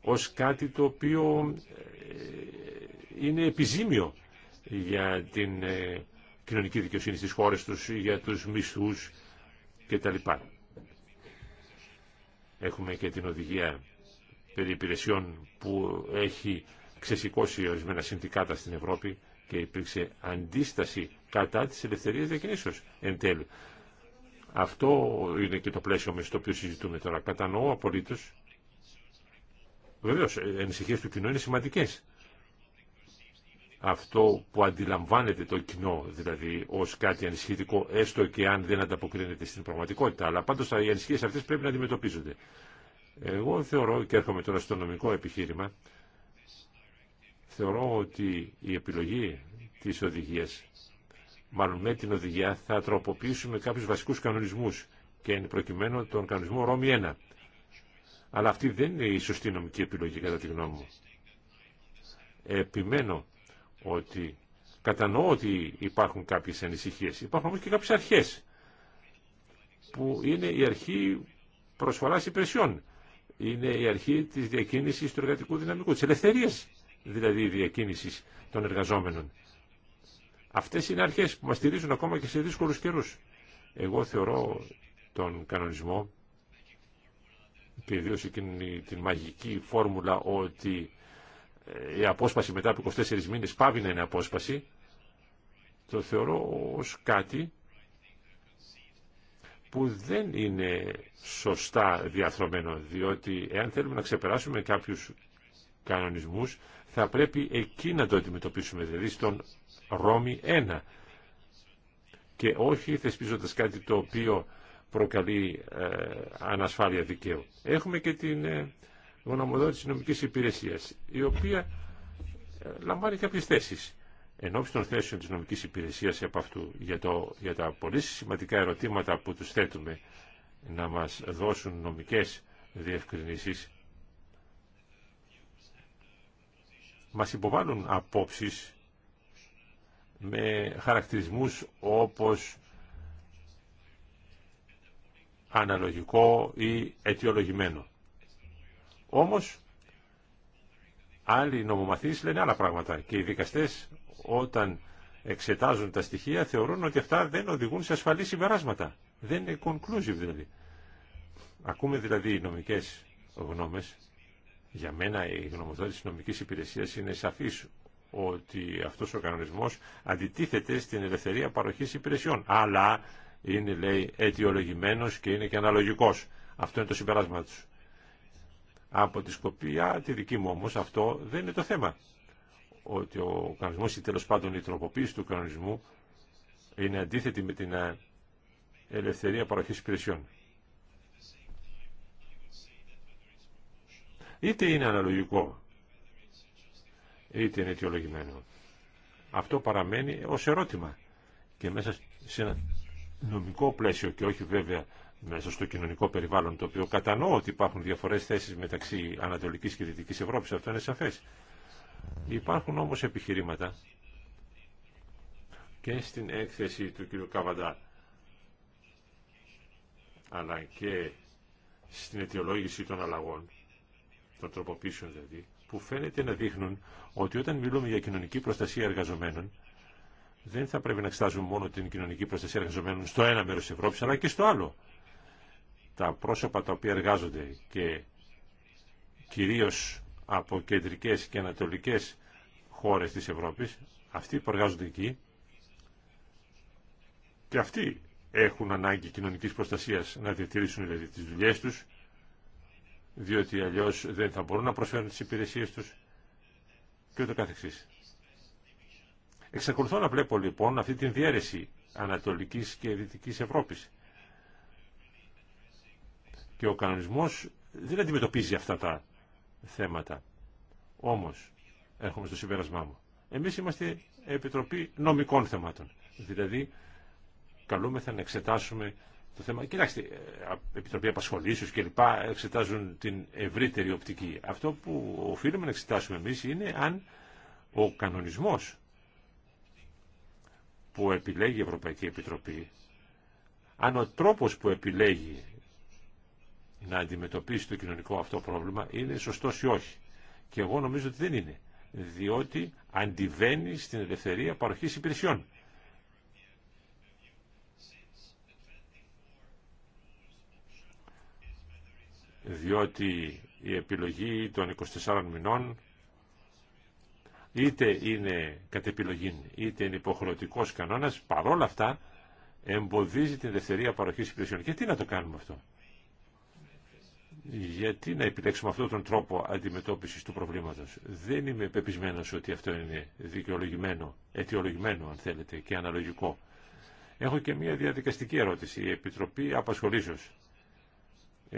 ως κάτι το οποίο ε, είναι επιζήμιο για την ε, κοινωνική δικαιοσύνη στις χώρες τους, για τους μισθούς κτλ. Έχουμε και την οδηγία περί που έχει ξεσηκώσει ορισμένα συνδικάτα στην Ευρώπη και υπήρξε αντίσταση κατά της ελευθερίας διακινήσεως εν τέλει. Αυτό είναι και το πλαίσιο με στο οποίο συζητούμε τώρα. Κατανοώ απολύτως. Βεβαίως, οι του κοινού είναι σημαντικές. Αυτό που αντιλαμβάνεται το κοινό, δηλαδή ως κάτι ανησυχητικό, έστω και αν δεν ανταποκρίνεται στην πραγματικότητα. Αλλά πάντως οι ανησυχίες αυτές πρέπει να αντιμετωπίζονται. Εγώ θεωρώ, και έρχομαι τώρα στο νομικό επιχείρημα, Θεωρώ ότι η επιλογή της οδηγίας, μάλλον με την οδηγία, θα τροποποιήσουμε κάποιους βασικούς κανονισμούς και εν προκειμένου τον κανονισμό Ρώμη 1. Αλλά αυτή δεν είναι η σωστή νομική επιλογή κατά τη γνώμη μου. Επιμένω ότι κατανοώ ότι υπάρχουν κάποιες ανησυχίες. Υπάρχουν όμως και κάποιες αρχές που είναι η αρχή προσφοράς υπηρεσιών. Είναι η αρχή της διακίνησης του εργατικού δυναμικού, της ελευθερίας δηλαδή διακίνηση των εργαζόμενων. Αυτές είναι αρχές που μας στηρίζουν ακόμα και σε δύσκολου καιρού. Εγώ θεωρώ τον κανονισμό και ιδίω εκείνη την μαγική φόρμουλα ότι ε, η απόσπαση μετά από 24 μήνες πάβει να είναι απόσπαση, το θεωρώ ως κάτι που δεν είναι σωστά διαθρωμένο, διότι εάν θέλουμε να ξεπεράσουμε κάποιους κανονισμούς, θα πρέπει εκεί να το αντιμετωπίσουμε, δηλαδή στον Ρώμη 1 και όχι θεσπίζοντας κάτι το οποίο προκαλεί ε, ανασφάλεια δικαίου. Έχουμε και την ε, γνωμοδότηση νομικής υπηρεσίας, η οποία ε, λαμβάνει κάποιες θέσεις. Εν των θέσεων της νομικής υπηρεσίας από αυτού, για, το, για τα πολύ σημαντικά ερωτήματα που τους θέτουμε να μας δώσουν νομικές διευκρινήσεις, μας υποβάλλουν απόψεις με χαρακτηρισμούς όπως αναλογικό ή αιτιολογημένο. Όμως, άλλοι νομομαθείς λένε άλλα πράγματα και οι δικαστές όταν εξετάζουν τα στοιχεία θεωρούν ότι αυτά δεν οδηγούν σε ασφαλή συμπεράσματα. Δεν είναι conclusive δηλαδή. Ακούμε δηλαδή οι νομικές γνώμες για μένα η γνωμοδότηση της νομικής υπηρεσίας είναι σαφής ότι αυτός ο κανονισμός αντιτίθεται στην ελευθερία παροχής υπηρεσιών. Αλλά είναι, λέει, αιτιολογημένος και είναι και αναλογικός. Αυτό είναι το συμπεράσμα του. Από τη σκοπία, τη δική μου όμως, αυτό δεν είναι το θέμα. Ότι ο κανονισμός ή τέλο πάντων η τροποποίηση του κανονισμού είναι αντίθετη με την ε, ελευθερία παροχής υπηρεσιών. είτε είναι αναλογικό, είτε είναι αιτιολογημένο. Αυτό παραμένει ως ερώτημα και μέσα σε ένα νομικό πλαίσιο και όχι βέβαια μέσα στο κοινωνικό περιβάλλον το οποίο κατανοώ ότι υπάρχουν διαφορές θέσεις μεταξύ Ανατολικής και Δυτικής Ευρώπης, αυτό είναι σαφές. Υπάρχουν όμως επιχειρήματα και στην έκθεση του κ. Καβαντά αλλά και στην αιτιολόγηση των αλλαγών των τροποποιήσεων δηλαδή, που φαίνεται να δείχνουν ότι όταν μιλούμε για κοινωνική προστασία εργαζομένων, δεν θα πρέπει να εξετάζουμε μόνο την κοινωνική προστασία εργαζομένων στο ένα μέρο τη Ευρώπη, αλλά και στο άλλο. Τα πρόσωπα τα οποία εργάζονται και κυρίω από κεντρικέ και ανατολικέ χώρε τη Ευρώπη, αυτοί που εργάζονται εκεί και αυτοί έχουν ανάγκη κοινωνική προστασία να διατηρήσουν δηλαδή τις δουλειέ τους διότι αλλιώς δεν θα μπορούν να προσφέρουν τις υπηρεσίες τους και ούτω καθεξής. Εξακολουθώ να βλέπω λοιπόν αυτή την διαίρεση Ανατολικής και Δυτικής Ευρώπης. Και ο κανονισμός δεν αντιμετωπίζει αυτά τα θέματα. Όμως, έρχομαι στο συμπέρασμά μου. Εμείς είμαστε Επιτροπή Νομικών Θεμάτων. Δηλαδή, καλούμεθα να εξετάσουμε το θέμα. Κοιτάξτε, ε, Επιτροπή Απασχολήσεως και λοιπά εξετάζουν την ευρύτερη οπτική. Αυτό που οφείλουμε να εξετάσουμε εμείς είναι αν ο κανονισμός που επιλέγει η Ευρωπαϊκή Επιτροπή, αν ο τρόπος που επιλέγει να αντιμετωπίσει το κοινωνικό αυτό πρόβλημα είναι σωστός ή όχι. Και εγώ νομίζω ότι δεν είναι, διότι αντιβαίνει στην ελευθερία παροχής υπηρεσιών. διότι η επιλογή των 24 μηνών είτε είναι κατ' επιλογή, είτε είναι υποχρεωτικός κανόνας, παρόλα αυτά εμποδίζει την ελευθερία παροχής υπηρεσιών. Και τι να το κάνουμε αυτό. Γιατί να επιλέξουμε αυτόν τον τρόπο αντιμετώπισης του προβλήματος. Δεν είμαι πεπισμένος ότι αυτό είναι δικαιολογημένο, αιτιολογημένο αν θέλετε και αναλογικό. Έχω και μια διαδικαστική ερώτηση. Η Επιτροπή Απασχολήσεως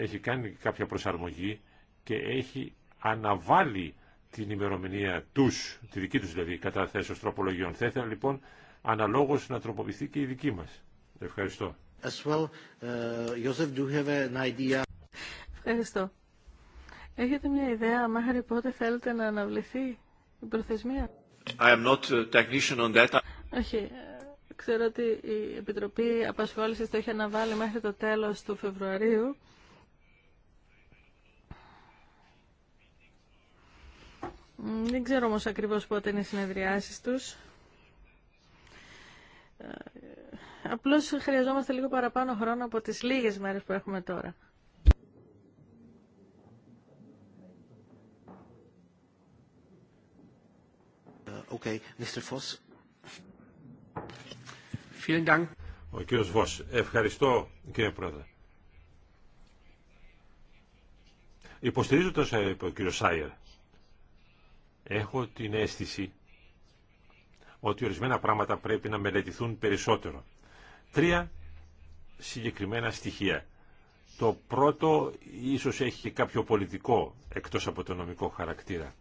έχει κάνει κάποια προσαρμογή και έχει αναβάλει την ημερομηνία τους, τη δική τους δηλαδή, κατά θέσεω τροπολογιών. Θα ήθελα λοιπόν αναλόγως να τροποποιηθεί και η δική μας. Ευχαριστώ. As well, uh, Joseph, do you have an idea? Ευχαριστώ. Έχετε μια ιδέα μέχρι πότε θέλετε να αναβληθεί η προθεσμία. I am not technician on that. Όχι. Ε, ξέρω ότι η Επιτροπή Απασχόλησης το έχει αναβάλει μέχρι το τέλος του Φεβρουαρίου. Δεν ξέρω όμως ακριβώς πότε είναι οι συνεδριάσεις τους. Ε, απλώς χρειαζόμαστε λίγο παραπάνω χρόνο από τις λίγες μέρες που έχουμε τώρα. Ε, okay, Mr. Voss. Vielen Dank. Ο κύριος Βος. Ευχαριστώ κύριε Πρόεδρε. Υποστηρίζω τόσο είπε ο κύριο Σάιερ έχω την αίσθηση ότι ορισμένα πράγματα πρέπει να μελετηθούν περισσότερο. Τρία συγκεκριμένα στοιχεία. Το πρώτο ίσως έχει και κάποιο πολιτικό εκτός από το νομικό χαρακτήρα.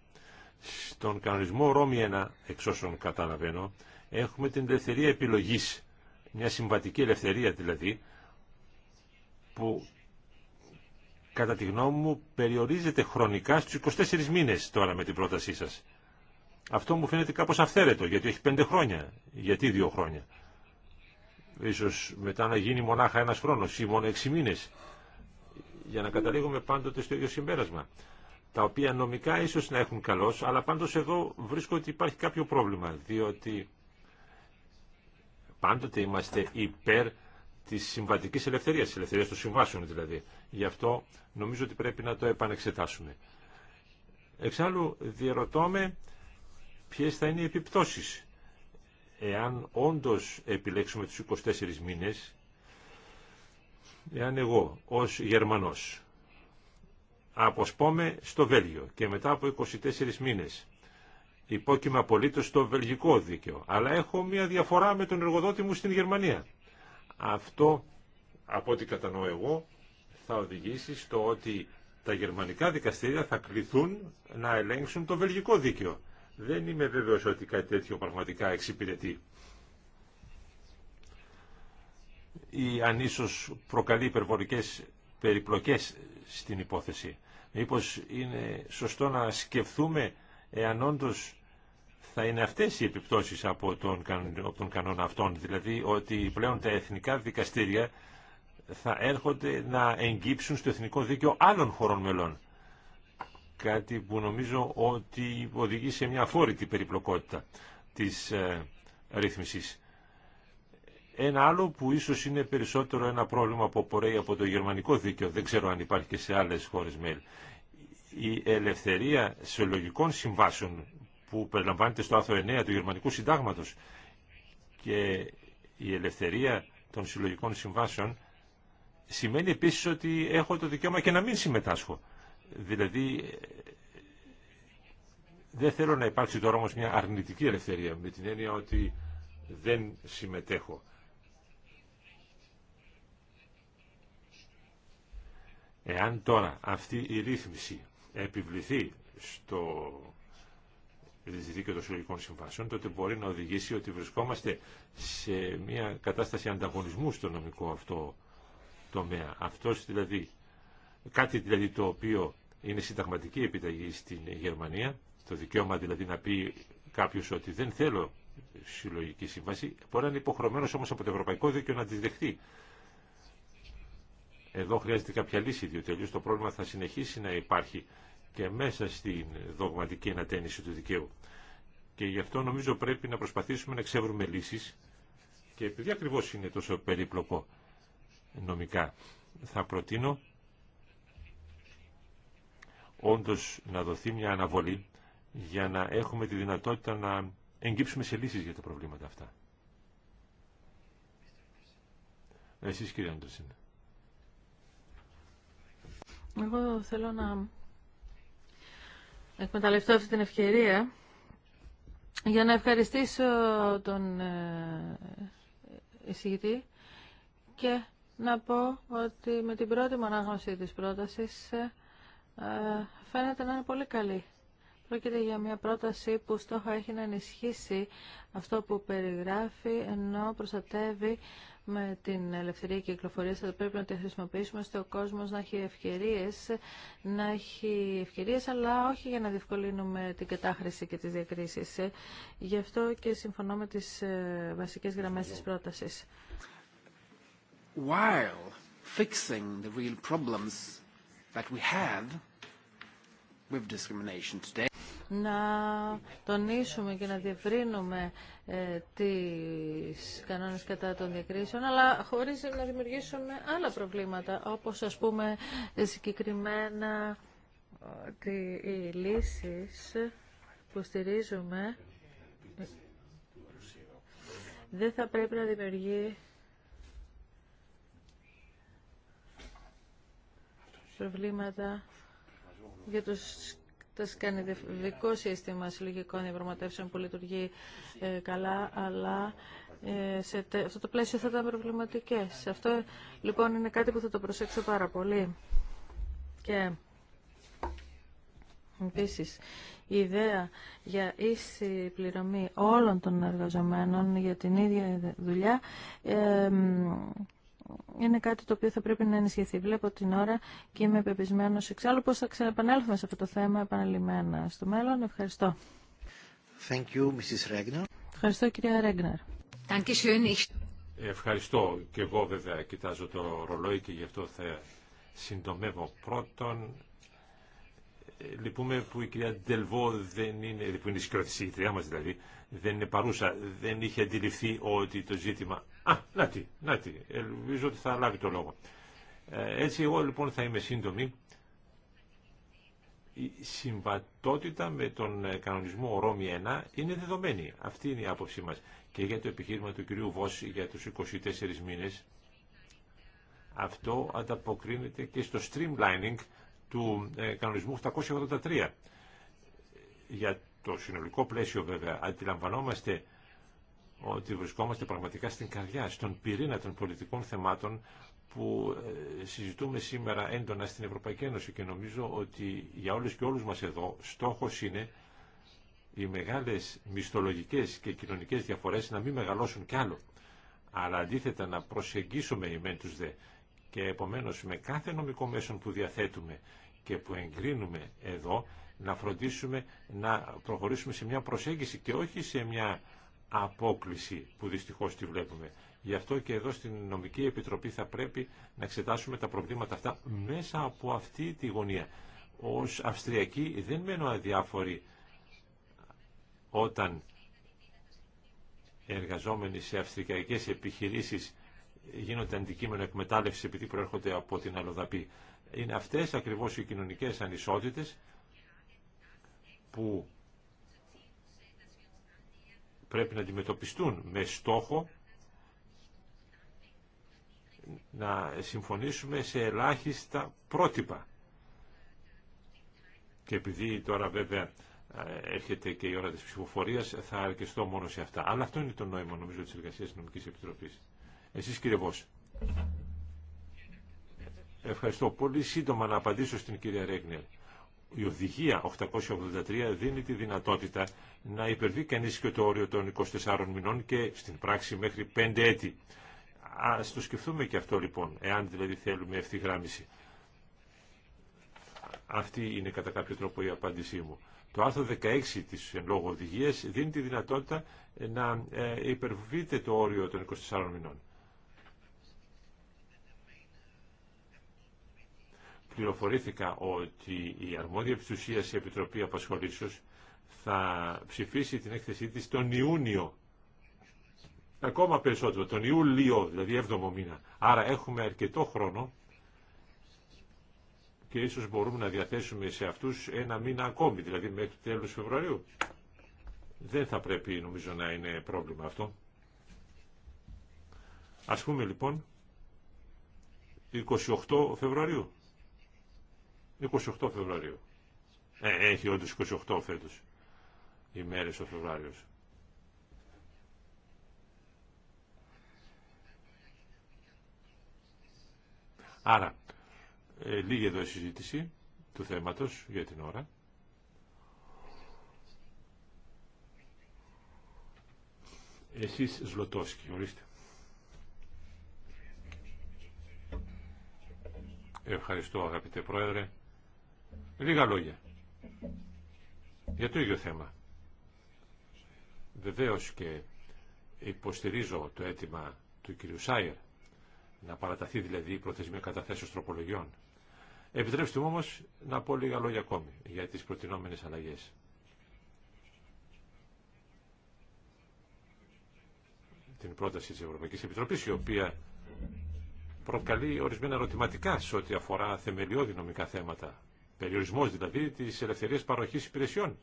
Στον κανονισμό Ρώμη 1, εξ όσων καταλαβαίνω, έχουμε την ελευθερία επιλογής, μια συμβατική ελευθερία δηλαδή, που κατά τη γνώμη μου, περιορίζεται χρονικά στους 24 μήνες τώρα με την πρότασή σας. Αυτό μου φαίνεται κάπως αυθαίρετο, γιατί έχει πέντε χρόνια. Γιατί δύο χρόνια. Ίσως μετά να γίνει μονάχα ένας χρόνος ή μόνο έξι μήνες. Για να καταλήγουμε πάντοτε στο ίδιο συμπέρασμα. Τα οποία νομικά ίσως να έχουν καλώς, αλλά πάντως εδώ βρίσκω ότι υπάρχει κάποιο πρόβλημα, διότι πάντοτε είμαστε υπέρ της συμβατική ελευθερίας, της ελευθερίας των συμβάσεων δηλαδή. Γι' αυτό νομίζω ότι πρέπει να το επανεξετάσουμε. Εξάλλου διαρωτώμε με θα είναι οι επιπτώσεις. Εάν όντως επιλέξουμε τους 24 μήνες, εάν εγώ ως Γερμανός αποσπώμαι στο Βέλγιο και μετά από 24 μήνες υπόκειμαι απολύτως στο βελγικό δίκαιο, αλλά έχω μια διαφορά με τον εργοδότη μου στην Γερμανία αυτό, από ό,τι κατανοώ εγώ, θα οδηγήσει στο ότι τα γερμανικά δικαστήρια θα κληθούν να ελέγξουν το βελγικό δίκαιο. Δεν είμαι βέβαιος ότι κάτι τέτοιο πραγματικά εξυπηρετεί. Ή αν ίσως προκαλεί υπερβολικές περιπλοκές στην υπόθεση. Μήπως είναι σωστό να σκεφτούμε εάν όντως θα είναι αυτές οι επιπτώσεις από τον, από τον κανόνα αυτών, δηλαδή ότι πλέον τα εθνικά δικαστήρια θα έρχονται να εγκύψουν στο εθνικό δίκαιο άλλων χωρών μελών. Κάτι που νομίζω ότι οδηγεί σε μια αφόρητη περιπλοκότητα της ε, ρύθμισης. Ένα άλλο που ίσως είναι περισσότερο ένα πρόβλημα που απορρέει από το γερμανικό δίκαιο, δεν ξέρω αν υπάρχει και σε άλλες χώρες μέλη, η ελευθερία συλλογικών συμβάσεων που περιλαμβάνεται στο άθρο 9 του Γερμανικού Συντάγματος και η ελευθερία των συλλογικών συμβάσεων σημαίνει επίσης ότι έχω το δικαίωμα και να μην συμμετάσχω. Δηλαδή δεν θέλω να υπάρξει τώρα όμως μια αρνητική ελευθερία με την έννοια ότι δεν συμμετέχω. Εάν τώρα αυτή η ρύθμιση επιβληθεί στο δηλαδή δίκαιο των συλλογικών συμβάσεων, τότε μπορεί να οδηγήσει ότι βρισκόμαστε σε μια κατάσταση ανταγωνισμού στο νομικό αυτό τομέα. Αυτό δηλαδή, κάτι δηλαδή το οποίο είναι συνταγματική επιταγή στην Γερμανία, το δικαίωμα δηλαδή να πει κάποιο ότι δεν θέλω συλλογική σύμβαση, μπορεί να είναι υποχρεωμένο όμω από το ευρωπαϊκό δίκαιο να τη δεχτεί. Εδώ χρειάζεται κάποια λύση, διότι αλλιώ το πρόβλημα θα συνεχίσει να υπάρχει και μέσα στην δογματική ανατένιση του δικαίου. Και γι' αυτό νομίζω πρέπει να προσπαθήσουμε να εξεύρουμε λύσεις και επειδή ακριβώς είναι τόσο περίπλοκο νομικά θα προτείνω όντως να δοθεί μια αναβολή για να έχουμε τη δυνατότητα να εγκύψουμε σε λύσεις για τα προβλήματα αυτά. Εσείς κύριε είναι. Εγώ θέλω να εκμεταλλευτώ αυτή την ευκαιρία για να ευχαριστήσω τον ε, εισηγητή και να πω ότι με την πρώτη μονάγνωση της πρότασης ε, φαίνεται να είναι πολύ καλή. Πρόκειται για μια πρόταση που στόχο έχει να ενισχύσει αυτό που περιγράφει ενώ προστατεύει με την ελευθερία κυκλοφορία θα πρέπει να τη χρησιμοποιήσουμε ώστε ο κόσμο να έχει ευκαιρίε, να έχει ευκαιρίες, αλλά όχι για να διευκολύνουμε την κατάχρηση και τι διακρίσει. Γι' αυτό και συμφωνώ με τι ε, βασικέ γραμμέ τη πρόταση. While fixing the real problems that we have with discrimination today, να τονίσουμε και να διευρύνουμε ε, τις κανόνες κατά των διακρίσεων, αλλά χωρίς να δημιουργήσουμε άλλα προβλήματα, όπως ας πούμε συγκεκριμένα ότι οι λύσεις που στηρίζουμε δεν θα πρέπει να δημιουργεί προβλήματα για τους το δικό σύστημα συλλογικών διαπραγματεύσεων που λειτουργεί ε, καλά, αλλά ε, σε αυτό το πλαίσιο θα ήταν προβληματικέ. Αυτό λοιπόν είναι κάτι που θα το προσέξω πάρα πολύ. Και επίσης η ιδέα για ίση πληρωμή όλων των εργαζομένων για την ίδια δουλειά ε, είναι κάτι το οποίο θα πρέπει να ενισχυθεί. Βλέπω την ώρα και είμαι πεπισμένο εξάλλου πώ θα ξαναπανέλθουμε σε αυτό το θέμα επαναλημμένα στο μέλλον. Ευχαριστώ. Thank you, Mrs. Ευχαριστώ, κυρία Ρέγκναρ. Ευχαριστώ και εγώ βέβαια κοιτάζω το ρολόι και γι' αυτό θα συντομεύω πρώτον. Λυπούμε που η κυρία Ντελβό δεν είναι, που είναι η συγκρότηση, μας δηλαδή, δεν είναι παρούσα, δεν είχε αντιληφθεί ότι το ζήτημα Α, να τη, να τη. Ελπίζω ότι θα λάβει το λόγο. Ε, έτσι εγώ λοιπόν θα είμαι σύντομη. Η συμβατότητα με τον ε, κανονισμό Ρώμη 1 είναι δεδομένη. Αυτή είναι η άποψή μας. Και για το επιχείρημα του κυρίου Βόση για τους 24 μήνες, αυτό ανταποκρίνεται και στο streamlining του ε, κανονισμού 883. Για το συνολικό πλαίσιο βέβαια αντιλαμβανόμαστε ότι βρισκόμαστε πραγματικά στην καρδιά, στον πυρήνα των πολιτικών θεμάτων που ε, συζητούμε σήμερα έντονα στην Ευρωπαϊκή Ένωση και νομίζω ότι για όλους και όλους μας εδώ στόχος είναι οι μεγάλες μισθολογικές και κοινωνικές διαφορές να μην μεγαλώσουν κι άλλο, αλλά αντίθετα να προσεγγίσουμε οι μεν τους δε και επομένως με κάθε νομικό μέσο που διαθέτουμε και που εγκρίνουμε εδώ να φροντίσουμε να προχωρήσουμε σε μια προσέγγιση και όχι σε μια απόκληση που δυστυχώς τη βλέπουμε. Γι' αυτό και εδώ στην Νομική Επιτροπή θα πρέπει να εξετάσουμε τα προβλήματα αυτά μέσα από αυτή τη γωνία. Ως Αυστριακή δεν μένω αδιάφορη όταν εργαζόμενοι σε αυστριακές επιχειρήσεις γίνονται αντικείμενο εκμετάλλευση επειδή προέρχονται από την Αλοδαπή Είναι αυτές ακριβώς οι κοινωνικές ανισότητες που πρέπει να αντιμετωπιστούν με στόχο να συμφωνήσουμε σε ελάχιστα πρότυπα. Και επειδή τώρα βέβαια έρχεται και η ώρα της ψηφοφορίας θα αρκεστώ μόνο σε αυτά. Αλλά αυτό είναι το νόημα νομίζω της εργασίας της Νομικής Επιτροπής. Εσείς κύριε Βόση. Ευχαριστώ πολύ σύντομα να απαντήσω στην κυρία Ρέγνερ η οδηγία 883 δίνει τη δυνατότητα να υπερβεί κανείς και το όριο των 24 μηνών και στην πράξη μέχρι 5 έτη. Ας το σκεφτούμε και αυτό λοιπόν, εάν δηλαδή θέλουμε ευθυγράμμιση. Αυτή είναι κατά κάποιο τρόπο η απάντησή μου. Το άρθρο 16 της εν λόγω οδηγίας δίνει τη δυνατότητα να ε, υπερβείτε το όριο των 24 μηνών. πληροφορήθηκα ότι η αρμόδια επιστουσία η Επιτροπή Απασχολήσεως θα ψηφίσει την έκθεσή της τον Ιούνιο. Ακόμα περισσότερο, τον Ιούλιο, δηλαδή 7ο μήνα. Άρα έχουμε αρκετό χρόνο και ίσως μπορούμε να διαθέσουμε σε αυτούς ένα μήνα ακόμη, δηλαδή μέχρι τέλος Φεβρουαρίου. Δεν θα πρέπει νομίζω να είναι πρόβλημα αυτό. Ας πούμε λοιπόν 28 Φεβρουαρίου. 28 Φεβρουαρίου. Ε, έχει όντως 28 φέτος ημέρες ο Φεβρουάριος. Άρα, ε, λίγη εδώ η συζήτηση του θέματος για την ώρα. Εσείς Ζλωτόσκι, ορίστε. Ευχαριστώ αγαπητέ Πρόεδρε. Λίγα λόγια. Για το ίδιο θέμα. Βεβαίως και υποστηρίζω το αίτημα του κ. Σάιερ να παραταθεί δηλαδή η προθεσμία καταθέσεως τροπολογιών. Επιτρέψτε μου όμως να πω λίγα λόγια ακόμη για τις προτινόμενες αλλαγές. Την πρόταση της Ευρωπαϊκής Επιτροπής η οποία προκαλεί ορισμένα ερωτηματικά σε ό,τι αφορά θεμελιώδη νομικά θέματα περιορισμός δηλαδή της ελευθερίας παροχής υπηρεσιών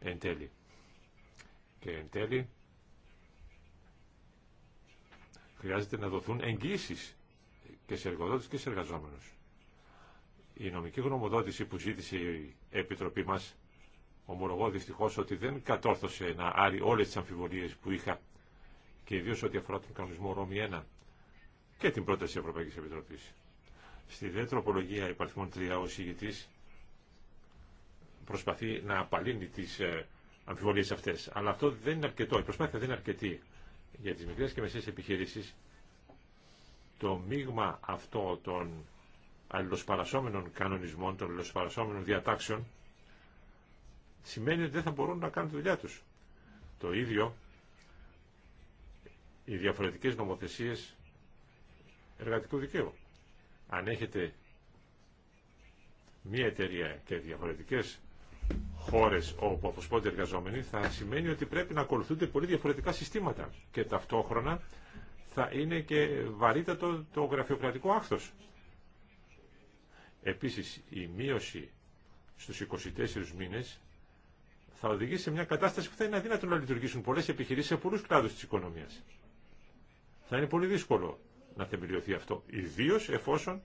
εν τέλει. Και εν τέλει χρειάζεται να δοθούν εγγύησεις και σε εργοδότες και σε εργαζόμενους. Η νομική γνωμοδότηση που ζήτησε η Επιτροπή μας ομολογώ δυστυχώς ότι δεν κατόρθωσε να άρει όλες τις αμφιβολίες που είχα και ιδίως ό,τι αφορά τον κανονισμό Ρώμη 1 και την πρόταση της Ευρωπαϊκής Επιτροπής. Στη δε τροπολογία υπαριθμών 3 ο ΣΥγητή προσπαθεί να απαλύνει τις ε, αμφιβολίες αυτές. Αλλά αυτό δεν είναι αρκετό. Η προσπάθεια δεν είναι αρκετή για τις μικρές και μεσαίες επιχειρήσεις. Το μείγμα αυτό των αλληλοσπαρασόμενων κανονισμών, των αλληλοσπαρασόμενων διατάξεων σημαίνει ότι δεν θα μπορούν να κάνουν τη δουλειά τους. Το ίδιο οι διαφορετικές νομοθεσίες εργατικού δικαίου αν έχετε μία εταιρεία και διαφορετικές χώρες όπου αποσπώνται εργαζόμενοι θα σημαίνει ότι πρέπει να ακολουθούνται πολύ διαφορετικά συστήματα και ταυτόχρονα θα είναι και βαρύτατο το γραφειοκρατικό άκθος. Επίσης η μείωση στους 24 μήνες θα οδηγήσει σε μια κατάσταση που θα είναι αδύνατο να λειτουργήσουν πολλές επιχειρήσεις σε πολλούς κλάδους της οικονομίας. Θα είναι πολύ δύσκολο να θεμελιωθεί αυτό. Ιδίω εφόσον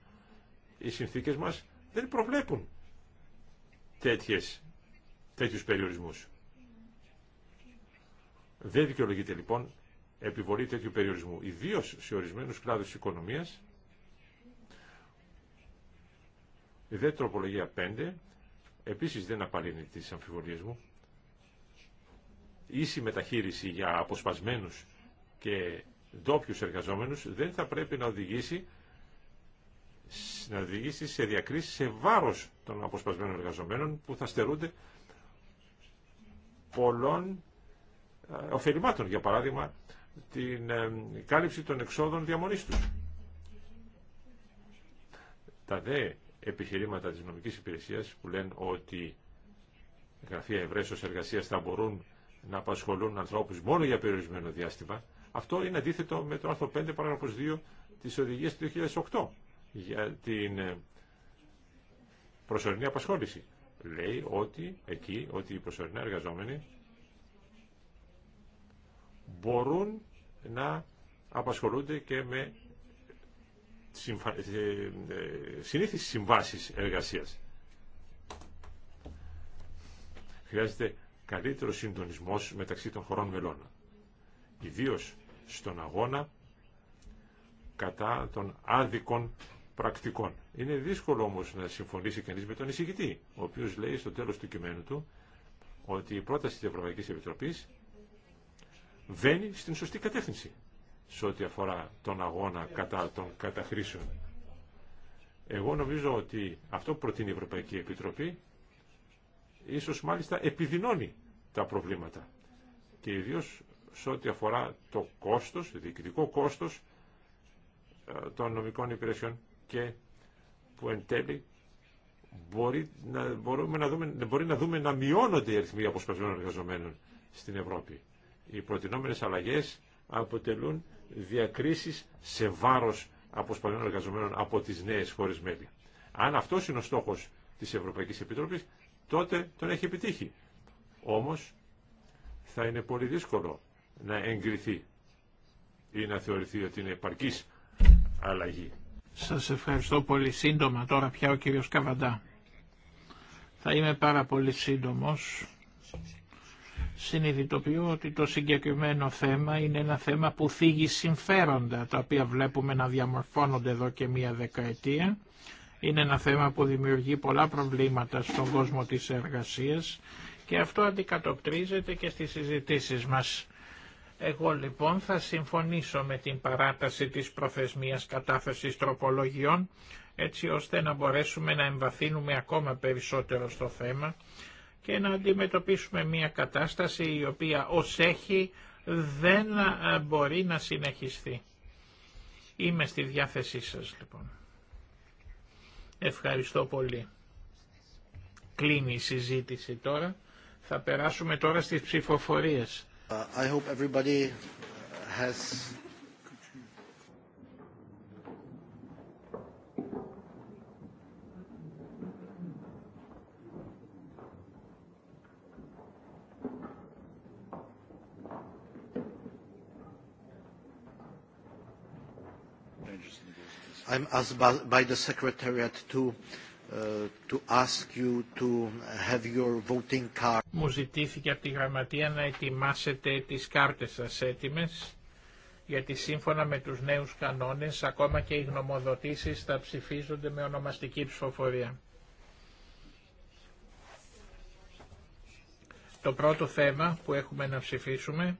οι συνθήκες μας δεν προβλέπουν τέτοιες, τέτοιους περιορισμούς. Δεν δικαιολογείται λοιπόν επιβολή τέτοιου περιορισμού, ιδίω σε ορισμένους κλάδους της οικονομίας. Η δε τροπολογία 5 επίσης δεν απαλύνει τις αμφιβολίες μου. Ίση μεταχείριση για αποσπασμένους και ντόπιου εργαζόμενου, δεν θα πρέπει να οδηγήσει, να οδηγήσει σε διακρίσει σε βάρος των αποσπασμένων εργαζομένων που θα στερούνται πολλών ε, ωφελημάτων, για παράδειγμα την ε, κάλυψη των εξόδων διαμονής τους. Τα δε επιχειρήματα της νομικής υπηρεσίας που λένε ότι γραφεία ευρέσεως εργασίας θα μπορούν να απασχολούν ανθρώπους μόνο για περιορισμένο διάστημα αυτό είναι αντίθετο με το άρθρο 5 παράγραφος 2 της οδηγίας του 2008 για την ε, προσωρινή απασχόληση. Λέει ότι εκεί, ότι οι προσωρινά εργαζόμενοι μπορούν να απασχολούνται και με ε, ε, συνήθεις συμβάσεις εργασίας. Χρειάζεται καλύτερο συντονισμός μεταξύ των χωρών μελών. Ιδίως στον αγώνα κατά των άδικων πρακτικών. Είναι δύσκολο όμως να συμφωνήσει κανείς με τον εισηγητή, ο οποίος λέει στο τέλος του κειμένου του ότι η πρόταση της Ευρωπαϊκής Επιτροπής βαίνει στην σωστή κατεύθυνση σε ό,τι αφορά τον αγώνα κατά των καταχρήσεων. Εγώ νομίζω ότι αυτό που προτείνει η Ευρωπαϊκή Επιτροπή ίσως μάλιστα επιδεινώνει τα προβλήματα και ιδίως σε ό,τι αφορά το κόστος, το διοικητικό κόστος ε, των νομικών υπηρεσιών και που εν τέλει μπορεί να, μπορούμε να δούμε, να δούμε να μειώνονται οι αριθμοί αποσπασμένων εργαζομένων στην Ευρώπη. Οι προτινόμενες αλλαγές αποτελούν διακρίσεις σε βάρος αποσπασμένων εργαζομένων από τις νέες χώρες μέλη. Αν αυτό είναι ο στόχος της Ευρωπαϊκής Επιτροπής, τότε τον έχει επιτύχει. Όμως θα είναι πολύ δύσκολο να εγκριθεί ή να θεωρηθεί ότι είναι επαρκής αλλαγή. Σας ευχαριστώ πολύ σύντομα τώρα πια ο κύριος Καβαντά. Θα είμαι πάρα πολύ σύντομος. Συνειδητοποιώ ότι το συγκεκριμένο θέμα είναι ένα θέμα που θίγει συμφέροντα, τα οποία βλέπουμε να διαμορφώνονται εδώ και μία δεκαετία. Είναι ένα θέμα που δημιουργεί πολλά προβλήματα στον κόσμο της εργασίας και αυτό αντικατοπτρίζεται και στις συζητήσεις μας. Εγώ λοιπόν θα συμφωνήσω με την παράταση της προθεσμίας κατάθεσης τροπολογιών έτσι ώστε να μπορέσουμε να εμβαθύνουμε ακόμα περισσότερο στο θέμα και να αντιμετωπίσουμε μια κατάσταση η οποία ως έχει δεν μπορεί να συνεχιστεί. Είμαι στη διάθεσή σας λοιπόν. Ευχαριστώ πολύ. Κλείνει η συζήτηση τώρα. Θα περάσουμε τώρα στις ψηφοφορίες. I hope everybody has I'm asked by the Secretariat to Uh, Μου ζητήθηκε από τη Γραμματεία να ετοιμάσετε τις κάρτες σας έτοιμες, γιατί σύμφωνα με τους νέους κανόνες, ακόμα και οι γνωμοδοτήσεις θα ψηφίζονται με ονομαστική ψηφοφορία. Το πρώτο θέμα που έχουμε να ψηφίσουμε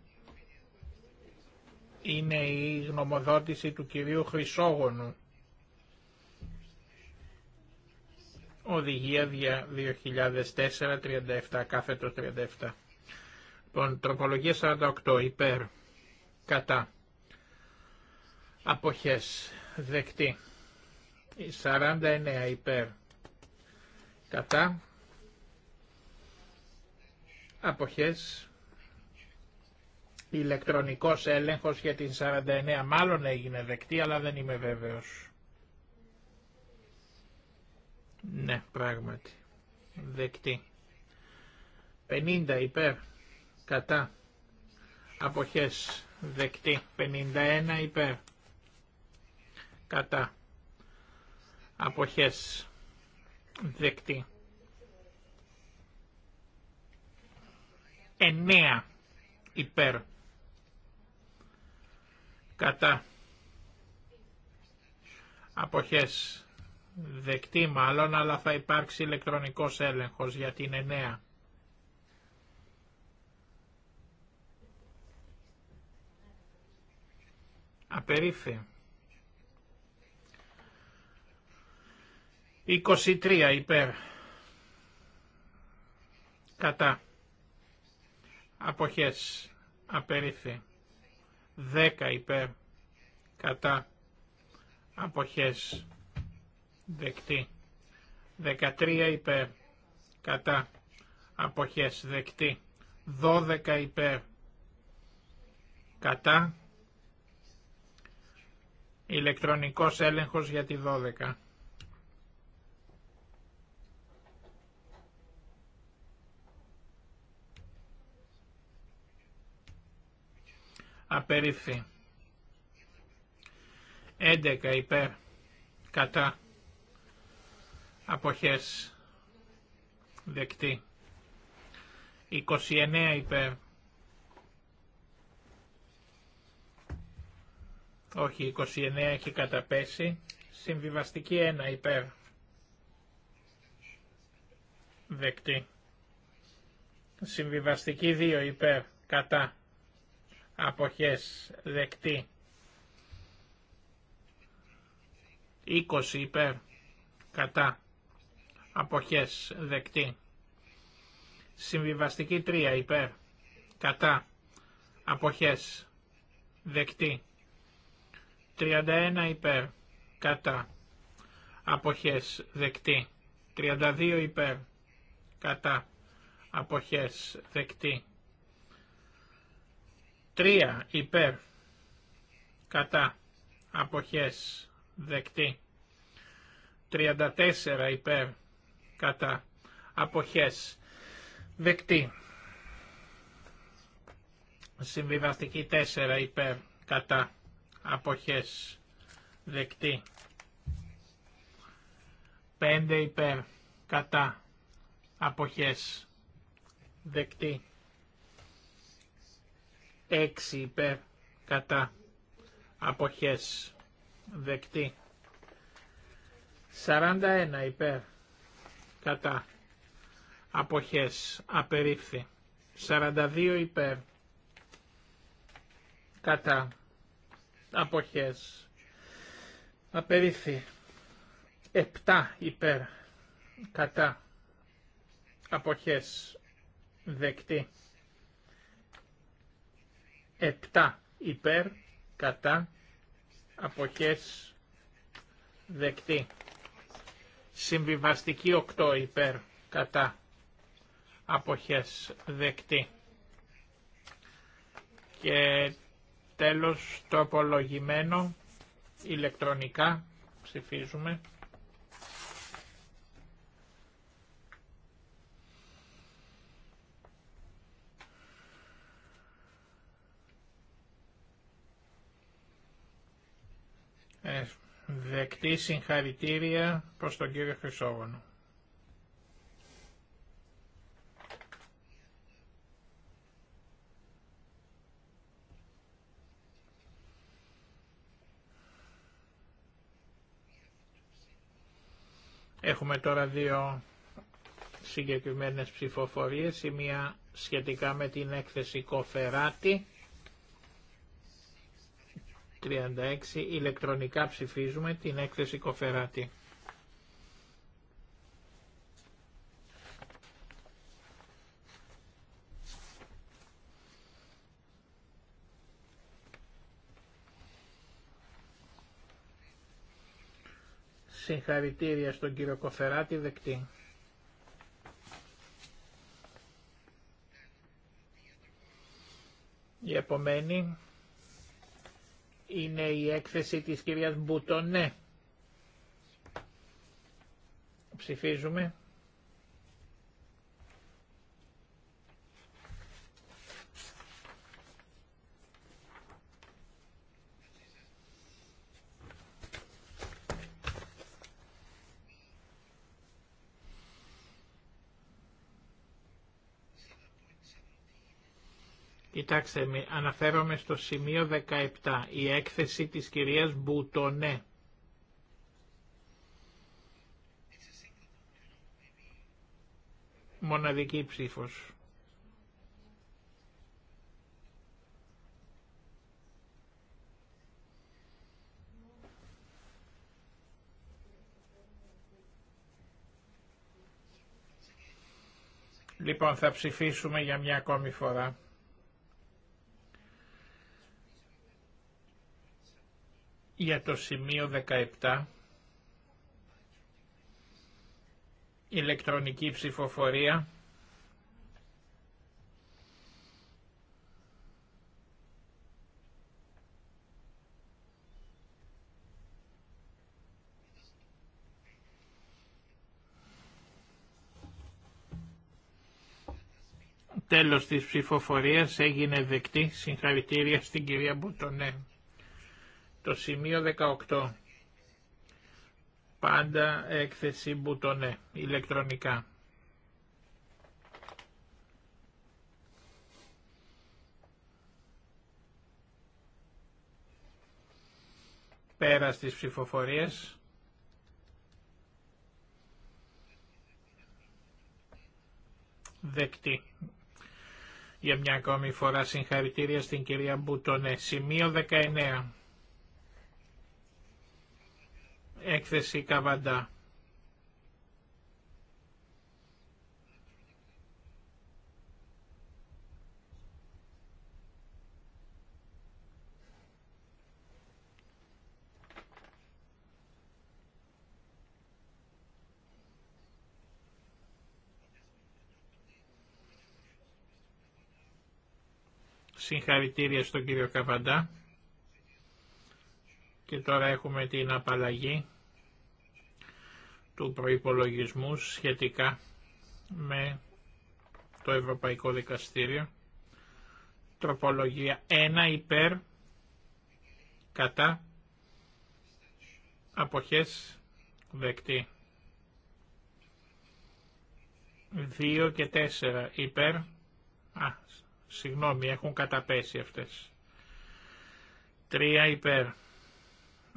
είναι η γνωμοδότηση του κυρίου Χρυσόγονου Οδηγία 2004-37, κάθετο 37. Λοιπόν, τροπολογία 48, υπέρ, κατά, αποχές, δεκτή. 49, υπέρ, κατά, αποχές, ηλεκτρονικός έλεγχος για την 49. Μάλλον έγινε δεκτή, αλλά δεν είμαι βέβαιος. Ναι, πράγματι. Δεκτή. 50 υπέρ. Κατά. Αποχές. Δεκτή. 51 υπέρ. Κατά. Αποχές. Δεκτή. 9 υπέρ. Κατά. Αποχές Δεκτή μάλλον, αλλά θα υπάρξει ηλεκτρονικός έλεγχος για την ενεα. Απερίφη. 23 υπέρ. Κατά. Αποχές. Απερίφη. 10 υπέρ. Κατά. Αποχές δεκτή. 13 υπέρ κατά αποχές δεκτή. 12 υπέρ κατά ηλεκτρονικός έλεγχος για τη 12. Απερίφθη. 11 υπέρ κατά αποχές δεκτή 29 υπέρ όχι 29 έχει καταπέσει συμβιβαστική 1 υπέρ δεκτή συμβιβαστική 2 υπέρ κατά αποχές δεκτή 20 υπέρ κατά αποχές δεκτή. Συμβιβαστική 3 υπέρ κατά αποχές δεκτή. 31 υπέρ κατά αποχές δεκτή. 32 υπέρ κατά αποχές δεκτή. 3 υπέρ κατά αποχές δεκτή. 34 υπέρ κατά αποχές δεκτή. Συμβιβαστική 4 υπέρ κατά αποχές δεκτή. 5 υπέρ κατά αποχές δεκτή. 6 υπέρ κατά αποχές δεκτή. 41 υπέρ κατά αποχές απερίφθη 42 υπέρ κατά αποχές απερίφθη 7 υπέρ κατά αποχές δεκτή 7 υπέρ κατά αποχές δεκτή Συμβιβαστική οκτώ υπέρ κατά αποχές δεκτή. Και τέλος το απολογημένο ηλεκτρονικά ψηφίζουμε. Εκτή συγχαρητήρια προς τον κύριο Χρυσόγωνο. Έχουμε τώρα δύο συγκεκριμένες ψηφοφορίες, η μία σχετικά με την έκθεση Κοφεράτη 36 ηλεκτρονικά ψηφίζουμε την έκθεση Κοφεράτη. Συγχαρητήρια στον κύριο Κοφεράτη, δεκτή. Η επομένη είναι η έκθεση της κυρίας Μπουτονέ. Ψηφίζουμε. Κοιτάξτε, αναφέρομαι στο σημείο 17, η έκθεση της κυρίας Μπουτονέ. Μοναδική ψήφος. Λοιπόν, θα ψηφίσουμε για μια ακόμη φορά. για το σημείο 17 ηλεκτρονική ψηφοφορία Τέλος της ψηφοφορίας έγινε δεκτή συγχαρητήρια στην κυρία Μπουτονέ. Το σημείο 18. Πάντα έκθεση μπουτονέ, ηλεκτρονικά. Πέρα στις ψηφοφορίες. Δεκτή. Για μια ακόμη φορά συγχαρητήρια στην κυρία Μπουτονέ. Σημείο 19. Έκθεση Καβαντά. Συγχαρητήρια στον κύριο Καβαντά. Και τώρα έχουμε την απαλλαγή του προϋπολογισμού σχετικά με το Ευρωπαϊκό Δικαστήριο. Τροπολογία 1 υπέρ κατά αποχές δεκτή. 2 και 4 υπέρ, α, συγγνώμη, έχουν καταπέσει αυτές. 3 υπέρ,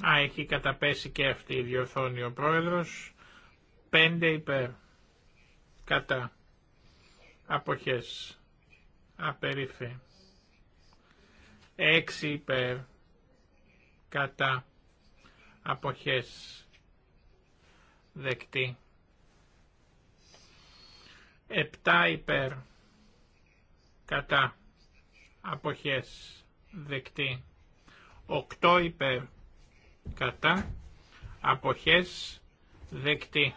Α, έχει καταπέσει και αυτή η διορθώνη ο πρόεδρος. 5 υπέρ. Κατά. Αποχές. Απερίφε 6 υπέρ. Κατά. Αποχές. Δεκτή. 7 υπέρ. Κατά. Αποχές. Δεκτή. 8 υπέρ κατά αποχές δεκτή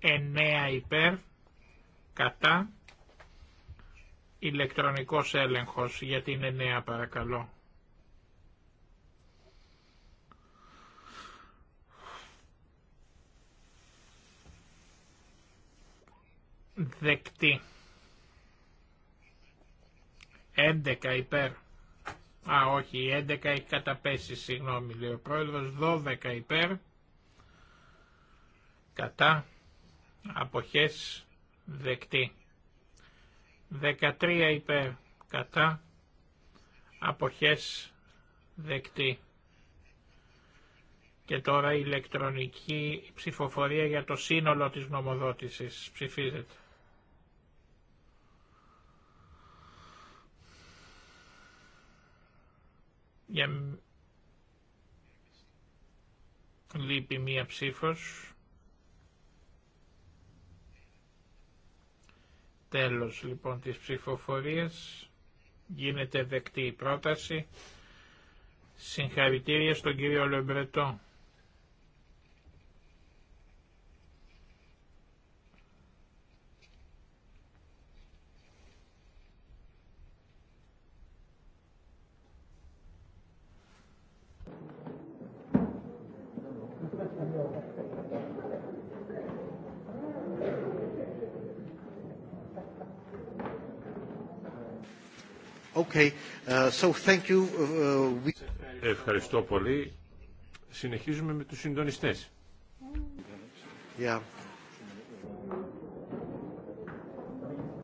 εννέα υπέρ κατά ηλεκτρονικός έλεγχος για την εννέα παρακαλώ. Δεκτή. έντεκα υπέρ Α, όχι, η 11 έχει καταπέσει, συγγνώμη, λέει ο πρόεδρος. 12 υπέρ, κατά, αποχές, δεκτή. 13 υπέρ, κατά, αποχές, δεκτή. Και τώρα η ηλεκτρονική ψηφοφορία για το σύνολο της νομοδότησης ψηφίζεται. Για... Λείπει μία ψήφος. Τέλος λοιπόν της ψηφοφορίας. Γίνεται δεκτή η πρόταση. Συγχαρητήρια στον κύριο Λεμπρετό. Uh, uh, Ευχαριστώ πολύ. Συνεχίζουμε με τους συντονιστές. Yeah.